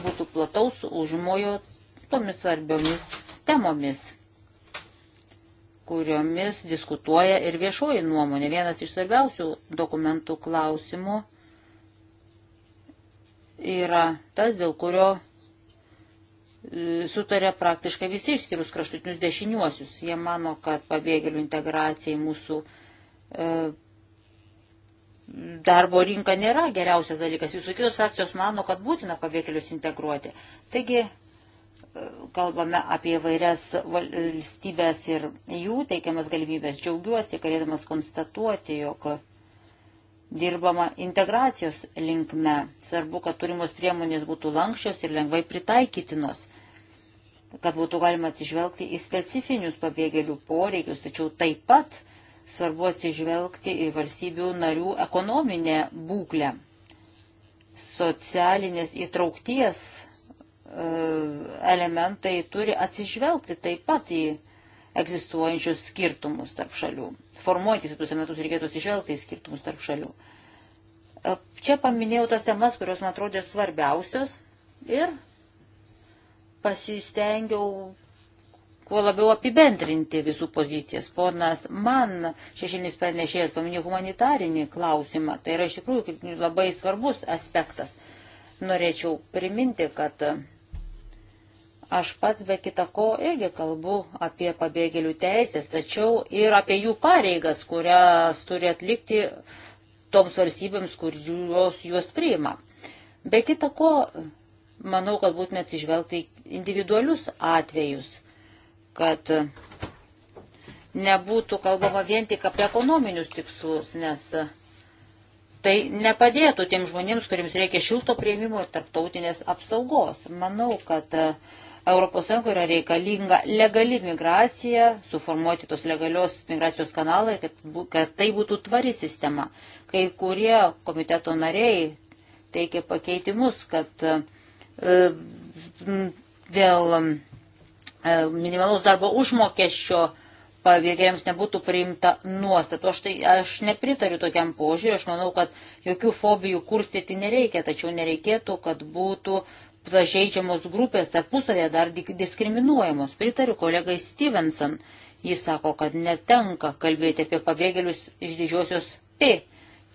būtų plataus užmojo tomis svarbiomis temomis kuriomis diskutuoja ir viešoji nuomonė. Vienas iš svarbiausių dokumentų klausimų yra tas, dėl kurio e, sutarė praktiškai visi išskyrus kraštutinius dešiniuosius. Jie mano, kad pabėgėlių integracijai mūsų e, darbo rinka nėra geriausias dalykas. Visokios frakcijos mano, kad būtina pabėgėlius integruoti. Taigi kalbame apie vairias valstybės ir jų teikiamas galimybės. Džiaugiuosi, galėdamas konstatuoti, jog dirbama integracijos linkme. Svarbu, kad turimos priemonės būtų lankščios ir lengvai pritaikytinos, kad būtų galima atsižvelgti į specifinius pabėgėlių poreikius, tačiau taip pat svarbu atsižvelgti į valstybių narių ekonominę būklę, socialinės įtraukties elementai turi atsižvelgti taip pat į egzistuojančius skirtumus tarp šalių. Formuojantis kitus metus reikėtų atsižvelgti į skirtumus tarp šalių. E, čia paminėjau tas temas, kurios man atrodė svarbiausios ir pasistengiau kuo labiau apibendrinti visų pozicijas. Ponas man šešėlinis pranešėjas paminėjo humanitarinį klausimą. Tai yra iš tikrųjų labai svarbus aspektas. Norėčiau priminti, kad Aš pats be kita ko irgi kalbu apie pabėgėlių teisės, tačiau ir apie jų pareigas, kurias turi atlikti toms valstybėms, kurios juos priima. Be kita ko, manau, kad būtina atsižvelgti individualius atvejus, kad nebūtų kalbama vien tik apie ekonominius tikslus, nes tai nepadėtų tiem žmonėms, kuriems reikia šilto prieimimo ir tarptautinės apsaugos. Manau, kad uh, ES yra reikalinga legali migracija, suformuoti tos legalios migracijos kanalą ir kad, kad tai būtų tvari sistema. Kai kurie komiteto nariai teikia pakeitimus, kad e, dėl e, minimalaus darbo užmokesčio pabėgėliams nebūtų priimta nuostatų. Aš, tai, aš nepritariu tokiam požiūriu, aš manau, kad jokių fobijų kurstyti nereikia, tačiau nereikėtų, kad būtų pažeidžiamos grupės tarpusavėje dar diskriminuojamos. Pritariu kolegai Stevenson. Jis sako, kad netenka kalbėti apie pabėgėlius iš didžiosios P.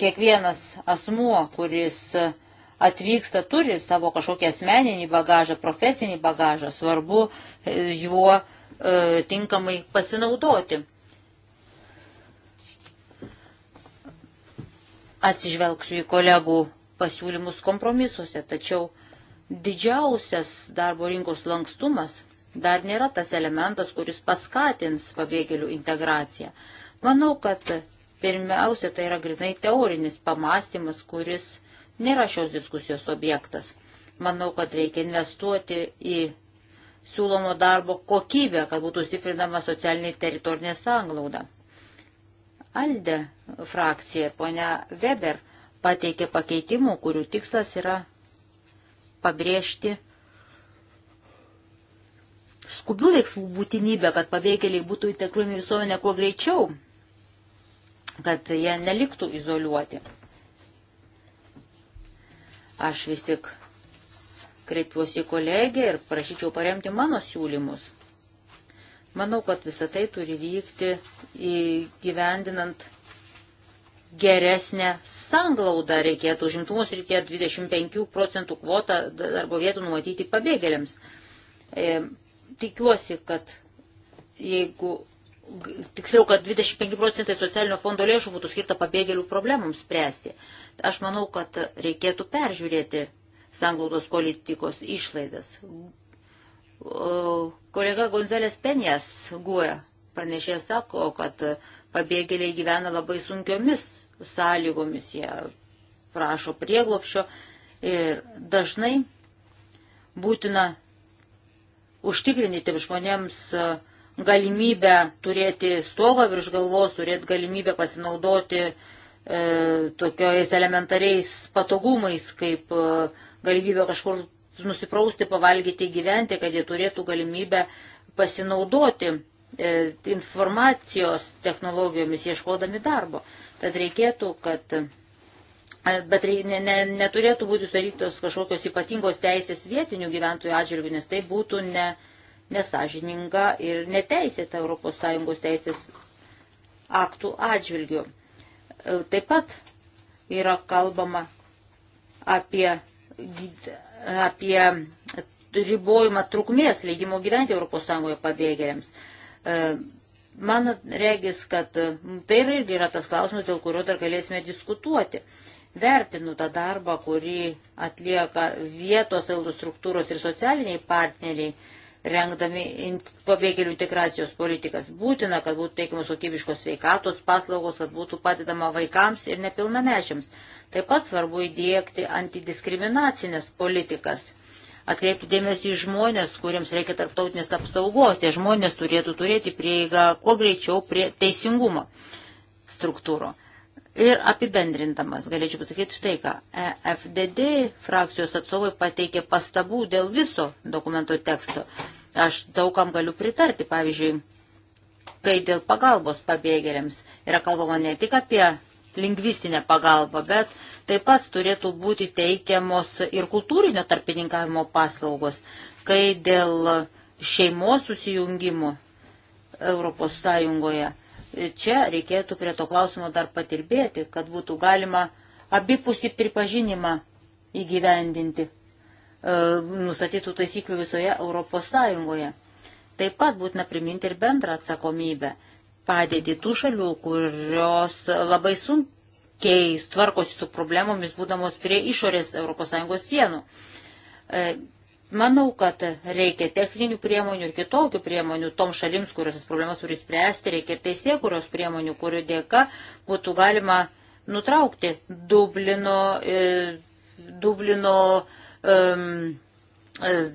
Kiekvienas asmuo, kuris atvyksta, turi savo kažkokį asmeninį bagažą, profesinį bagažą, svarbu e, juo e, tinkamai pasinaudoti. Atsižvelgsiu į kolegų pasiūlymus kompromisuose, tačiau didžiausias darbo rinkos lankstumas dar nėra tas elementas, kuris paskatins pabėgėlių integraciją. Manau, kad pirmiausia tai yra grinai teorinis pamastymas, kuris nėra šios diskusijos objektas. Manau, kad reikia investuoti į siūlomo darbo kokybę, kad būtų stiprinama socialinė teritorinė sanglauda. Alde frakcija ir ponia Weber pateikė pakeitimų, kurių tikslas yra pabrėžti skubių veiksmų būtinybę, kad pabėgėliai būtų integruojami visuomenė kuo greičiau, kad jie neliktų izoliuoti. Aš vis tik kreipiuosi į kolegę ir prašyčiau paremti mano siūlymus. Manau, kad visą tai turi vykti įgyvendinant geresnę sanglaudą reikėtų užimtumus rytie 25 procentų kvotą darbo vietų numatyti pabėgėliams. E, tikiuosi, kad jeigu, tiksliau, kad 25 procentai socialinio fondo lėšų būtų skirta pabėgėlių problemams spręsti. Aš manau, kad reikėtų peržiūrėti sanglaudos politikos išlaidas. O, kolega Gonzalės Penės guoja pranešė sako, kad pabėgėliai gyvena labai sunkiomis sąlygomis, jie prašo prieglopščio ir dažnai būtina užtikrinti tiem žmonėms e, galimybę turėti stovą virš galvos, turėti galimybę pasinaudoti e, tokiais elementariais patogumais, kaip e, galimybę kažkur nusiprausti, pavalgyti, gyventi, kad jie turėtų galimybę pasinaudoti e, informacijos technologijomis ieškodami darbo. Tad reikėtų, kad e, Bet ne, ne, neturėtų būti sudarytos kažkokios ypatingos teisės vietinių gyventojų atžvilgių, nes tai būtų ne, nesažininga ir neteisėta ES teisės aktų atžvilgių. E, taip pat yra kalbama apie, apie ribojimą trukmės leidimo gyventi ES pabėgėliams. E, Man regis, kad tai yra irgi yra tas klausimas, dėl kurio dar galėsime diskutuoti. Vertinu tą darbą, kurį atlieka vietos eldų struktūros ir socialiniai partneriai, rengdami pabėgėlių integracijos politikas. Būtina, kad būtų teikiamos kokybiškos sveikatos paslaugos, kad būtų padedama vaikams ir nepilnamečiams. Taip pat svarbu įdėkti antidiskriminacinės politikas atkreiptų dėmesį į žmonės, kuriems reikia tarptautinės apsaugos. Tie žmonės turėtų turėti prieigą kuo greičiau prie teisingumo struktūro. Ir apibendrintamas, galėčiau pasakyti štai ką, EFDD frakcijos atstovai pateikė pastabų dėl viso dokumento teksto. Aš daugam galiu pritarti, pavyzdžiui, kai dėl pagalbos pabėgėliams yra kalbama ne tik apie lingvistinę pagalbą, bet taip pat turėtų būti teikiamos ir kultūrinio tarpininkavimo paslaugos, kai dėl šeimos susijungimų ES čia reikėtų prie to klausimo dar patirbėti, kad būtų galima abipusį pripažinimą įgyvendinti e, nustatytų taisyklių visoje ES. Taip pat būtina priminti ir bendrą atsakomybę padėtį tų šalių, kurios labai sunkiai tvarkosi su problemomis, būdamos prie išorės ES sienų. E, manau, kad reikia techninių priemonių ir kitokių priemonių tom šalims, kurios tas problemas turi spręsti, reikia ir teisė, kurios priemonių, kurių dėka būtų galima nutraukti Dublino, e, Dublino um,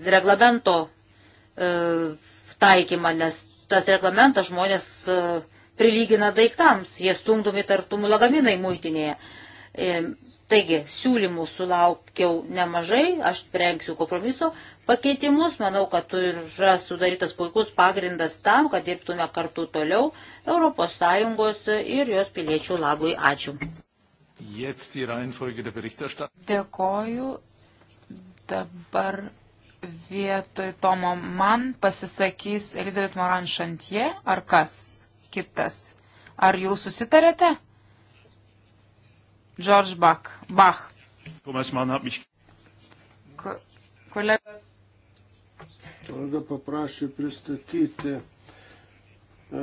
reglamento um, taikymą, nes tas reglamentas žmonės e, prilygina daiktams, jie stumdomi tartumų lagaminai muitinėje. E, taigi, siūlymų sulaukiau nemažai, aš prengsiu kompromiso pakeitimus, manau, kad yra sudarytas puikus pagrindas tam, kad dirbtume kartu toliau ES ir jos piliečių labui. Ačiū. Dėkoju. Dabar
vietoj Tomo man pasisakys Elizabeth Moran Šantie ar kas kitas? Ar jau susitarėte? George Bach. Bach. Thomas Mann hat mich. Ko, kolega.
Kolega paprašė pristatyti e,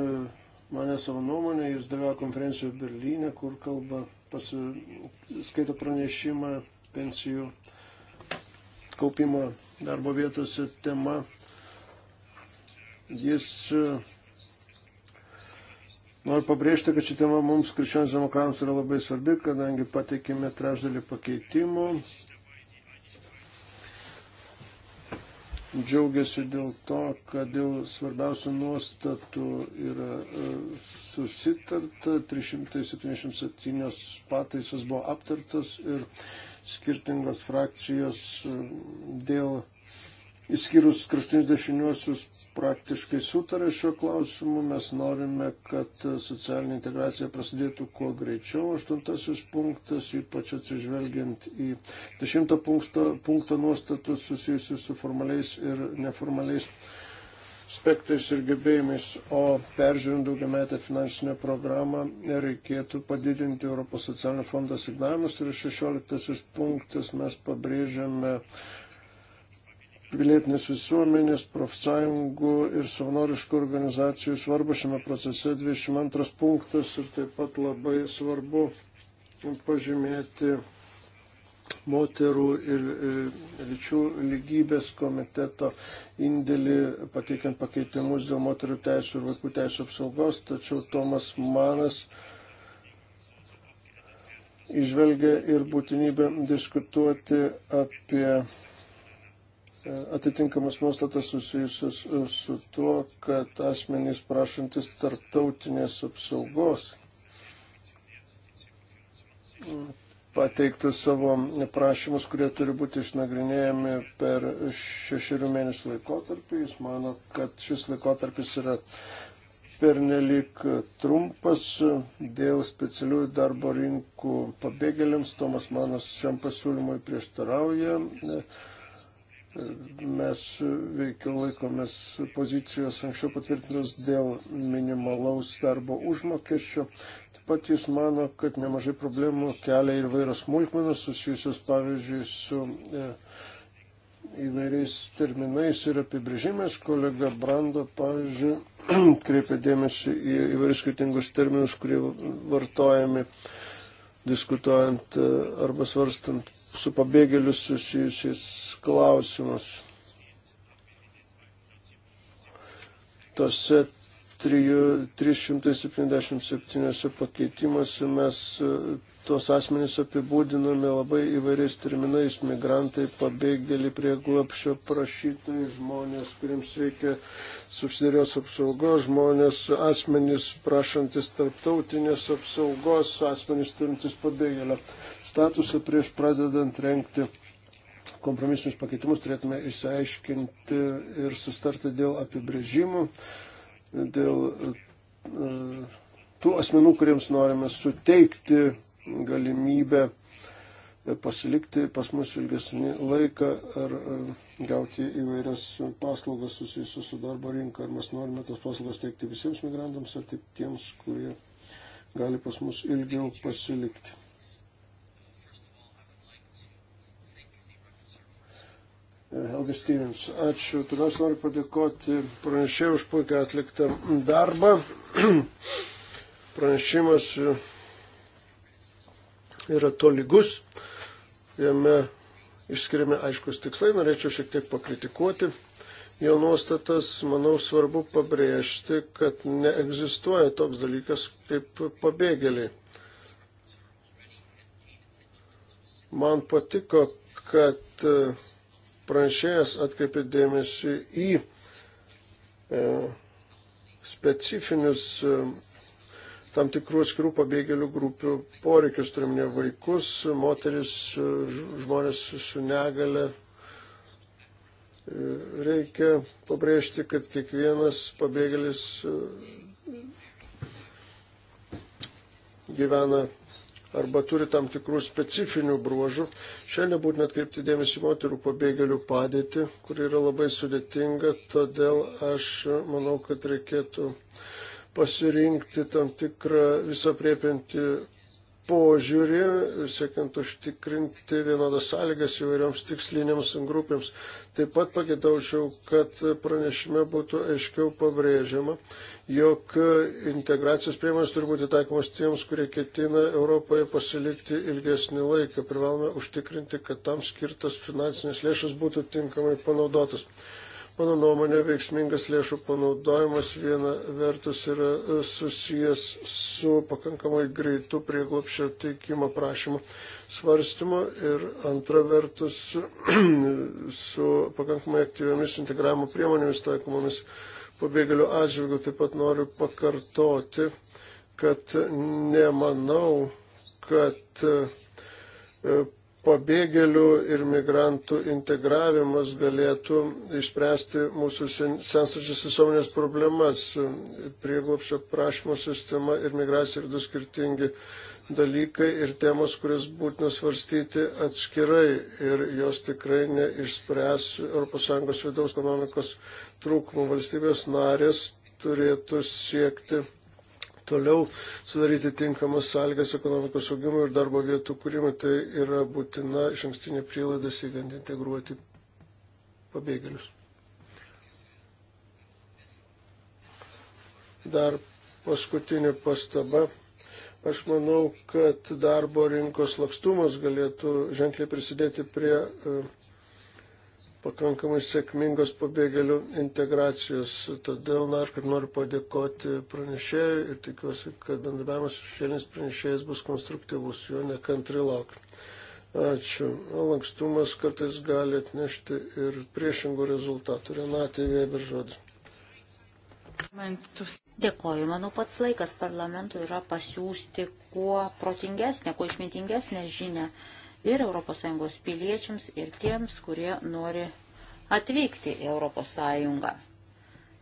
mane savo nuomonę, jis davė konferenciją Berlyne, kur kalba, pasi, skaito pranešimą pensijų kaupimo darbo vietose tema. Jis e, nori pabrėžti, kad ši tema mums krikščionis demokratams yra labai svarbi, kadangi pateikėme trešdalį pakeitimų. Džiaugiasi dėl to, kad dėl svarbiausių nuostatų yra e, susitarta, 377 pataisos buvo aptartos ir skirtingos frakcijos e, dėl Įskyrus kraštinius dešiniuosius praktiškai sutarė šiuo klausimu, mes norime, kad socialinė integracija prasidėtų kuo greičiau. Aštuntasis punktas, ypač atsižvelgiant į dešimto punkto, punkto nuostatus susijusius su formaliais ir neformaliais aspektais ir gebėjimais, o peržiūrint daugiametę finansinę programą reikėtų padidinti Europos socialinio fondo signavimus ir 16 punktas mes pabrėžiame pilietinės visuomenės, profsąjungų ir savanoriškų organizacijų svarbą šiame procese 22 punktas ir taip pat labai svarbu pažymėti moterų ir lyčių lygybės komiteto indėlį pateikiant pakeitimus dėl moterų teisų ir vaikų teisų apsaugos, tačiau Tomas Manas išvelgia ir būtinybę diskutuoti apie e, atitinkamas nuostatas susijusius su tuo, kad asmenys prašantis tarptautinės apsaugos pateiktų savo prašymus, kurie turi būti išnagrinėjami per šešerių mėnesių laikotarpį. Jis mano, kad šis laikotarpis yra pernelik trumpas dėl specialių darbo rinkų pabėgėliams. Tomas Manas šiam pasiūlymui prieštarauja. Ne mes veikiau laikomės pozicijos anksčiau patvirtintos dėl minimalaus darbo užmokesčio. Taip pat jis mano, kad nemažai problemų kelia ir vairios smulkmenos susijusios, pavyzdžiui, su e, įvairiais terminais ir apibrėžimais. Kolega Brando, pavyzdžiui, kreipia dėmesį į įvairius skirtingus terminus, kurie vartojami diskutuojant e, arba svarstant su pabėgėlius susijusiais klausimus. Tose 377 pakeitimuose mes tuos asmenys apibūdinami labai įvairiais terminais - migrantai, pabėgėliai, prieglapšio prašytojai, žmonės, kuriems reikia subsidiarios apsaugos, žmonės, asmenys prašantis tarptautinės apsaugos, asmenys turintis pabėgėlio statusą prieš pradedant renkti. Kompromisinius pakeitimus turėtume išsiaiškinti ir sustarti dėl apibrėžimų, dėl e, tų asmenų, kuriems norime suteikti galimybę pasilikti pas mus ilgesnį laiką ar gauti įvairias paslaugas susijusius su darbo rinka, ar mes norime tas paslaugas teikti visiems migrantams ar tik tiems, kurie gali pas mus ilgiau pasilikti. Helga Stevens, ačiū. Pirmiausia, noriu padėkoti pranešėjui už puikiai atliktą darbą. Pranešimas yra tolygus, jame išskiriami aiškus tikslai, norėčiau šiek tiek pakritikuoti. Jo nuostatas, manau, svarbu pabrėžti, kad neegzistuoja toks dalykas kaip pabėgėliai. Man patiko, kad e, pranešėjas atkreipė dėmesį į e, specifinius e, tam tikrų atskirų pabėgėlių grupių poreikius, turime vaikus, moteris, žmonės su negale. Reikia pabrėžti, kad kiekvienas pabėgėlis e, gyvena arba turi tam tikrų specifinių bruožų. Šiandien būtina atkreipti dėmesį moterų pabėgėlių padėtį, kuri yra labai sudėtinga, todėl aš manau, kad reikėtų uh, pasirinkti tam tikrą visapriepinti požiūrį, siekiant užtikrinti vienodas sąlygas įvairioms tikslinėms grupėms. Taip pat pakitaučiau, kad pranešime būtų aiškiau pabrėžiama, jog integracijos priemonės turi būti taikomos tiems, kurie ketina Europoje pasilikti ilgesnį laiką. Privalome užtikrinti, kad tam skirtas finansinės lėšas būtų tinkamai panaudotas. Mano nuomonė, veiksmingas lėšų panaudojimas viena vertus yra e, susijęs su pakankamai greitu prieglopščio teikimo prašymu svarstymu ir antra vertus su pakankamai aktyviamis integravimo priemonėmis taikomomis pabėgėlių atžvilgių. Taip pat noriu pakartoti, kad nemanau, kad e, pabėgėlių ir migrantų integravimas galėtų išspręsti mūsų sensačias visuomenės problemas. Prieglopšio prašymo sistema ir migracija yra du skirtingi dalykai ir temos, kurias būtina svarstyti atskirai ir jos tikrai neišspręs ES vidaus ekonomikos trūkumų. Valstybės narės turėtų siekti toliau sudaryti tinkamas sąlygas ekonomikos augimui ir darbo vietų kūrimui. Tai yra būtina iš ankstinė prielaida siekiant integruoti pabėgėlius. Dar paskutinė pastaba. Aš manau, kad darbo rinkos lakstumas galėtų ženkliai prisidėti prie uh, pakankamai sėkmingos pabėgėlių integracijos. Todėl dar kartą noriu padėkoti pranešėjui ir tikiuosi, kad bendravimas su šiandienis pranešėjas bus konstruktyvus, jo nekantri laukiu. Ačiū. Lankstumas kartais gali atnešti ir priešingų rezultatų. Renatė Weber žodis.
Dėkoju, manau pats laikas parlamentui yra pasiūsti kuo protingesnę, kuo išmintingesnę žinę ir ES piliečiams, ir tiems, kurie nori atvykti į ES.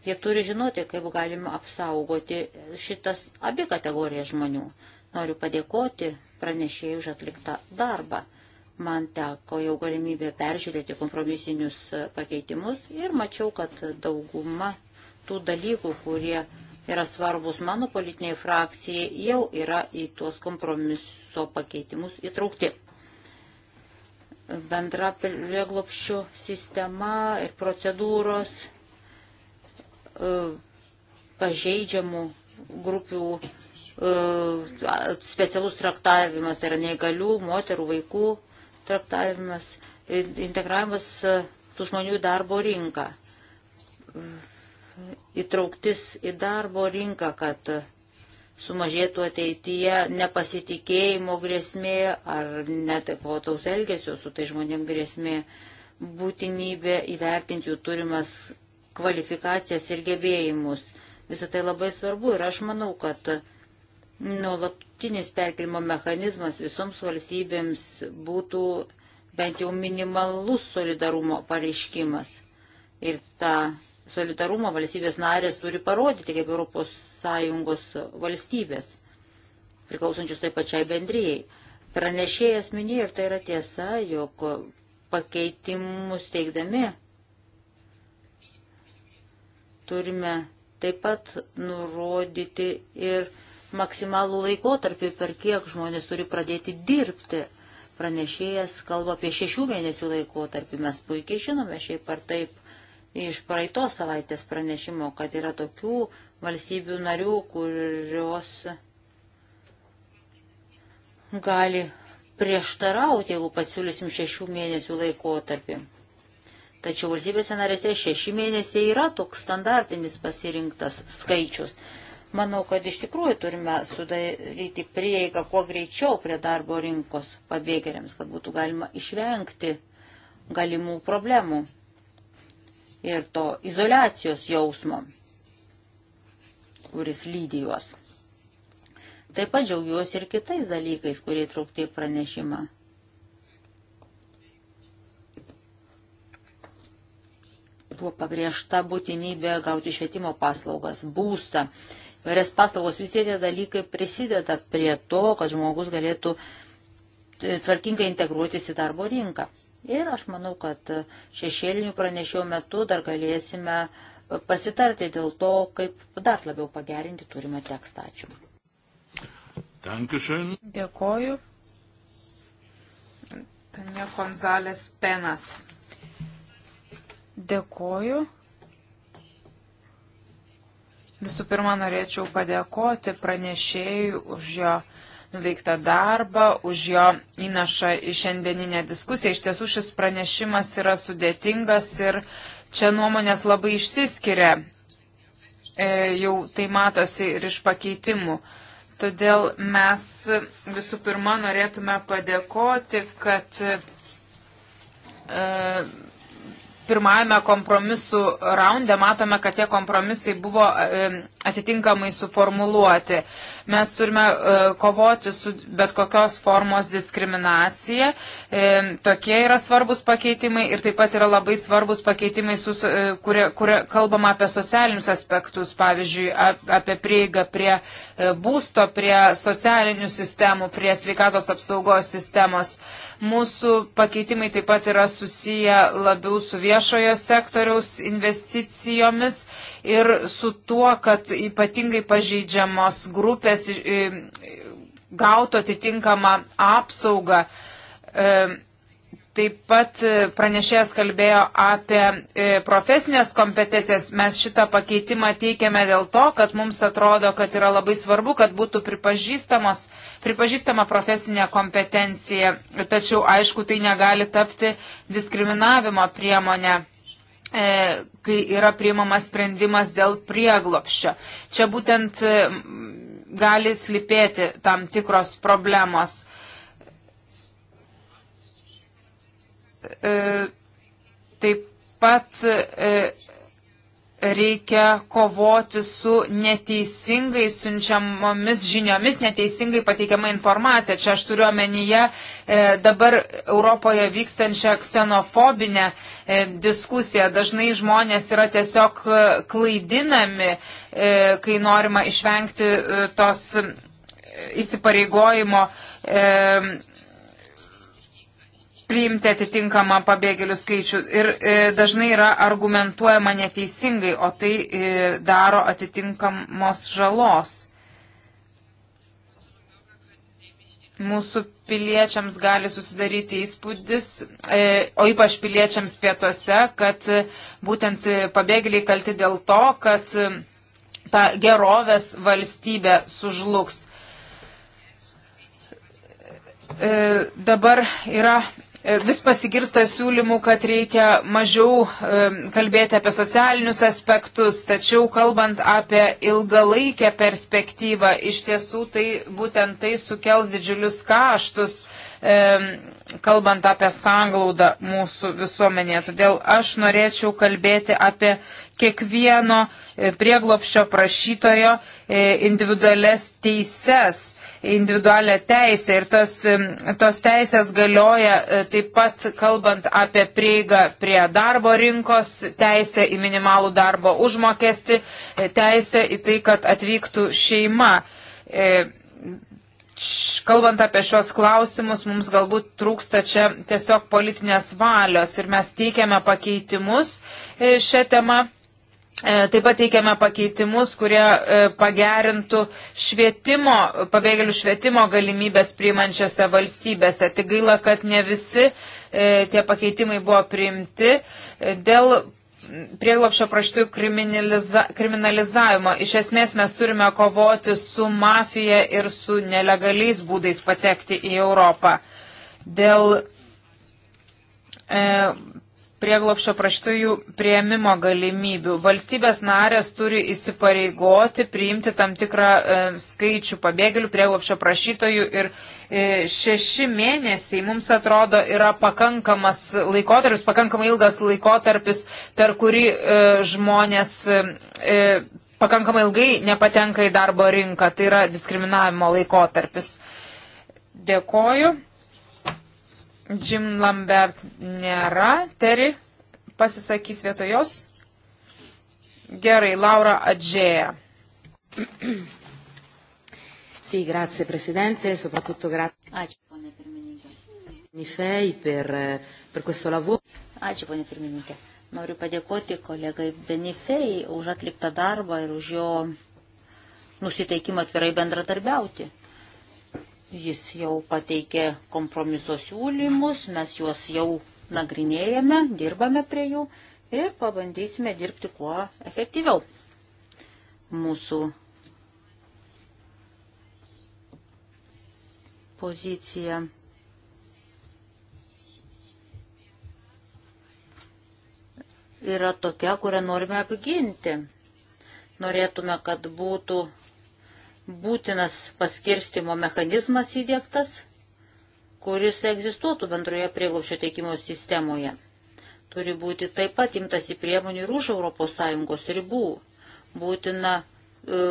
Jie turi žinoti, kaip galima apsaugoti šitas abi kategorijas žmonių. Noriu padėkoti pranešėjai už atliktą darbą. Man teko jau galimybė peržiūrėti kompromisinius pakeitimus ir mačiau, kad dauguma tų dalykų, kurie yra svarbus mano politiniai frakcijai, jau yra į tuos kompromiso pakeitimus įtraukti bendra prieglopščių sistema ir procedūros e, pažeidžiamų grupių e, specialus traktavimas, tai yra neįgalių, moterų, vaikų traktavimas, integravimas e, tų žmonių į darbo rinką, įtrauktis į darbo rinką, kad sumažėtų ateityje nepasitikėjimo grėsmė ar netekvotaus elgesio su tai žmonėm grėsmė, būtinybė įvertinti jų turimas kvalifikacijas ir gebėjimus. Visą tai labai svarbu ir aš manau, kad nuolatinis perkelimo mechanizmas visoms valstybėms būtų bent jau minimalus solidarumo pareiškimas. Ir tą solidarumo valstybės narės turi parodyti kaip ES valstybės, priklausančius taip pačiai bendrijai. Pranešėjas minėjo, ir tai yra tiesa, jog pakeitimus teikdami turime taip pat nurodyti ir maksimalų laikotarpį, per kiek žmonės turi pradėti dirbti. Pranešėjas kalba apie šešių mėnesių laikotarpį. Mes puikiai žinome šiaip ar taip iš praeitos savaitės pranešimo, kad yra tokių valstybių narių, kurios gali prieštarauti, jeigu pasiūlysim šešių mėnesių laikotarpį. Tačiau valstybėse narėse šeši mėnesiai yra toks standartinis pasirinktas skaičius. Manau, kad iš tikrųjų turime sudaryti prieigą kuo greičiau prie darbo rinkos pabėgėliams, kad būtų galima išvengti galimų problemų ir to izolacijos jausmo, kuris lydi juos. Taip pat džiaugiuosi ir kitais dalykais, kurie traukti į pranešimą. Buvo pabrėžta būtinybė gauti švietimo paslaugas, būstą, vairias paslaugos, visi tie dalykai prisideda prie to, kad žmogus galėtų tvarkingai integruotis į darbo rinką. Ir aš manau, kad šešėlinių pranešėjų metu dar galėsime pasitarti dėl to, kaip dar labiau pagerinti turimą tekstą. Ačiū.
Dankeschön.
Dėkoju.
Tania Konzalės Penas. Dėkoju. Visų pirma, norėčiau padėkoti pranešėjui už jo. Jo nuveiktą darbą, už jo įnašą į šiandieninę diskusiją. Iš tiesų šis pranešimas yra sudėtingas ir čia nuomonės labai išsiskiria. E, jau tai matosi ir iš pakeitimų. Todėl mes visų pirma norėtume padėkoti, kad e, pirmajame kompromisų raunde matome, kad tie kompromisai buvo e, atitinkamai suformuluoti. Mes turime e, kovoti su bet kokios formos diskriminacija. E, tokie yra svarbus pakeitimai ir taip pat yra labai svarbus pakeitimai, sus, e, kurie, kurie kalbama apie socialinius aspektus, pavyzdžiui, ap, apie prieigą prie e, būsto, prie socialinių sistemų, prie sveikatos apsaugos sistemos. Mūsų pakeitimai taip pat yra susiję labiau su viešojo sektoriaus investicijomis ir su tuo, kad kad ypatingai pažeidžiamos grupės gautų atitinkamą apsaugą. E, taip pat e, pranešėjas kalbėjo apie e, profesinės kompetencijas. Mes šitą pakeitimą teikiame dėl to, kad mums atrodo, kad yra labai svarbu, kad būtų pripažįstama profesinė kompetencija. Tačiau, aišku, tai negali tapti diskriminavimo priemonė. E, kai yra priimamas sprendimas dėl prieglopščio. Čia būtent e, gali slipėti tam tikros problemos. E, taip pat reikia kovoti su neteisingai siunčiamomis žiniomis, neteisingai pateikiama informacija. Čia aš turiu omenyje e, dabar Europoje vykstančią ksenofobinę e, diskusiją. Dažnai žmonės yra tiesiog e, klaidinami, e, kai norima išvengti e, tos e, įsipareigojimo e, priimti atitinkamą pabėgėlių skaičių. Ir e, dažnai yra argumentuojama neteisingai, o tai e, daro atitinkamos žalos. Mūsų piliečiams gali susidaryti įspūdis, e, o ypač piliečiams pietuose, kad e, būtent e, pabėgėliai kalti dėl to, kad e, ta gerovės valstybė sužlugs. E, dabar yra E, vis pasigirsta siūlymų, kad reikia mažiau e, kalbėti apie socialinius aspektus, tačiau kalbant apie ilgalaikę perspektyvą, iš tiesų tai būtent tai sukels didžiulius kaštus, e, kalbant apie sanglaudą mūsų visuomenėje. Todėl aš norėčiau kalbėti apie kiekvieno prieglopščio prašytojo individualias teises individualią teisę ir tos, tos teisės galioja e, taip pat kalbant apie prieigą prie darbo rinkos, teisę į minimalų darbo užmokestį, e, teisę į tai, kad atvyktų šeima. E, kalbant apie šios klausimus, mums galbūt trūksta čia tiesiog politinės valios ir mes teikiame pakeitimus šią temą E, taip pat teikiame pakeitimus, kurie e, pagerintų švietimo, pabėgėlių švietimo galimybės priimančiose valstybėse. Tik gaila, kad ne visi e, tie pakeitimai buvo priimti dėl prieglopšio praštų kriminaliza, kriminalizavimo. Iš esmės mes turime kovoti su mafija ir su nelegaliais būdais patekti į Europą. Dėl e, prieglopšio praštojų prieimimo galimybių. Valstybės narės turi įsipareigoti priimti tam tikrą e, skaičių pabėgėlių prieglopšio prašytojų ir e, šeši mėnesiai mums atrodo yra pakankamas laikotarpis, pakankamai ilgas laikotarpis, per kurį e, žmonės e, pakankamai ilgai nepatenka į darbo rinką. Tai yra diskriminavimo laikotarpis. Dėkoju. Jim Lambert nėra. Terry pasisakys vietojos. Gerai, Laura Adžėja.
Sì, grazie Presidente, soprattutto grazie. Ačiū, ponė pirmininkė. Nifei per, per questo lavoro. Ačiū, ponė pirmininkė. Noriu padėkoti kolegai Benifei už atliktą darbą ir už jo nusiteikimą atvirai bendradarbiauti. Jis jau pateikė kompromiso siūlymus, mes juos jau nagrinėjame, dirbame prie jų ir pabandysime dirbti kuo efektyviau. Mūsų pozicija yra tokia, kurią norime apginti. Norėtume, kad būtų būtinas paskirstimo mechanizmas įdėktas, kuris egzistuotų bendroje prieglaušio teikimo sistemoje. Turi būti taip pat imtasi priemonių ir už ES ribų. Būtina e,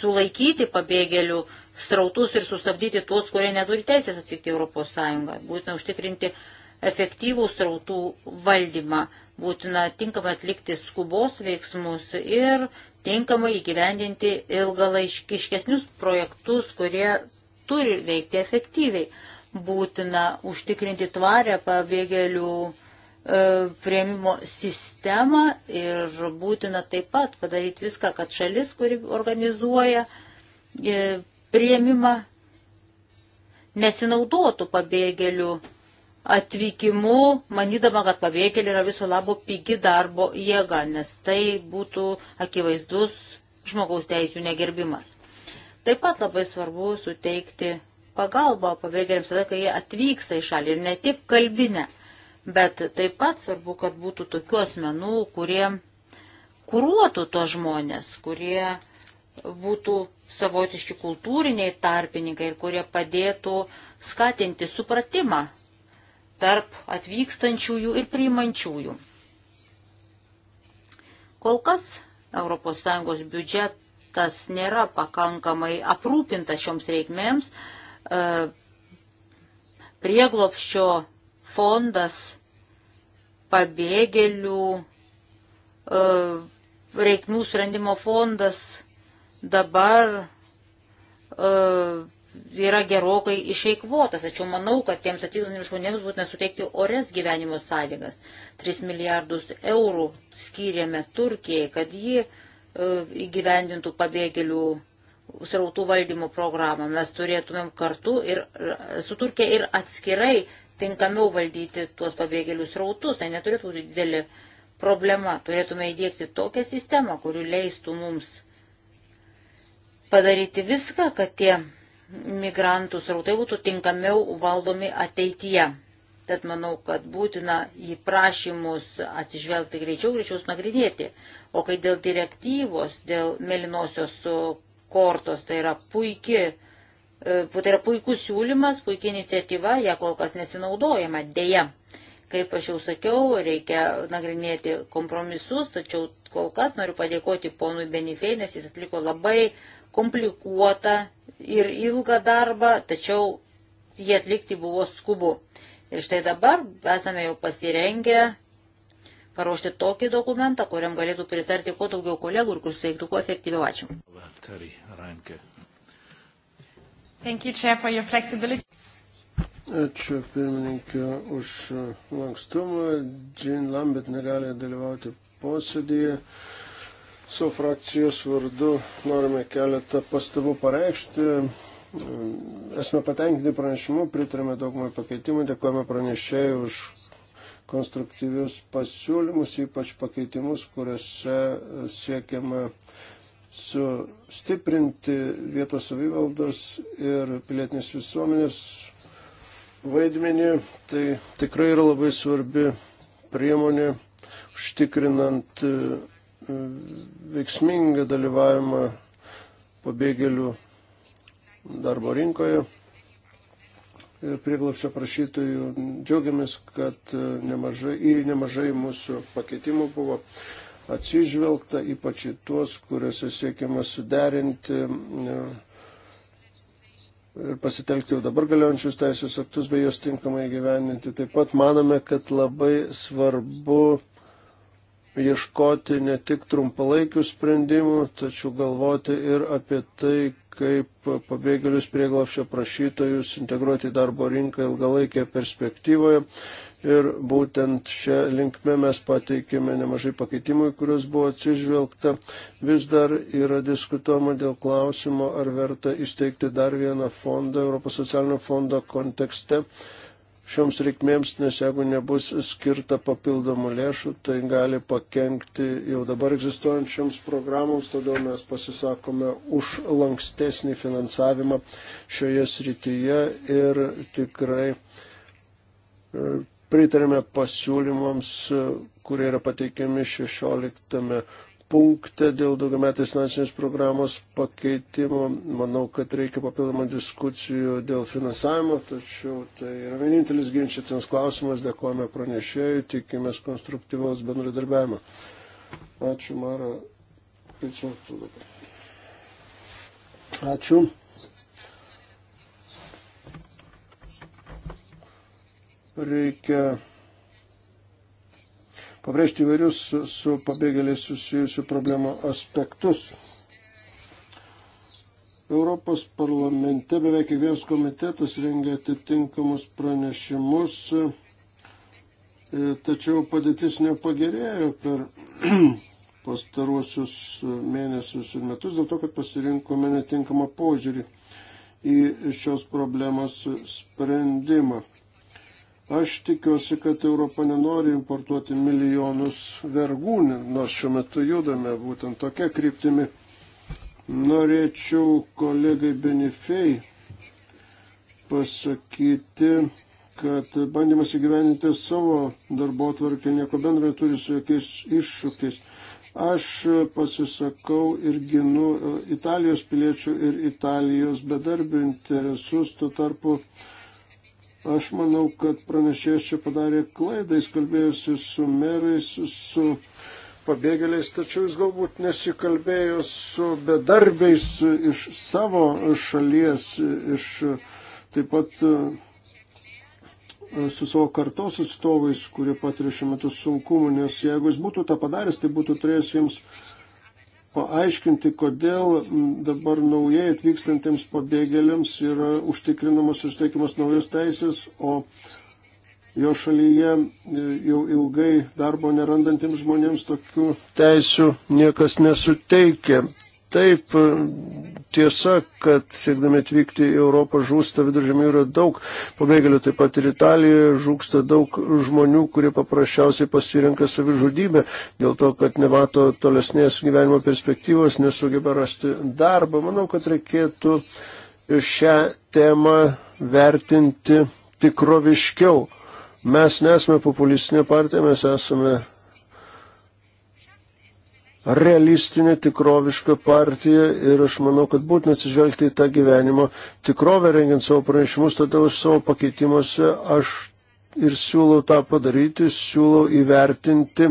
sulaikyti pabėgėlių srautus ir sustabdyti tuos, kurie neturi teisės atvykti į ES. Būtina užtikrinti efektyvų srautų valdymą, būtina tinkamai atlikti skubos veiksmus ir tinkamai įgyvendinti ilgalaiškiškesnius projektus, kurie turi veikti efektyviai. Būtina užtikrinti tvarę pabėgėlių e, prieimimo sistemą ir būtina taip pat padaryti viską, kad šalis, kuri organizuoja e, prieimimą, nesinaudotų pabėgėlių atvykimu, manydama, kad pabėgėliai yra viso labo pigi darbo jėga, nes tai būtų akivaizdus žmogaus teisų negerbimas. Taip pat labai svarbu suteikti pagalbą pabėgėliams tada, kai jie atvyksta į šalį ir ne tik kalbinę, bet taip pat svarbu, kad būtų tokių asmenų, kurie kuruotų tos žmonės, kurie būtų savotiški kultūriniai tarpininkai ir kurie padėtų skatinti supratimą tarp atvykstančiųjų ir priimančiųjų. Kol kas ES biudžetas nėra pakankamai aprūpintas šioms reikmėms. E, prieglopščio fondas pabėgėlių e, reikmių sprendimo fondas dabar e, yra gerokai išeikvotas, tačiau manau, kad tiems atvykstantiems žmonėms būtina suteikti ores gyvenimo sąlygas. 3 milijardus eurų skyrėme Turkijai, kad ji e, įgyvendintų pabėgėlių srautų valdymo programą. Mes turėtumėm kartu ir e, su Turkija ir atskirai tinkamiau valdyti tuos pabėgėlių srautus. Tai neturėtų būti didelė problema. Turėtume įdėkti tokią sistemą, kuri leistų mums padaryti viską, kad tie migrantų srautai būtų tinkamiau valdomi ateityje. Tad manau, kad būtina į prašymus atsižvelgti greičiau, greičiau nagrinėti. O kai dėl direktyvos, dėl melinosios kortos, tai yra puikiai e, Tai yra puikus siūlymas, puikia iniciatyva, ją kol kas nesinaudojama. Deja, kaip aš jau sakiau, reikia nagrinėti kompromisus, tačiau kol kas noriu padėkoti ponui Benifei, nes jis atliko labai komplikuotą ir ilgą darbą, tačiau jį atlikti buvo skubu. Ir štai dabar esame jau pasirengę paruošti tokį dokumentą, kuriam galėtų pritarti kuo daugiau kolegų ir kuris veiktų kuo efektyviau. Ačiū.
Ačiū pirmininkė už lankstumą. Jean Lambert negali dalyvauti posėdėje. Su frakcijos vardu norime keletą pastabų pareikšti. Esame patenkinti pranešimu, pritarėme daugumai pakeitimų, dėkojame pranešėjai už konstruktyvius pasiūlymus, ypač pakeitimus, kuriuose siekiama sustiprinti vietos savivaldos ir pilietinės visuomenės vaidmenį. Tai tikrai yra labai svarbi priemonė užtikrinant veiksmingą dalyvavimą pabėgėlių darbo rinkoje ir prieglapščio prašytojų. Džiaugiamės, kad nemažai, į nemažai mūsų pakeitimų buvo atsižvelgta, ypač į tuos, kuriuose siekiama suderinti e, ir pasitelkti jau dabar galiojančius teisės aktus bei juos tinkamai gyveninti. Taip pat manome, kad labai svarbu ieškoti ne tik trumpalaikių sprendimų, tačiau galvoti ir apie tai, kaip pabėgėlius prieglapšio prašytojus integruoti į darbo rinką ilgalaikėje perspektyvoje. Ir būtent šią linkmę mes pateikėme nemažai pakeitimų, į kuriuos buvo atsižvelgta. Vis dar yra diskutuojama dėl klausimo, ar verta įsteigti dar vieną fondą, Europos socialinio fondo kontekste, šioms reikmėms, nes jeigu nebus skirta papildomų lėšų, tai gali pakengti jau dabar egzistuojančioms programoms, todėl mes pasisakome už lankstesnį finansavimą šioje srityje ir tikrai e, pritarėme pasiūlymams, kurie yra pateikiami 16 punkte dėl daugiametės finansinės programos pakeitimo. Manau, kad reikia papildomą diskusijų dėl finansavimo, tačiau tai yra vienintelis ginčytinas klausimas. Dėkojame pranešėjui, tikimės konstruktyvaus bendradarbiavimo. Ačiū, Mara. Ačiū. Reikia pabrėžti įvairius su, su pabėgėliais susijusių problemų aspektus. Europos parlamente beveik kiekvienas komitetas rengia atitinkamus pranešimus, e, tačiau padėtis nepagerėjo per pastaruosius mėnesius ir metus dėl to, kad pasirinkome netinkamą požiūrį į šios problemos sprendimą. Aš tikiuosi, kad Europa nenori importuoti milijonus vergų, nors šiuo metu judame būtent tokia kryptimi. Norėčiau kolegai Benifei pasakyti, kad bandymas įgyveninti savo darbo tvarkę nieko bendro neturi su jokiais iššūkiais. Aš pasisakau ir ginu e, Italijos piliečių ir Italijos bedarbių interesus, tuo tarpu Aš manau, kad pranešėjas čia padarė klaidą, jis kalbėjosi su merais, su pabėgėliais, tačiau jis galbūt nesikalbėjo su bedarbiais iš savo šalies, iš taip pat e, su savo kartos atstovais, kurie patiria šiuo metu sunkumu, nes jeigu jis būtų tą padaręs, tai būtų turėjęs jiems paaiškinti, kodėl dabar naujai atvykstantiems pabėgėliams yra užtikrinamos ir steikiamas naujos teisės, o jo šalyje e, jau ilgai darbo nerandantiems žmonėms tokių teisių niekas nesuteikia. Taip, tiesa, kad siekdami atvykti į Europą žūsta viduržėmė yra daug pabėgėlių, taip pat ir Italijoje žūsta daug žmonių, kurie paprasčiausiai pasirenka savižudybę dėl to, kad nemato tolesnės gyvenimo perspektyvos, nesugeba rasti darbą. Manau, kad reikėtų šią temą vertinti tikroviškiau. Mes nesame populistinė partija, mes esame realistinė, tikroviška partija ir aš manau, kad būtina atsižvelgti į tą gyvenimo tikrovę rengiant savo pranešimus, todėl iš savo pakeitimuose aš ir siūlau tą padaryti, siūlau įvertinti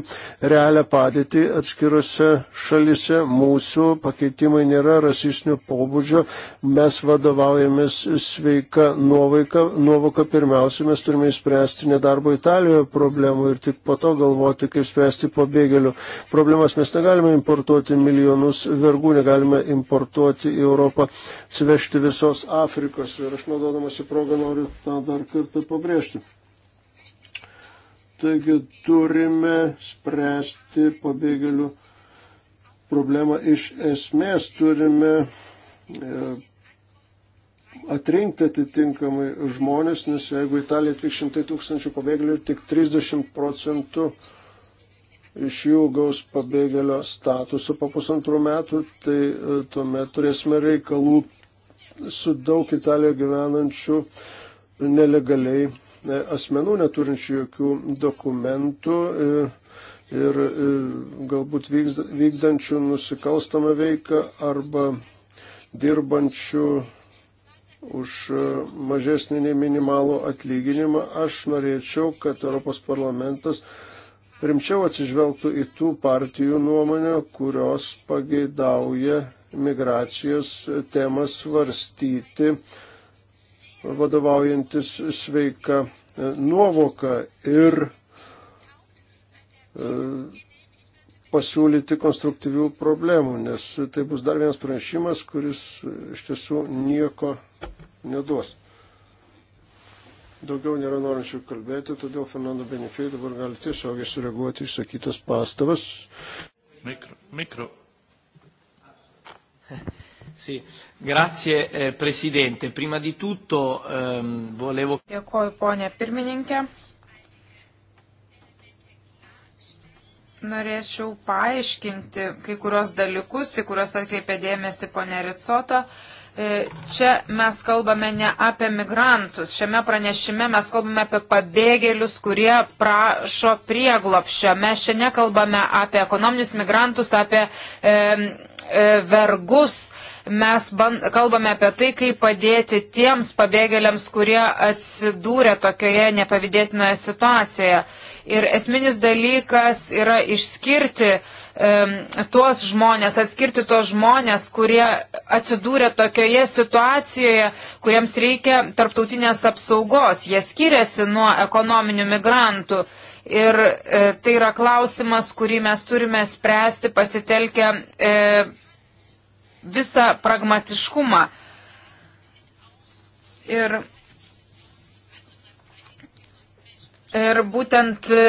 realią padėtį atskirose šalise. Mūsų pakeitimai nėra rasistinio pobūdžio, mes vadovaujamės sveika nuovaika, nuovoka pirmiausia, mes turime įspręsti nedarbo Italijoje problemų ir tik po to galvoti, kaip spręsti pabėgėlių problemas. Mes negalime importuoti milijonus vergų, negalime importuoti į Europą, atsivežti visos Afrikos ir aš naudodamasi progą noriu tą dar kartą pabrėžti. Taigi turime spręsti pabėgėlių problemą iš esmės, turime e, atrinkti atitinkamai žmonės, nes jeigu Italija tik šimtai tūkstančių pabėgėlių, tik 30 procentų iš jų gaus pabėgėlio statusą po pusantrų metų, tai e, tuomet turėsime reikalų su daug Italijoje gyvenančių nelegaliai E, asmenų neturinčių jokių dokumentų e, ir e, galbūt vykdančių nusikalstamą veiką arba dirbančių už mažesnį nei minimalų atlyginimą. Aš norėčiau, kad Europos parlamentas rimčiau atsižvelgtų į tų partijų nuomonę, kurios pageidauja migracijos temą svarstyti vadovaujantis sveika nuovoka ir e, pasiūlyti konstruktyvių problemų, nes tai bus dar vienas pranešimas, kuris iš tiesų nieko neduos. Daugiau nėra norinčių kalbėti, todėl Fernando Benefei dabar gali tiesiogiai sureaguoti išsakytas pastabas.
Mikro. mikro. Sì, grazie eh,
Presidente. Prima di tutto ehm, volevo...
Dėkoju, ponė pirmininkė. Norėčiau paaiškinti kai kurios dalykus, į kuriuos atkreipė dėmesį ponė Ricoto. E, čia mes kalbame ne apie migrantus. Šiame pranešime mes kalbame apie pabėgėlius, kurie prašo prieglopščio. Mes čia nekalbame apie ekonominius migrantus, apie e, E, vergus. Mes kalbame apie tai, kaip padėti tiems pabėgėliams, kurie atsidūrė tokioje nepavydėtinoje situacijoje. Ir esminis dalykas yra išskirti e, tuos žmonės, atskirti tuos žmonės, kurie atsidūrė tokioje situacijoje, kuriems reikia tarptautinės apsaugos. Jie skiriasi nuo ekonominių migrantų. E, Ir e, tai yra klausimas, kurį mes turime spręsti pasitelkę e, visą pragmatiškumą. Ir, ir būtent e,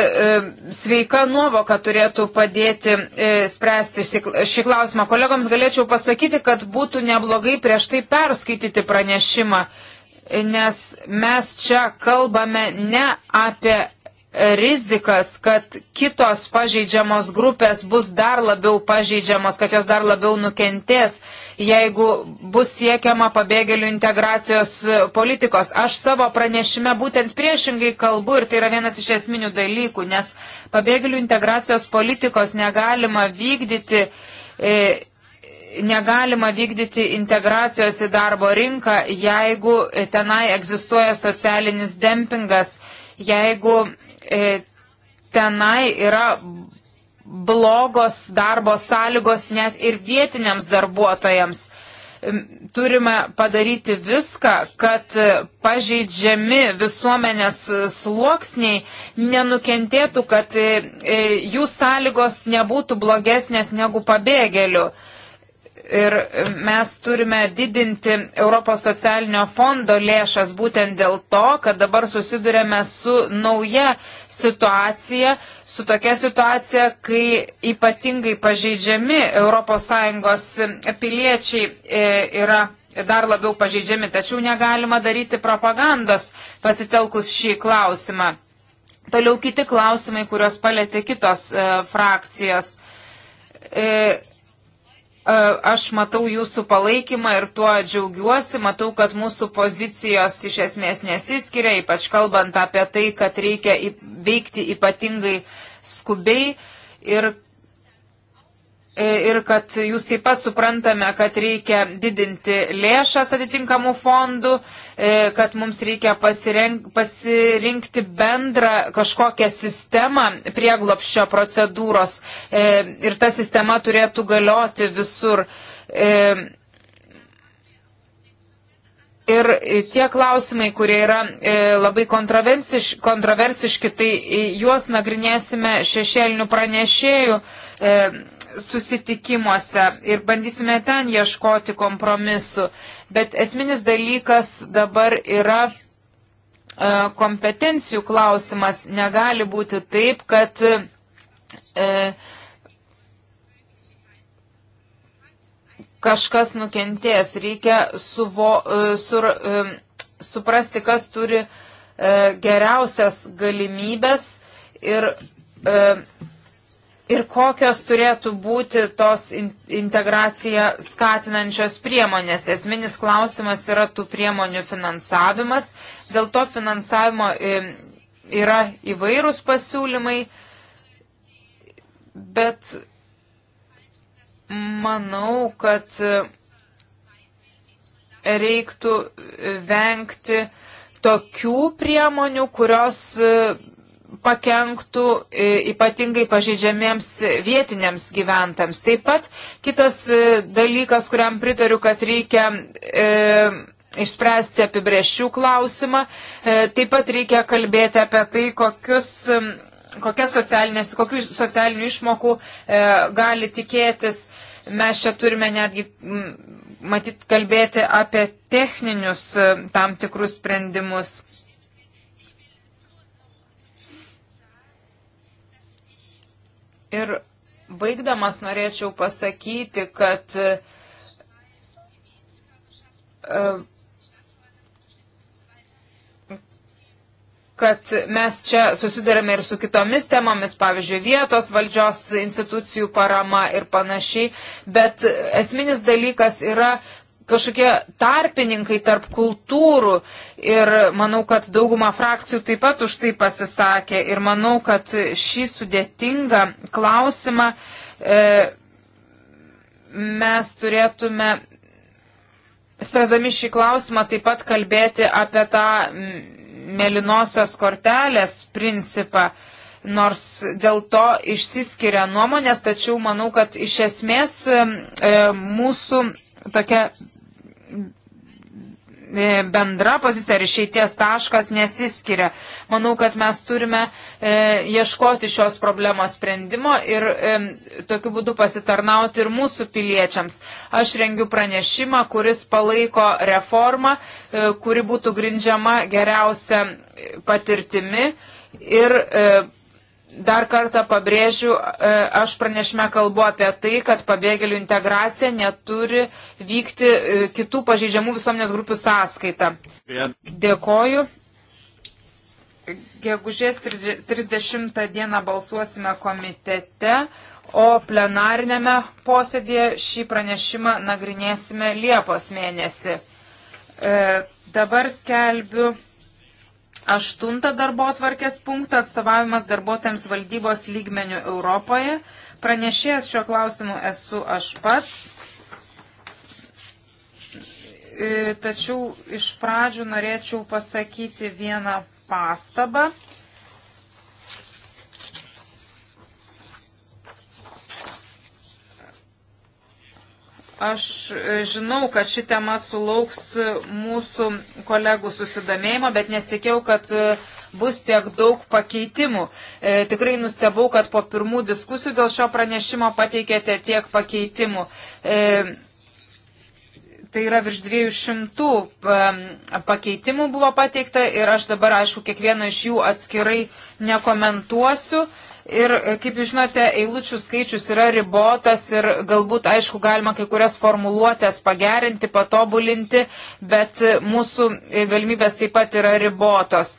sveika nuovoka turėtų padėti e, spręsti šį, šį klausimą. Kolegoms galėčiau pasakyti, kad būtų neblogai prieš tai perskaityti pranešimą, nes mes čia kalbame ne apie rizikas, kad kitos pažeidžiamos grupės bus dar labiau pažeidžiamos, kad jos dar labiau nukentės, jeigu bus siekiama pabėgėlių integracijos politikos. Aš savo pranešime būtent priešingai kalbu ir tai yra vienas iš esminių dalykų, nes pabėgėlių integracijos politikos negalima vykdyti. E, negalima vykdyti integracijos į darbo rinką, jeigu tenai egzistuoja socialinis dempingas, jeigu E, tenai yra blogos darbo sąlygos net ir vietiniams darbuotojams. Turime padaryti viską, kad e, pažeidžiami visuomenės e, sluoksniai nenukentėtų, kad jų sąlygos nebūtų blogesnės negu pabėgėlių. Ir mes turime didinti Europos socialinio fondo lėšas būtent dėl to, kad dabar susidurėme su nauja situacija, su tokia situacija, kai ypatingai pažeidžiami ES piliečiai e, yra dar labiau pažeidžiami, tačiau negalima daryti propagandos pasitelkus šį klausimą. Toliau kiti klausimai, kuriuos palėtė kitos e, frakcijos. E, E, aš matau jūsų palaikymą ir tuo džiaugiuosi, matau, kad mūsų pozicijos iš esmės nesiskiria, ypač kalbant apie tai, kad reikia veikti ypatingai skubiai ir E, ir kad jūs taip pat suprantame, kad reikia didinti lėšas atitinkamų fondų, e, kad mums reikia pasirinkti bendrą kažkokią sistemą prieglopščio procedūros e, ir ta sistema turėtų galioti visur. Ir tie klausimai, kurie yra labai kontroversiš, kontroversiški, tai juos nagrinėsime šešėlinių pranešėjų susitikimuose ir bandysime ten ieškoti kompromisu. Bet esminis dalykas dabar yra e, kompetencijų klausimas. Negali būti taip, kad e, kažkas nukentės. Reikia suvo, e, sur, suprasti, kas turi geriausias galimybės ir ir kokios turėtų būti tos integraciją skatinančios priemonės. Esminis klausimas yra tų priemonių finansavimas. Dėl to finansavimo yra įvairūs pasiūlymai, bet manau, kad e, reiktų vengti tokių priemonių, kurios e, pakenktų e, ypatingai pažeidžiamiems vietiniams gyventams. Taip pat kitas e, dalykas, kuriam pritariu, kad reikia e, išspręsti apibrėžčių klausimą, e, taip pat reikia kalbėti apie tai, kokius. Kokias socialinės, kokių socialinių išmokų e, gali tikėtis. Mes čia turime netgi m, matyt kalbėti apie techninius e, tam tikrus sprendimus Ir baigdamas norėčiau pasakyti, kad e, kad mes čia susidarėme ir su kitomis temomis, pavyzdžiui, vietos valdžios institucijų parama ir panašiai, bet esminis dalykas yra kažkokie tarpininkai tarp kultūrų ir manau, kad dauguma frakcijų taip pat už tai pasisakė ir manau, kad šį sudėtingą klausimą e, mes turėtume, spręsdami šį klausimą, taip pat kalbėti apie tą mėlynosios kortelės principą. Nors dėl to išsiskiria nuomonės, tačiau manau, kad iš esmės e, mūsų tokia E, bendra pozicija ir išeities taškas nesiskiria. Manau, kad mes turime e, ieškoti šios problemos sprendimo ir e, tokiu būdu pasitarnauti ir mūsų piliečiams. Aš rengiu pranešimą, kuris palaiko reformą, e, kuri būtų grindžiama geriausia patirtimi ir e, Dar kartą pabrėžiu, e, aš pranešme kalbu apie tai, kad pabėgėlių integracija neturi vykti e, kitų pažeidžiamų visuomenės grupių sąskaita. Dėkoju. Gegužės 30 dieną balsuosime komitete, o plenarinėme posėdėje šį pranešimą nagrinėsime Liepos mėnesį. E, dabar skelbiu. Aštunta darbo atvarkės punktą atstovavimas darbuotojams valdybos lygmenių Europoje. Pranešėjęs šio klausimu esu aš pats. E, tačiau iš pradžių norėčiau pasakyti vieną pastabą. Aš e, žinau, kad ši tema sulauks e, mūsų kolegų susidomėjimo, bet nesitikėjau, kad e, bus tiek daug pakeitimų. E, tikrai nustebau, kad po pirmų diskusijų dėl šio pranešimo pateikėte tiek pakeitimų. E, tai yra virš 200 pakeitimų buvo pateikta ir aš dabar, aišku, kiekvieną iš jų atskirai nekomentuosiu. E, Ir, e, kaip jūs žinote, eilučių skaičius yra ribotas ir galbūt, aišku, galima kai kurias formuluotės pagerinti, patobulinti, bet e, mūsų e, galimybės taip pat yra ribotos.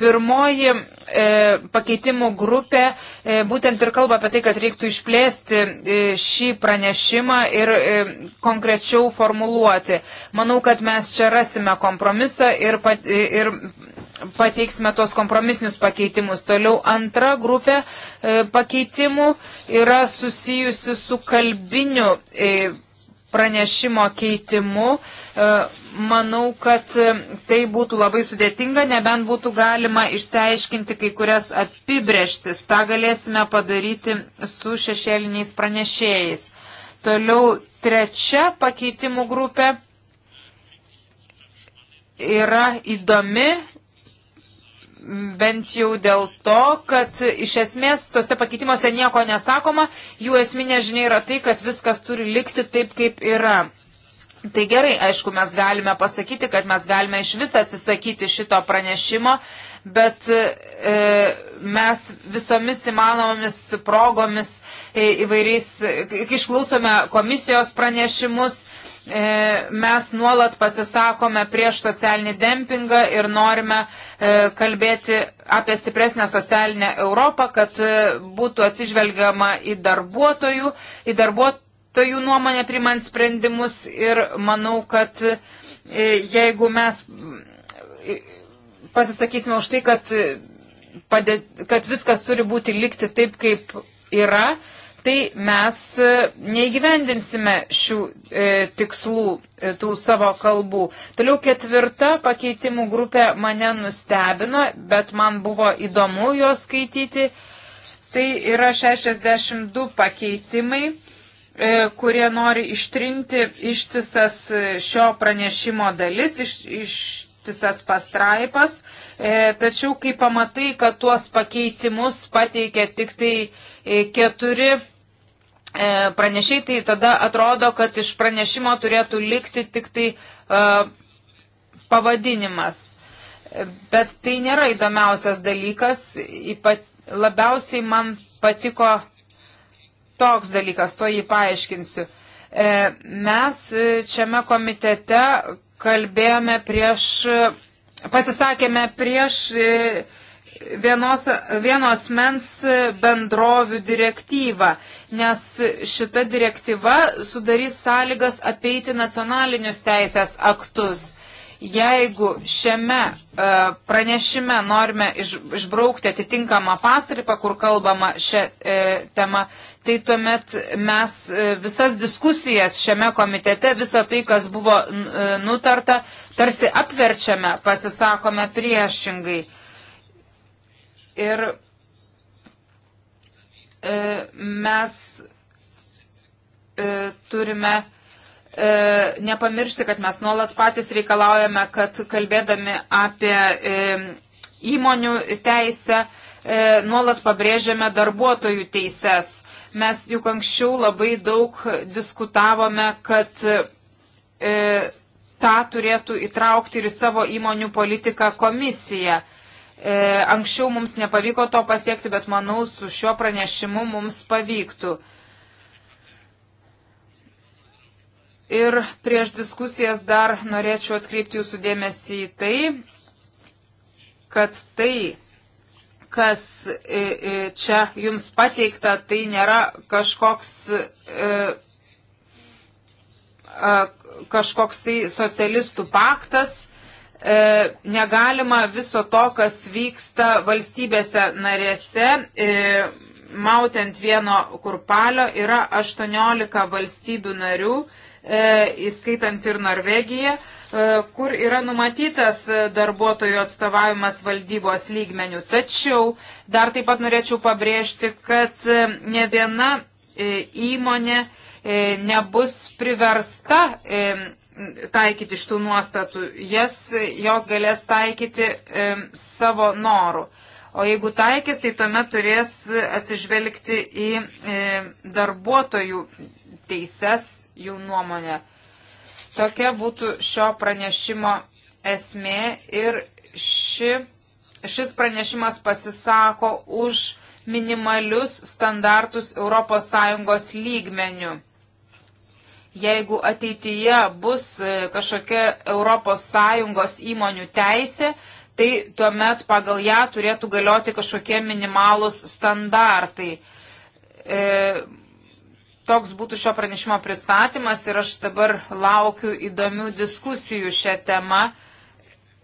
Pirmoji pakeitimų grupė būtent ir kalba apie tai, kad reiktų išplėsti šį pranešimą ir konkrečiau formuluoti. Manau, kad mes čia rasime kompromisą ir, pat, ir pateiksime tos kompromisinius pakeitimus. Toliau antra grupė e, pakeitimų yra susijusi su kalbiniu e, pranešimo keitimu. E, manau, kad e, tai būtų labai sudėtinga, nebent būtų galima išsiaiškinti kai kurias apibrėžtis. Ta galėsime padaryti su šešėliniais pranešėjais. Toliau trečia pakeitimų grupė yra įdomi, bent jau dėl to, kad iš esmės tuose pakeitimuose nieko nesakoma, jų esminė žinia yra tai, kad viskas turi likti taip, kaip yra. Tai gerai, aišku, mes galime pasakyti, kad mes galime iš vis atsisakyti šito pranešimo, bet e, mes visomis įmanomomis progomis e, įvairiais, e, išklausome komisijos pranešimus, e, E, mes nuolat pasisakome prieš socialinį dempingą ir norime e, kalbėti apie stipresnę socialinę Europą, kad e, būtų atsižvelgiama į darbuotojų, į darbuotojų nuomonę primant sprendimus ir manau, kad jeigu mes pasisakysime už tai, kad, padė, kad viskas turi būti likti taip, kaip yra, tai mes e, neįgyvendinsime šių e, tikslų, e, tų savo kalbų. Toliau ketvirta pakeitimų grupė mane nustebino, bet man buvo įdomu juos skaityti. Tai yra 62 pakeitimai, e, kurie nori ištrinti ištisas e, šio pranešimo dalis, iš, iš, ištisas pastraipas, e, tačiau kai pamatai, kad tuos pakeitimus pateikia tik tai e, keturi E, pranešiai, tai tada atrodo, kad iš pranešimo turėtų likti tik tai e, pavadinimas. Bet tai nėra įdomiausias dalykas, ypat, labiausiai man patiko toks dalykas, to jį paaiškinsiu. E, mes šiame komitete kalbėjome prieš, pasisakėme prieš vienos, vienos mens bendrovių direktyvą, nes šita direktyva sudarys sąlygas apeiti nacionalinius teisės aktus. Jeigu šiame e, pranešime norime išbraukti atitinkamą pastraipą, kur kalbama šią e, temą, tai tuomet mes e, visas diskusijas šiame komitete, visą tai, kas buvo nutarta, tarsi apverčiame, pasisakome priešingai. Ir e, mes e, turime e, nepamiršti, kad mes nuolat patys reikalaujame, kad kalbėdami apie įmonių teisę, nuolat pabrėžiame darbuotojų teises. Mes juk anksčiau labai daug diskutavome, kad tą turėtų įtraukti ir savo įmonių politiką komisiją. E, anksčiau mums nepavyko to pasiekti, bet manau, su šiuo pranešimu mums pavyktų. Ir prieš diskusijas dar norėčiau atkreipti jūsų dėmesį į tai, kad tai, kas e, e, čia jums pateikta, tai nėra kažkoks, kažkoks socialistų paktas, e, negalima viso to, kas vyksta valstybėse narėse, e, mauti ant vieno kurpalio. Yra 18 valstybių narių, e, įskaitant ir Norvegiją, e, kur yra numatytas darbuotojų atstovavimas valdybos lygmenių. Tačiau dar taip pat norėčiau pabrėžti, kad e, ne viena e, įmonė e, nebus priversta. E, taikyti šitų nuostatų, jas, jos galės taikyti e, savo norų. O jeigu taikys, tai tuomet turės atsižvelgti į e, darbuotojų teises jų nuomonę. Tokia būtų šio pranešimo esmė ir ši, šis pranešimas pasisako už minimalius standartus ES lygmenių jeigu ateityje bus e, kažkokia ES įmonių teisė, tai tuomet pagal ją turėtų galioti kažkokie minimalūs standartai. E, toks būtų šio pranešimo pristatymas ir aš dabar laukiu įdomių diskusijų šią temą.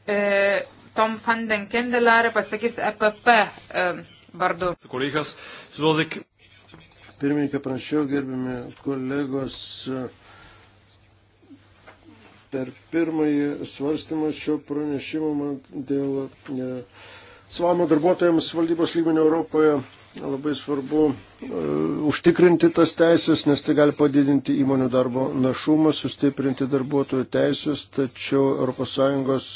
E, Tom van den Kendelarė pasakys EPP e,
vardu. Pirmininkė, prašiau, gerbimi kolegos. E, per pirmąjį svarstymą šio pranešimo dėl e, svamo darbuotojams valdybos lygmenio Europoje labai svarbu e, užtikrinti tas teisės, nes tai gali padidinti įmonių darbo našumą, sustiprinti darbuotojų teisės, tačiau ES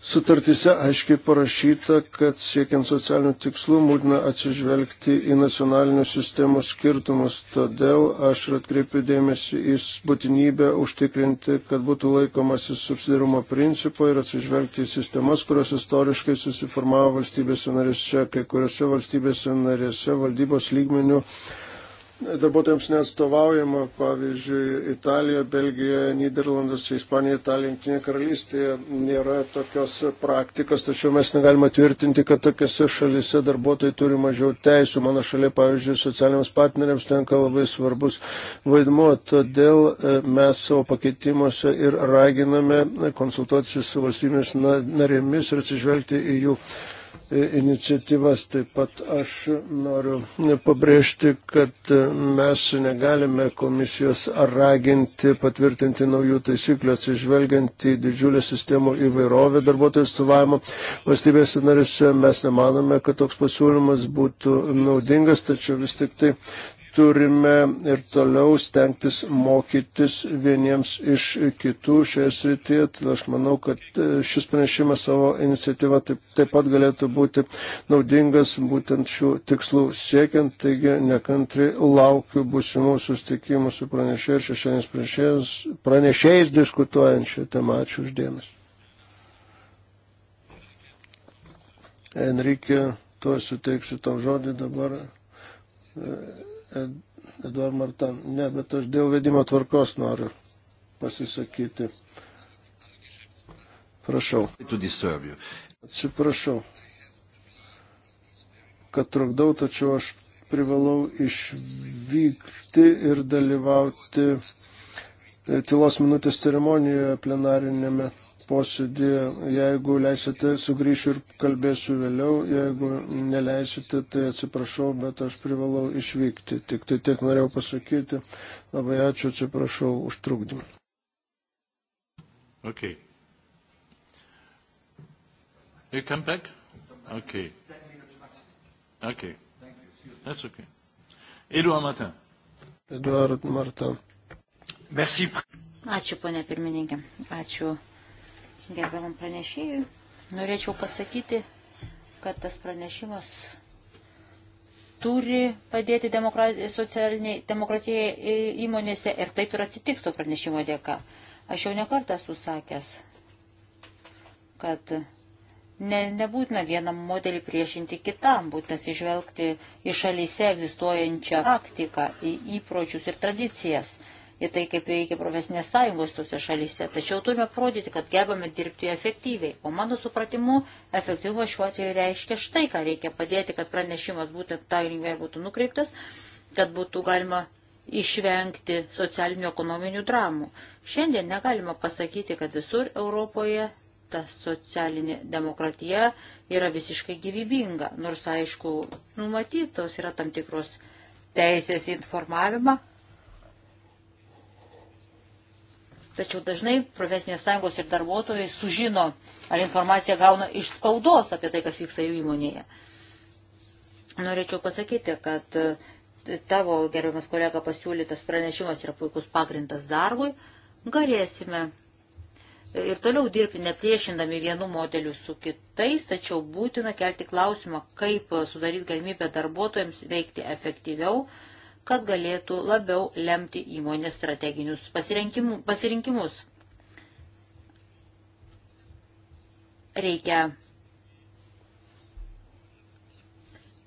Sutartise aiškiai parašyta, kad siekiant socialinių tikslų būtina atsižvelgti į nacionalinių sistemų skirtumus. Todėl aš atkreipiu dėmesį į būtinybę užtikrinti, kad būtų laikomasi subsidirumo principo ir atsižvelgti į sistemas, kurios istoriškai susiformavo valstybėse narėse, kai kuriuose valstybėse narėse valdybos lygmenių darbuotojams neatstovaujama, pavyzdžiui, Italijoje, Belgijoje, Niderlanduose, Ispanijoje, Italijoje, Junktinėje karalystėje nėra tokios praktikos, tačiau mes negalime tvirtinti, kad tokiose šalise darbuotojai turi mažiau teisų. Mano šalia, pavyzdžiui, socialiniams partneriams tenka labai svarbus vaidmuo, todėl e, mes savo pakeitimuose ir raginame konsultuotis su valstybės narėmis ir atsižvelgti į jų iniciatyvas. Taip pat aš noriu pabrėžti, kad mes negalime komisijos raginti patvirtinti naujų taisyklių atsižvelgiant į didžiulę sistemų įvairovę darbuotojų atstovavimo. Valstybės narėse mes nemanome, kad toks pasiūlymas būtų naudingas, tačiau vis tik tai turime ir toliau stengtis mokytis vieniems iš kitų šioje srityje. Tai aš manau, kad e, šis pranešimas savo iniciatyva taip, taip pat galėtų būti naudingas būtent šių tikslų siekiant. Taigi nekantri laukiu būsimų sustikimų su pranešėjais, šešienis pranešėjais, pranešėjais diskutuojant šią temą. Ačiū uždėmesi. Enrique, tuo suteiksiu tau žodį dabar. E, Eduard Martan. Ne, bet aš dėl vedimo tvarkos noriu pasisakyti. Prašau. Atsiprašau, kad trukdau, tačiau aš privalau išvykti ir dalyvauti e, tylos minutės ceremonijoje plenarinėme posėdį. Jeigu leisite, sugrįšiu ir kalbėsiu vėliau. Jeigu neleisite, tai atsiprašau, bet aš privalau išvykti. Tik tai tiek norėjau pasakyti. Labai ačiū, atsiprašau už trukdymą.
Okay. You come back? Okay. Okay. That's okay. Eduard Martin.
Eduard Martin. Merci.
Ačiū, ponė pirmininkė. Ačiū gerbiamam pranešėjui. Norėčiau pasakyti, kad tas pranešimas turi padėti socialiniai demokratijai e, įmonėse ir taip ir atsitiks to pranešimo dėka. Aš jau nekartą esu sakęs, kad ne, nebūtina vienam modelį priešinti kitam, būtina atsižvelgti į šalyse egzistuojančią praktiką, į įpročius ir tradicijas į tai, kaip veikia profesinės sąjungos tose šalyse. Tačiau turime parodyti, kad gebame dirbti efektyviai. O mano supratimu, efektyvumas šiuo atveju reiškia štai, ką reikia padėti, kad pranešimas būtent tą linkmę būtų nukreiptas, kad būtų galima išvengti socialinių ekonominių dramų. Šiandien negalima pasakyti, kad visur Europoje ta socialinė demokratija yra visiškai gyvybinga, nors aišku, numatytos yra tam tikros teisės į informavimą, Tačiau dažnai profesinės sąjungos ir darbuotojai sužino, ar informaciją gauna iš spaudos apie tai, kas vyksta jų įmonėje. Norėčiau pasakyti, kad e, tavo gerbiamas kolega pasiūlytas pranešimas yra puikus pagrindas darbui. Galėsime ir toliau dirbti nepriešindami vienų modelių su kitais, tačiau būtina kelti klausimą, kaip sudaryti galimybę darbuotojams veikti efektyviau kad galėtų labiau lemti įmonės strateginius pasirinkimus. Reikia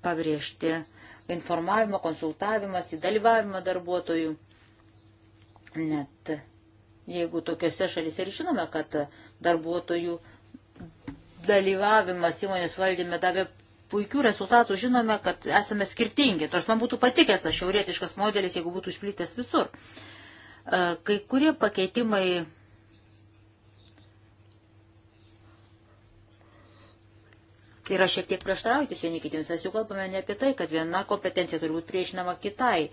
pabrėžti informavimo, konsultavimas, įdalyvavimo darbuotojų. Net jeigu tokiuose šalise ir žinome, kad darbuotojų dalyvavimas įmonės valdyme davė puikių rezultatų žinome, kad esame skirtingi. Nors man būtų patikęs tas šiaurietiškas modelis, jeigu būtų išplitęs visur. E, kai kurie pakeitimai yra šiek tiek prieštraujantis vieni kitiems. Mes jau kalbame ne apie tai, kad viena kompetencija turi būti priešinama kitai.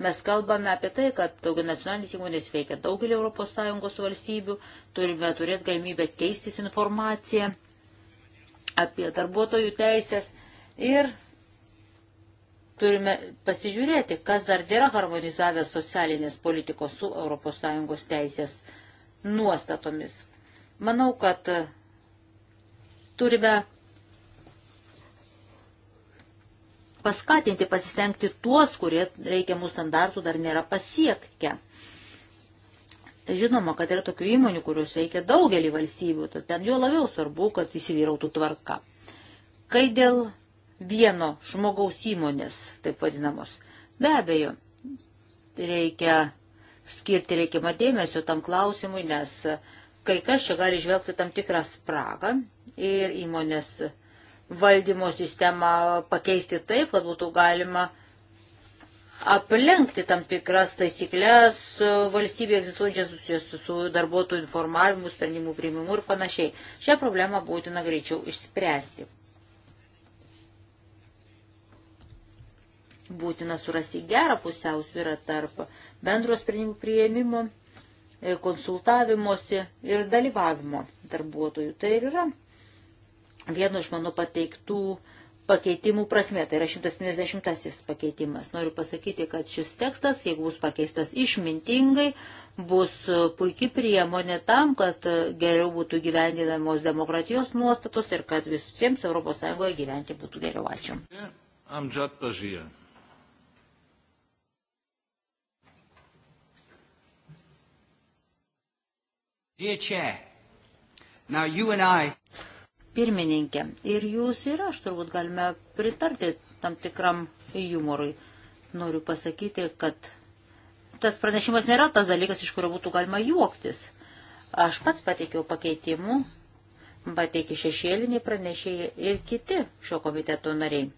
Mes kalbame apie tai, kad daugia nacionalinės įmonės veikia daugelį ES valstybių, turime turėti galimybę keistis informaciją apie darbuotojų teisės, Ir turime pasižiūrėti, kas dar nėra harmonizavęs socialinės politikos su ES teisės nuostatomis. Manau, kad turime paskatinti, pasistengti tuos, kurie reikiamų standartų dar nėra pasiekę. Žinoma, kad yra tokių įmonių, kurios veikia daugelį valstybių, tad ten jo labiau svarbu, kad įsivyrautų tvarka. Kai dėl vieno žmogaus įmonės, taip vadinamos. Be abejo, reikia skirti reikiamą dėmesio tam klausimui, nes kai kas čia gali žvelgti tam tikrą spragą ir įmonės valdymo sistemą pakeisti taip, kad būtų galima aplenkti tam tikras taisyklės valstybėje egzistuojančias susijęs su darbuotojų informavimu, sprendimų priimimu ir panašiai. Šią problemą būtina greičiau išspręsti. Būtina surasti gerą pusiausvyrą tarp bendro sprendimų prieimimo, e, konsultavimosi ir dalyvavimo darbuotojų. Tai ir yra vieno iš mano pateiktų pakeitimų prasme, tai yra 170 pakeitimas. Noriu pasakyti, kad šis tekstas, jeigu bus pakeistas išmintingai, bus puikiai priemonė tam, kad geriau būtų gyvendinamos demokratijos nuostatos ir kad visiems ES gyventi būtų geriau. Ačiū.
Amžat Pažyje. Pirmininkė,
ir jūs ir aš turbūt galime pritarti tam tikram humorui. Noriu pasakyti, kad tas pranešimas nėra tas dalykas, iš kurio būtų galima juoktis. Aš pats pateikiau pakeitimų, pateikė šešėliniai pranešėjai ir kiti šio komiteto nariai.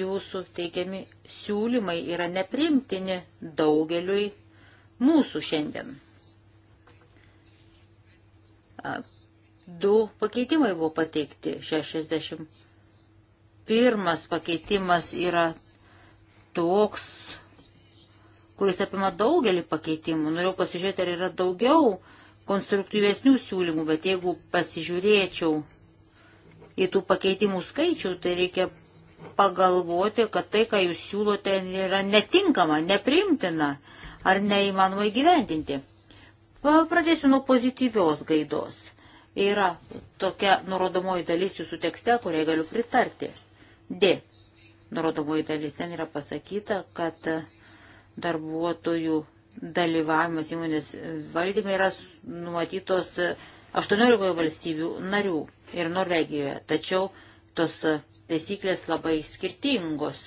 Jūsų teikiami siūlymai yra neprimtini daugeliui mūsų šiandien. Du pakeitimai buvo pateikti. 61 pakeitimas yra toks, kuris apima daugelį pakeitimų. Noriu pasižiūrėti, ar yra daugiau konstruktyvesnių siūlymų, bet jeigu pasižiūrėčiau į tų pakeitimų skaičių, tai reikia pagalvoti, kad tai, ką jūs siūlote, yra netinkama, neprimtina ar neįmanoma įgyvendinti. Pradėsiu nuo pozityvios gaidos. Yra tokia nurodomoji dalis jūsų tekste, kuriai galiu pritarti. D. Nurodomoji dalis ten yra pasakyta, kad darbuotojų dalyvavimas įmonės valdyme yra numatytos 18 valstybių narių ir Norvegijoje. Tačiau tos taisyklės labai skirtingos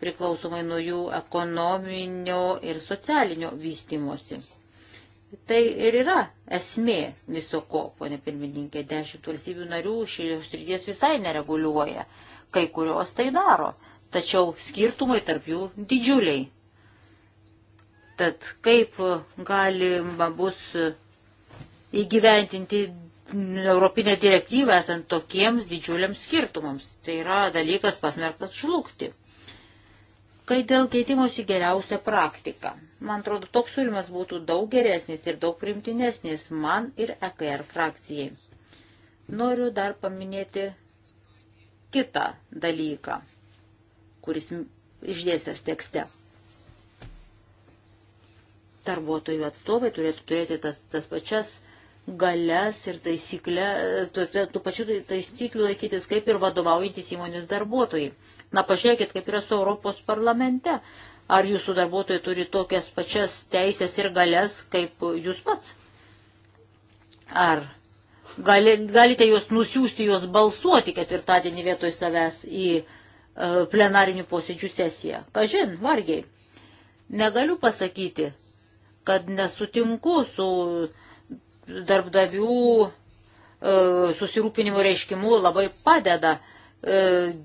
priklausomai nuo jų ekonominio ir socialinio vystimosi. Tai ir yra esmė viso ko, ponė pirmininkė, dešimt valstybių narių šios ryties visai nereguliuoja, kai kurios tai daro, tačiau skirtumai tarp jų didžiuliai. Tad kaip galima bus įgyventinti Europinę direktyvą esant tokiems didžiuliams skirtumams, tai yra dalykas pasmerktas žlugti. Kai dėl keitimosi geriausia praktika. Man atrodo, toks siūlymas būtų daug geresnis ir daug primtinesnis man ir EKR frakcijai. Noriu dar paminėti kitą dalyką, kuris išdėstęs tekste. Darbuotojų atstovai turėtų turėti tas, tas pačias galės ir taisyklę, tų, tų pačių tai, taisyklių laikytis, kaip ir vadovaujantis įmonės darbuotojai. Na, pažiūrėkit, kaip yra su Europos parlamente. Ar jūsų darbuotojai turi tokias pačias teisės ir galės kaip jūs pats? Ar gali, galite juos nusiųsti, juos balsuoti ketvirtadienį vietoj savęs į e, plenarinių posėdžių sesiją? Kažin, vargiai. Negaliu pasakyti, kad nesutinku su darbdavių e, susirūpinimo reiškimu labai padeda E,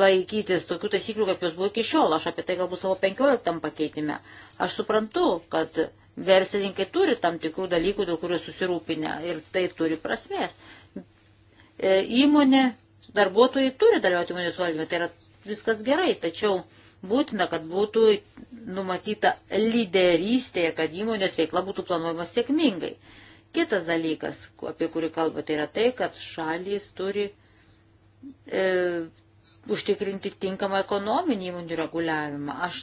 laikytis tokių taisyklių, kaip jos buvo iki šiol. Aš apie tai galbūt savo 15 pakeitime. Aš suprantu, kad verslininkai turi tam tikrų dalykų, dėl kurių susirūpinę ir tai turi prasmės. E, įmonė, darbuotojai turi dalyvauti įmonės valdyme, tai yra viskas gerai, tačiau būtina, kad būtų numatyta lyderystė ir kad įmonės veikla būtų planuojama sėkmingai. Kitas dalykas, apie kurį kalbate, tai yra tai, kad šalys turi e, užtikrinti tinkamą ekonominį įmonių reguliavimą. Aš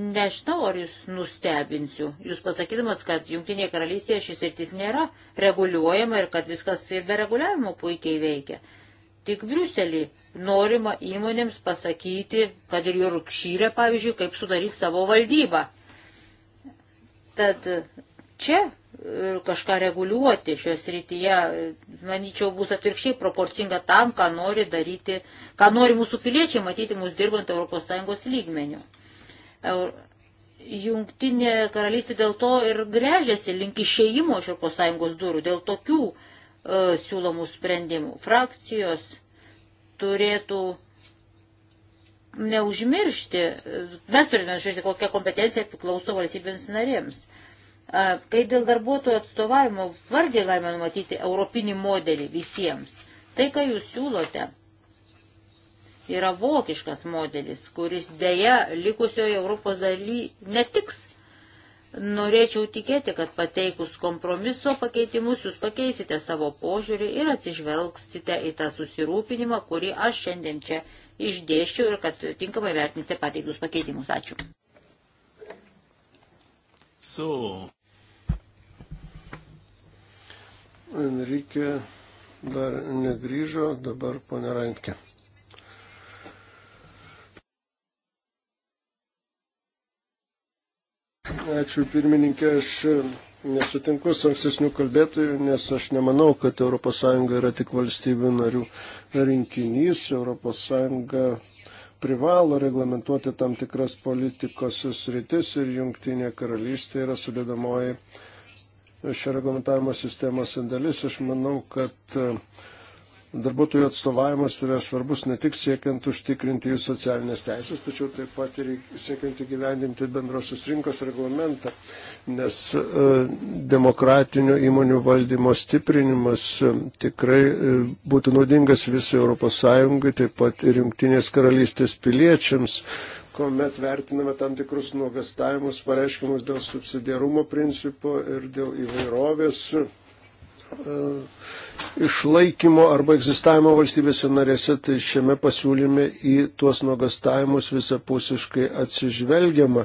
nežinau, ar jūs nustebinsiu. Jūs pasakydamas, kad Junktinėje karalystėje šis sritis nėra reguliuojama ir kad viskas ir be reguliavimo puikiai veikia. Tik Briuselį norima įmonėms pasakyti, kad ir jurkšyre, pavyzdžiui, kaip sudaryti savo valdybą. Tad Čia e, kažką reguliuoti šios rytyje, manyčiau, bus atvirkščiai proporcinga tam, ką nori daryti, ką nori mūsų piliečiai matyti mūsų dirbant ES lygmenių. Eur... Jungtinė karalystė dėl to ir grežiasi link išėjimo iš ES durų, dėl tokių e, siūlomų sprendimų. Frakcijos turėtų neužmiršti, mes turime žiūrėti, kokia kompetencija priklauso valstybėms narėms. E, Kai dėl darbuotojų atstovavimo vargiai galime numatyti europinį modelį visiems. Tai, ką jūs siūlote, yra vokiškas modelis, kuris dėja likusioje Europos daly netiks. Norėčiau tikėti, kad pateikus kompromiso pakeitimus jūs pakeisite savo požiūrį ir atsižvelgsite į tą susirūpinimą, kurį aš šiandien čia išdėščiau ir kad tinkamai vertinsite pateiktus pakeitimus.
Ačiū. So. Enrique dar negryžo, dabar ponia Rankė. Ačiū pirmininkė, aš nesutinku su ankstesniu kalbėtoju, nes aš nemanau, kad ES yra tik valstybių narių rinkinys. ES privalo reglamentuoti tam tikras politikos sritis ir jungtinė karalystė yra sudėdamoji šio reglamentavimo sistemos dalis. Aš manau, kad Darbuotojų atstovavimas yra svarbus ne tik siekiant užtikrinti jų socialinės teisės, tačiau taip pat ir siekiant įgyvendinti bendrosios rinkos reglamentą, nes e, demokratinio įmonių valdymo stiprinimas e, tikrai e, būtų naudingas visai ES, taip pat ir Junktinės karalystės piliečiams, kuomet vertiname tam tikrus nuogastavimus pareiškimus dėl subsidiarumo principo ir dėl įvairovės E, išlaikymo arba egzistavimo valstybėse narėse, tai šiame pasiūlyme į tuos nuogastavimus visapusiškai atsižvelgiama,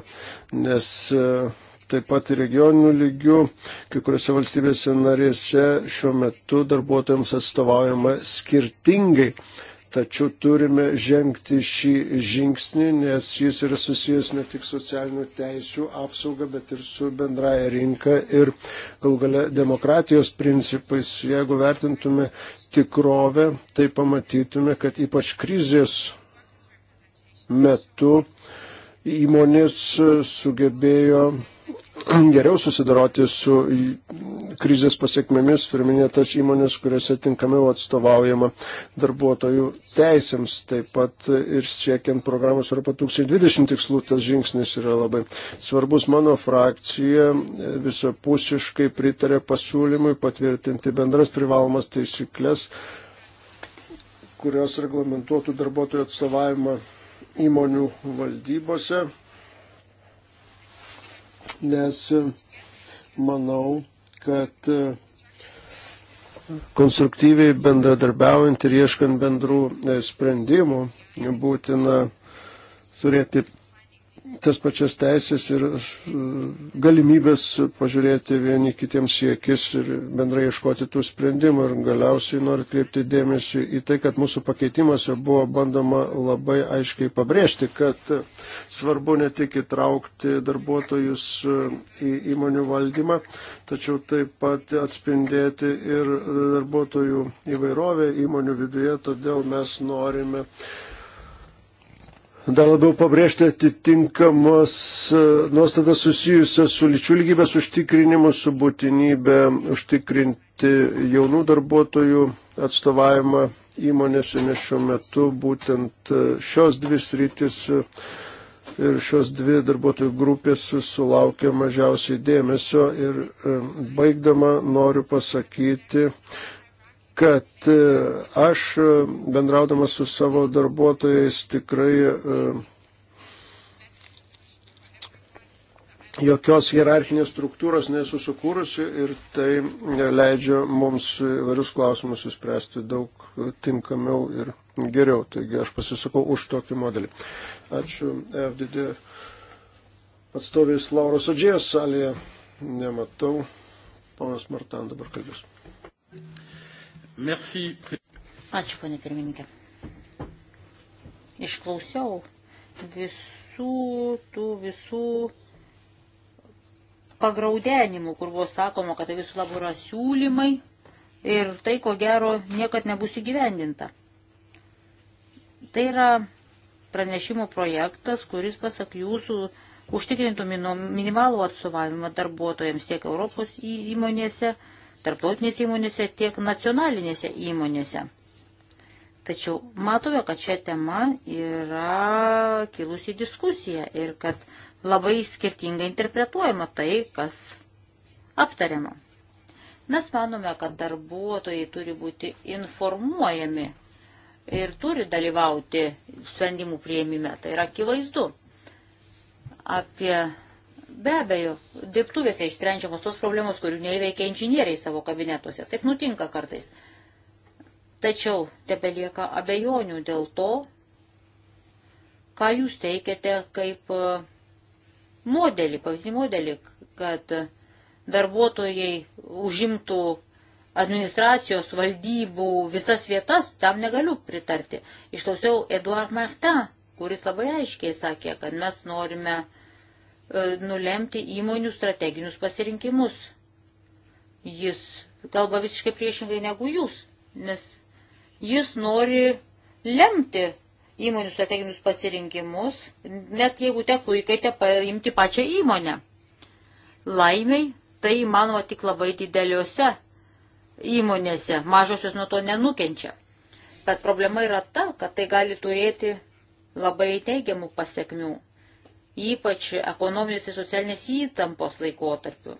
nes e, taip pat ir regioninių lygių, kai kuriuose valstybėse narėse šiuo metu darbuotojams atstovaujama skirtingai. Tačiau turime žengti šį žingsnį, nes jis yra susijęs ne tik socialinių teisių apsauga, bet ir su bendraja rinka ir gal gale demokratijos principais. Jeigu vertintume tikrovę, tai pamatytume, kad ypač krizės metu įmonės sugebėjo geriau susidoroti su krizės pasiekmėmis, turminė tas įmonės, kuriuose tinkamiau atstovaujama darbuotojų teisėms. Taip pat ir siekiant programos Europa 2020 tikslų tas žingsnis yra labai svarbus. Mano frakcija visapusiškai pritarė pasiūlymui patvirtinti bendras privalomas taisyklės, kurios reglamentuotų darbuotojų atstovavimą įmonių valdybose nes e, manau, kad e, konstruktyviai bendradarbiaujant ir ieškant bendrų e, sprendimų būtina turėti tas pačias teisės ir uh, galimybės pažiūrėti vieni kitiems į akis ir bendrai iškoti tų sprendimų. Ir galiausiai noriu kreipti dėmesį į tai, kad mūsų pakeitimuose buvo bandoma labai aiškiai pabrėžti, kad uh, svarbu ne tik įtraukti darbuotojus uh, į įmonių valdymą, tačiau taip pat atspindėti ir darbuotojų įvairovę įmonių viduje. Todėl mes norime dar labiau pabrėžti atitinkamas e, nuostatas susijusias su lyčių lygybės užtikrinimu, su būtinybė užtikrinti jaunų darbuotojų atstovavimą įmonėse, nes šiuo metu būtent e, šios dvi sritis e, ir šios dvi darbuotojų grupės sulaukia mažiausiai dėmesio ir baigdama noriu pasakyti, kad e, aš e, bendraudamas su savo darbuotojais tikrai e, jokios hierarchinės struktūros nesu sukūrusi ir tai leidžia mums įvairius klausimus įspręsti daug tinkamiau ir geriau. Taigi aš pasisakau už tokį modelį. Ačiū FDD atstovės Lauros Adžės salėje. Nematau. Ponas Martan dabar kalbės. Merci.
Ačiū, ponė pirmininkė. Išklausiau visų tų visų pagraudenimų, kur buvo sakoma, kad tai visų labų yra siūlymai ir tai, ko gero, niekad nebus įgyvendinta. Tai yra pranešimo projektas, kuris, pasak jūsų, užtikrintų minimalų atstovavimą darbuotojams tiek Europos įmonėse, tarptautinėse įmonėse, tiek nacionalinėse įmonėse. Tačiau matome, kad šią temą yra kilusi diskusija ir kad labai skirtingai interpretuojama tai, kas aptariama. Mes manome, kad darbuotojai turi būti informuojami ir turi dalyvauti sprendimų prieimime. Tai yra akivaizdu. Apie Be abejo, dirbtuvėse išsprendžiamos tos problemos, kurių neįveikia inžinieriai savo kabinetuose. Taip nutinka kartais. Tačiau tebelieka abejonių dėl to, ką jūs teikiate kaip e, modelį, pavyzdinį modelį, kad darbuotojai užimtų administracijos valdybų visas vietas, tam negaliu pritarti. Išklausiau Eduard Martin, kuris labai aiškiai sakė, kad mes norime uh, E, nulemti įmonių strateginius pasirinkimus. Jis kalba visiškai priešingai negu jūs, nes jis nori lemti įmonių strateginius pasirinkimus, net jeigu tektų įkaitę paimti pačią įmonę. Laimiai tai įmanoma tik labai dideliuose įmonėse, mažosios nuo to nenukenčia. Bet problema yra ta, kad tai gali turėti labai teigiamų pasiekmių ypač ekonominės ir socialinės įtampos laikotarpiu.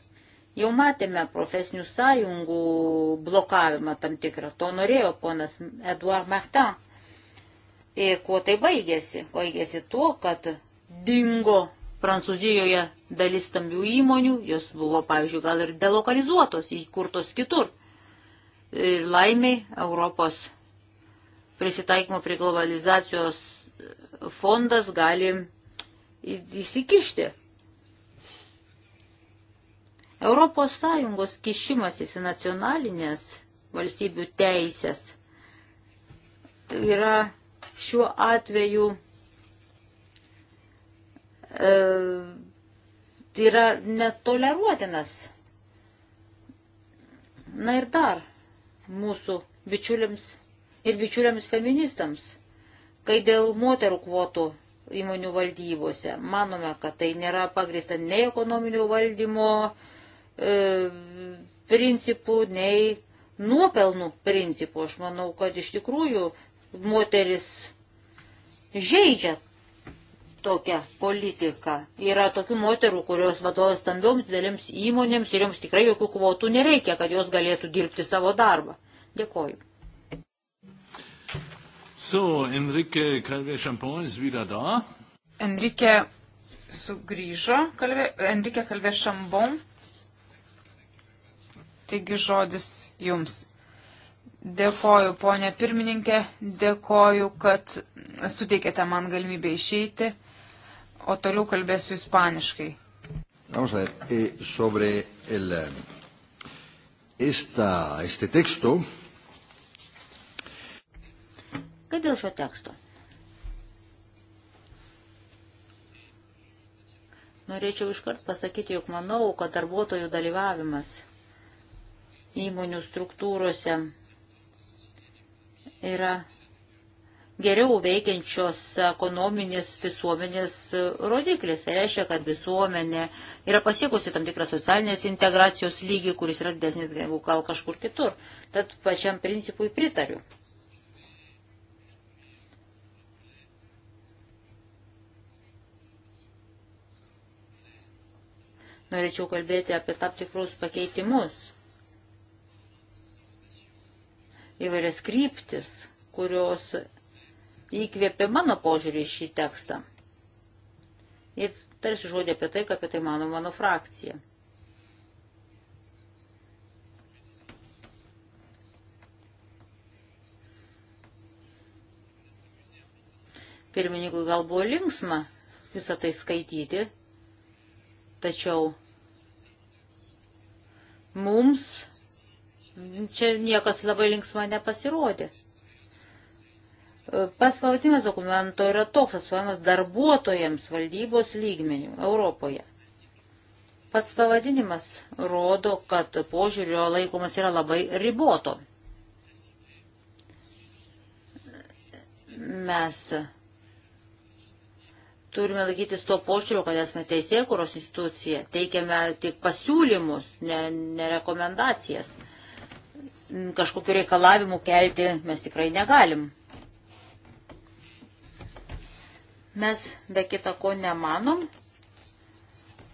Jau matėme profesinių sąjungų blokavimą tam tikrą, to norėjo ponas Eduard Martin. Ir kuo tai baigėsi? Baigėsi tuo, kad dingo Prancūzijoje dalis stambių įmonių, jos buvo, pavyzdžiui, gal ir delokalizuotos, įkurtos kitur. Ir laimiai Europos prisitaikymo prie globalizacijos fondas gali įsikišti. Europos Sąjungos kišimasis į nacionalinės valstybių teisės yra šiuo atveju e, yra netoleruotinas. Na ir dar mūsų bičiuliams ir bičiuliams feministams, kai dėl moterų kvotų įmonių valdybose. Manome, kad tai nėra pagrįsta nei ekonominio valdymo e, principų, nei nuopelnų principų. Aš manau, kad iš tikrųjų moteris žaidžia tokią politiką. Yra tokių moterų, kurios vadovas stambioms didelėms įmonėms ir joms tikrai jokių kvotų nereikia, kad jos galėtų dirbti savo darbą. Dėkoju.
So, Enrique Calvé-Champon ist wieder da. Enrique sugrįžo, kalvė, Enrique Calvé-Champon. Taigi žodis jums. Dėkoju, ponė pirmininkė, dėkoju, kad suteikėte man galimybę išeiti, o toliau kalbėsiu ispaniškai.
Vamos a ver, eh, sobre el, eh, esta, este texto,
kad dėl šio teksto. Norėčiau iškart pasakyti, jog manau, kad darbuotojų dalyvavimas įmonių struktūrose yra geriau veikiančios ekonominės visuomenės rodiklis. Tai reiškia, kad visuomenė yra pasiekusi tam tikrą socialinės integracijos lygį, kuris yra didesnis negu gal kažkur kitur. Tad pačiam principui pritariu. norėčiau kalbėti apie tam tikrus pakeitimus, įvairias kryptis, kurios įkvėpė mano požiūrį į šį tekstą. Ir tarsi žodė apie tai, ką apie tai mano mano frakcija. Pirmininkui gal buvo linksma visą tai skaityti, tačiau mums čia niekas labai linksma nepasirodė. Pas pavadinimas dokumento yra toks atsuojamas darbuotojams valdybos lygmenių Europoje. Pats pavadinimas rodo, kad požiūrio laikomas yra labai riboto. Mes turime laikytis to požiūrio, kad esame teisėkuros institucija, teikiame tik pasiūlymus, ne, ne rekomendacijas. Mm, Kažkokiu reikalavimu kelti mes tikrai negalim. Mes be kita ko nemanom,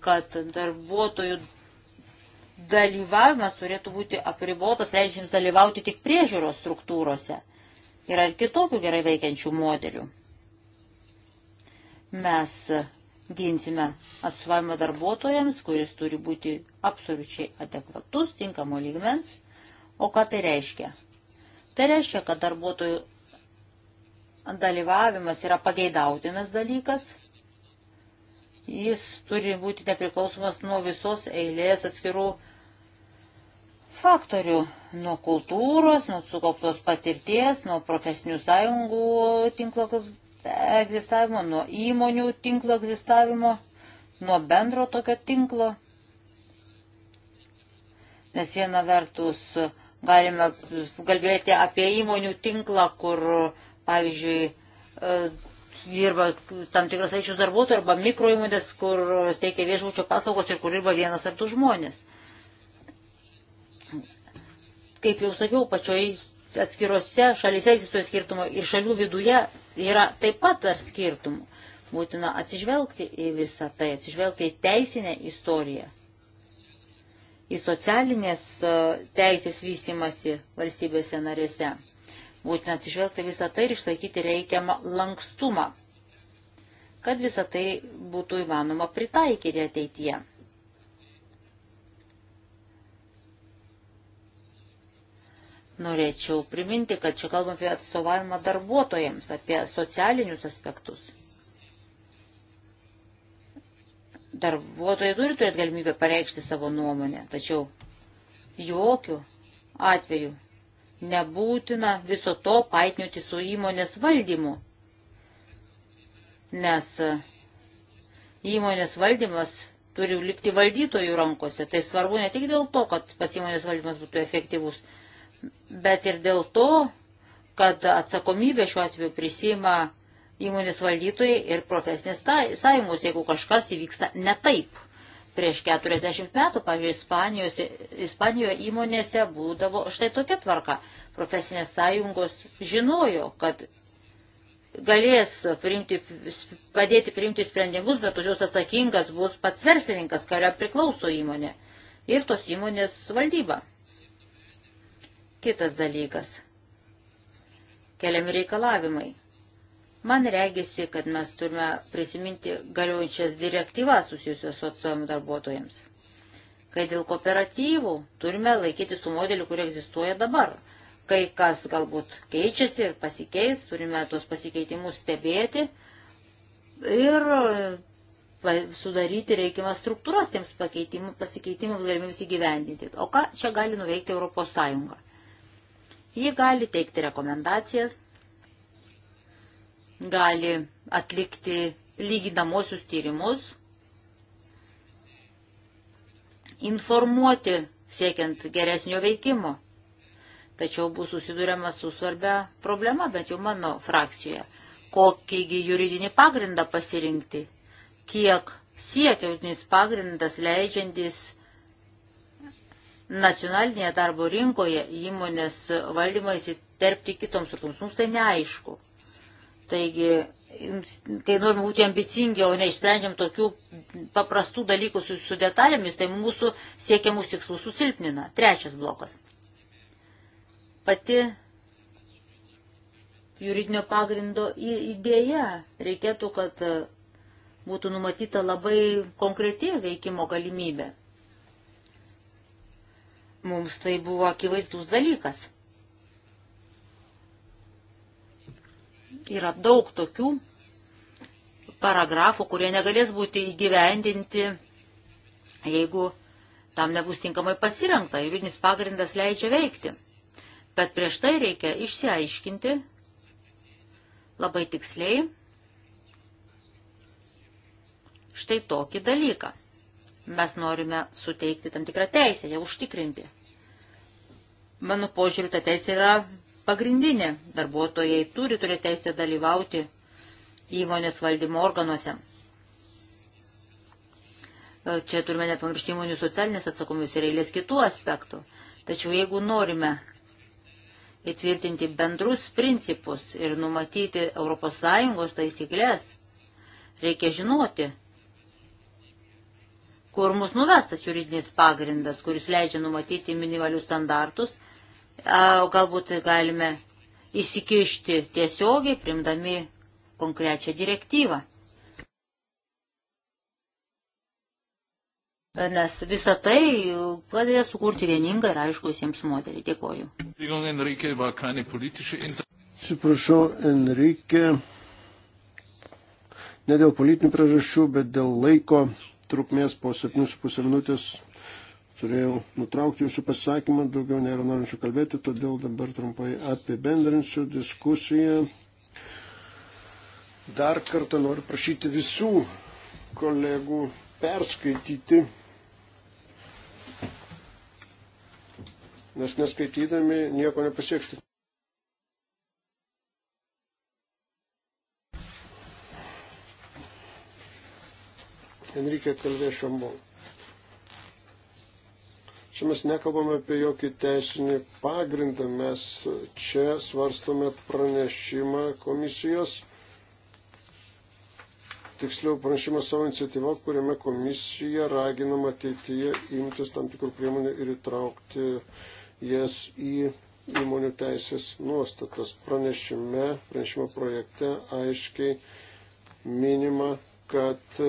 kad darbuotojų dalyvavimas turėtų būti apribotas, leidžiant dalyvauti tik priežiūros struktūrose. Yra ir kitokių gerai veikiančių modelių. Mes ginsime atstovavimą darbuotojams, kuris turi būti absoliučiai adekvatus, tinkamo lygmens. O ką tai reiškia? Tai reiškia, kad darbuotojų dalyvavimas yra pageidautinas dalykas. Jis turi būti nepriklausomas nuo visos eilės atskirų faktorių - nuo kultūros, nuo sukauptos patirties, nuo profesinių sąjungų tinklo egzistavimo, nuo įmonių tinklo egzistavimo, nuo bendro tokio tinklo. Nes viena vertus galime kalbėti apie įmonių tinklą, kur, pavyzdžiui, e, dirba tam tikras aiškus darbuotojų arba mikroįmonės, kur steikia viešbučio paslaugos ir kur dirba vienas ar du žmonės. Kaip jau sakiau, pačioj atskirose šalyse egzistuoja skirtumai ir šalių viduje yra taip pat dar skirtumų. Būtina atsižvelgti į visą tai, atsižvelgti į teisinę istoriją, į socialinės e, teisės vystimasi valstybėse narėse. Būtina atsižvelgti visą tai ir išlaikyti reikiamą lankstumą, kad visą tai būtų įmanoma pritaikyti ateityje. Norėčiau priminti, kad čia kalbam apie atstovavimą darbuotojams, apie socialinius aspektus. Darbuotojai turi turėti galimybę pareikšti savo nuomonę, tačiau jokių atvejų nebūtina viso to paitniuoti su įmonės valdymu, nes e, įmonės valdymas turi likti valdytojų rankose. Tai svarbu ne tik dėl to, kad pats įmonės valdymas būtų efektyvus, bet ir dėl to, kad atsakomybė šiuo atveju prisima įmonės valdytojai ir profesinės tai, sąjungos, jeigu kažkas įvyksta ne taip. Prieš 40 metų, pavyzdžiui, Ispanijoje įmonėse būdavo štai tokia tvarka. Profesinės sąjungos žinojo, kad galės priimti, padėti priimti sprendimus, bet už juos atsakingas bus pats verslininkas, kuriam priklauso įmonė ir tos įmonės valdyba. Kitas dalykas. Keliami reikalavimai. Man regisi, kad mes turime prisiminti galiojančias direktyvas susijusios su atstovim darbuotojams. Kai dėl kooperatyvų turime laikytis tų modelių, kurie egzistuoja dabar. Kai kas galbūt keičiasi ir pasikeis, turime tuos pasikeitimus stebėti ir e, sudaryti reikiamas struktūras tiems pasikeitimams galimybės įgyvendinti. O ką čia gali nuveikti Europos Sąjunga? Ji gali teikti rekomendacijas, gali atlikti lyginamosius tyrimus, informuoti siekiant geresnio veikimo. Tačiau bus susidūrėma su svarbia problema, bent jau mano frakcijoje, kokįgi juridinį pagrindą pasirinkti, kiek siekiautinis pagrindas leidžiantis nacionalinėje darbo rinkoje įmonės valdymą įsiterpti kitoms struktūroms. Mums tai neaišku. Taigi, kai norime būti ambicingi, o neišsprendžiam tokių paprastų dalykų su, su detalėmis, tai mūsų siekiamus tikslus susilpnina. Trečias blokas. Pati juridinio pagrindo idėja reikėtų, kad būtų numatyta labai konkreti veikimo galimybė. Mums tai buvo akivaizdus dalykas. Yra daug tokių paragrafų, kurie negalės būti įgyvendinti, jeigu tam nebus tinkamai pasirengta. Juridinis pagrindas leidžia veikti. Bet prieš tai reikia išsiaiškinti labai tiksliai štai tokį dalyką mes norime suteikti tam tikrą teisę, ją užtikrinti. Mano požiūriu, ta teisė yra pagrindinė. Darbuotojai turi turėti teisę dalyvauti įmonės valdymo organuose. Čia turime nepamiršti įmonių socialinės atsakomis ir eilės kitų aspektų. Tačiau jeigu norime įtvirtinti bendrus principus ir numatyti ES taisyklės, reikia žinoti, kur mus nuvestas juridinis pagrindas, kuris leidžia numatyti minimalius standartus, o galbūt galime įsikišti tiesiogiai, primdami konkrečią direktyvą. Nes visa tai padėjo sukurti vieningą ir aišku visiems modelį. Dėkoju.
Atsiprašau, Enrique, ne dėl politinių priežasčių, bet dėl laiko trukmės po 7,5 minutės turėjau nutraukti jūsų pasisakymą, daugiau nėra norinčių kalbėti, todėl dabar trumpai apibendrinsiu diskusiją. Dar kartą noriu prašyti visų kolegų perskaityti, nes neskaitydami nieko nepasieksite. Enrique Kalvė Šambu. Čia mes nekalbame apie jokį teisinį pagrindą, mes čia svarstome pranešimą komisijos, tiksliau pranešimą savo iniciatyvą, kuriame komisija raginama ateityje imtis tam tikrų priemonių ir įtraukti jas į įmonių teisės nuostatas. Pranešime, pranešimo projekte aiškiai minima, kad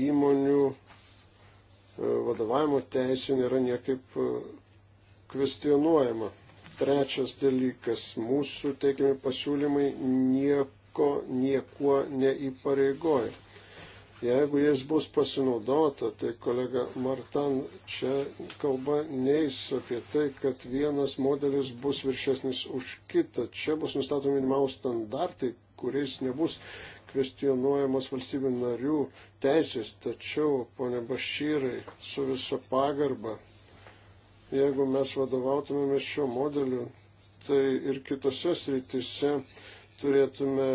įmonių e, vadovavimo teisė nėra niekaip e, kvestionuojama. Trečias dalykas, mūsų teikiami pasiūlymai nieko, niekuo neįpareigoja. Jeigu jais bus pasinaudota, tai kolega Martan, čia kalba neis apie tai, kad vienas modelis bus viršesnis už kitą. Čia bus nustatomi minimalų standartai, kuriais nebus kvestionuojamos valstybių narių teisės, tačiau, ponė Bašyrai, su visa pagarba, jeigu mes vadovautumėmės šio modeliu, tai ir kitose srityse turėtume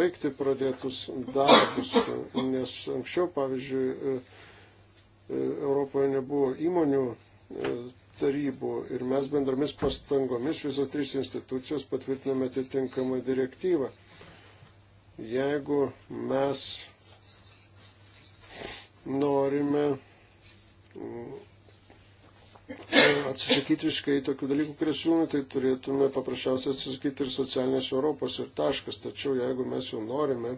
baigti pradėtus darbus, nes anksčiau, pavyzdžiui, Europoje nebuvo įmonių e, tarybų ir mes bendromis pastangomis visos trys institucijos patvirtiname atitinkamą direktyvą. Jeigu mes norime mm, atsisakyti visiškai tokių dalykų, kurie siūlomi, tai turėtume paprasčiausiai atsisakyti ir socialinės Europos ir taškas. Tačiau jeigu mes jau norime,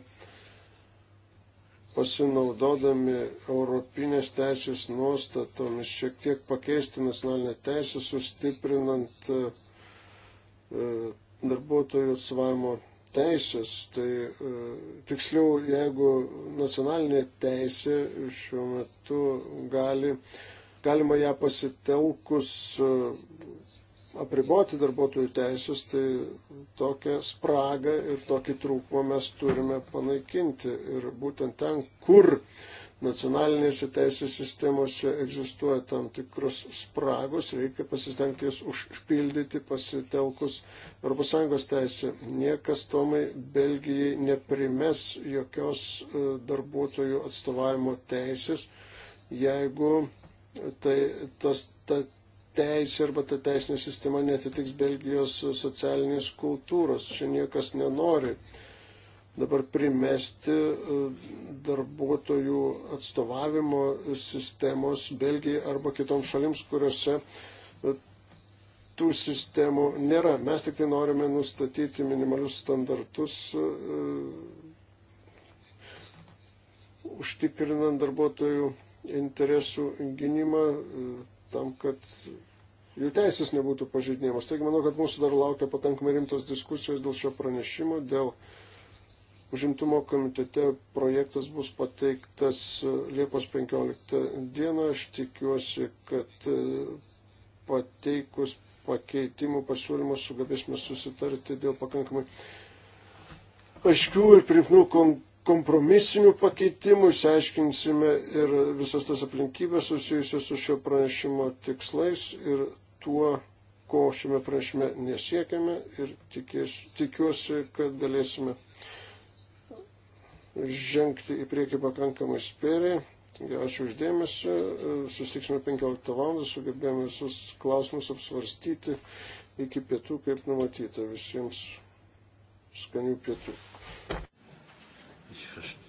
pasinaudodami Europinės teisės nuostatomis, šiek tiek pakeisti nacionalinę teisę, sustiprinant e, e, darbuotojų atsvajimo teisės, tai e, tiksliau, jeigu nacionalinė teisė šiuo metu gali, galima ją pasitelkus e, apriboti darbuotojų teisės, tai tokią spragą ir tokį trūkumą mes turime panaikinti. Ir būtent ten, kur uh, nacionalinėse teisės sistemose egzistuoja tam tikros spragos, reikia pasistengti jas užpildyti pasitelkus ES teisę. Niekas Tomai Belgijai neprimes jokios e, darbuotojų atstovavimo teisės, jeigu tai tas ta teisė arba ta teisinė sistema netitiks Belgijos socialinės kultūros. Čia niekas nenori dabar primesti e, darbuotojų atstovavimo sistemos Belgijai arba kitoms šalims, kuriuose e, tų sistemų nėra. Mes tik tai norime nustatyti minimalius standartus, e, užtikrinant darbuotojų interesų gynimą tam, kad jų teisės nebūtų pažeidinėjamos. Taigi manau, kad mūsų dar laukia pakankamai rimtos diskusijos dėl šio pranešimo, dėl uh, Užimtumo komitete projektas bus pateiktas e, Liepos 15 dieną. Aš tikiuosi, kad e, pateikus pakeitimų pasiūlymus sugebėsime susitarti dėl pakankamai aiškių ir primtinų kompromisinių pakeitimų. Išsiaiškinsime ir visas tas aplinkybės susijusios su šio pranešimo tikslais ir tuo, ko šiame pranešime nesiekime ir tikės, tikiuosi, kad galėsime žengti į priekį pakankamai spėriai. Taigi, ačiū uždėmesi, susitiksime 15 val. sugebėjome visus klausimus apsvarstyti iki pietų, kaip numatyta. Visiems skanių pietų. Ich verstehe.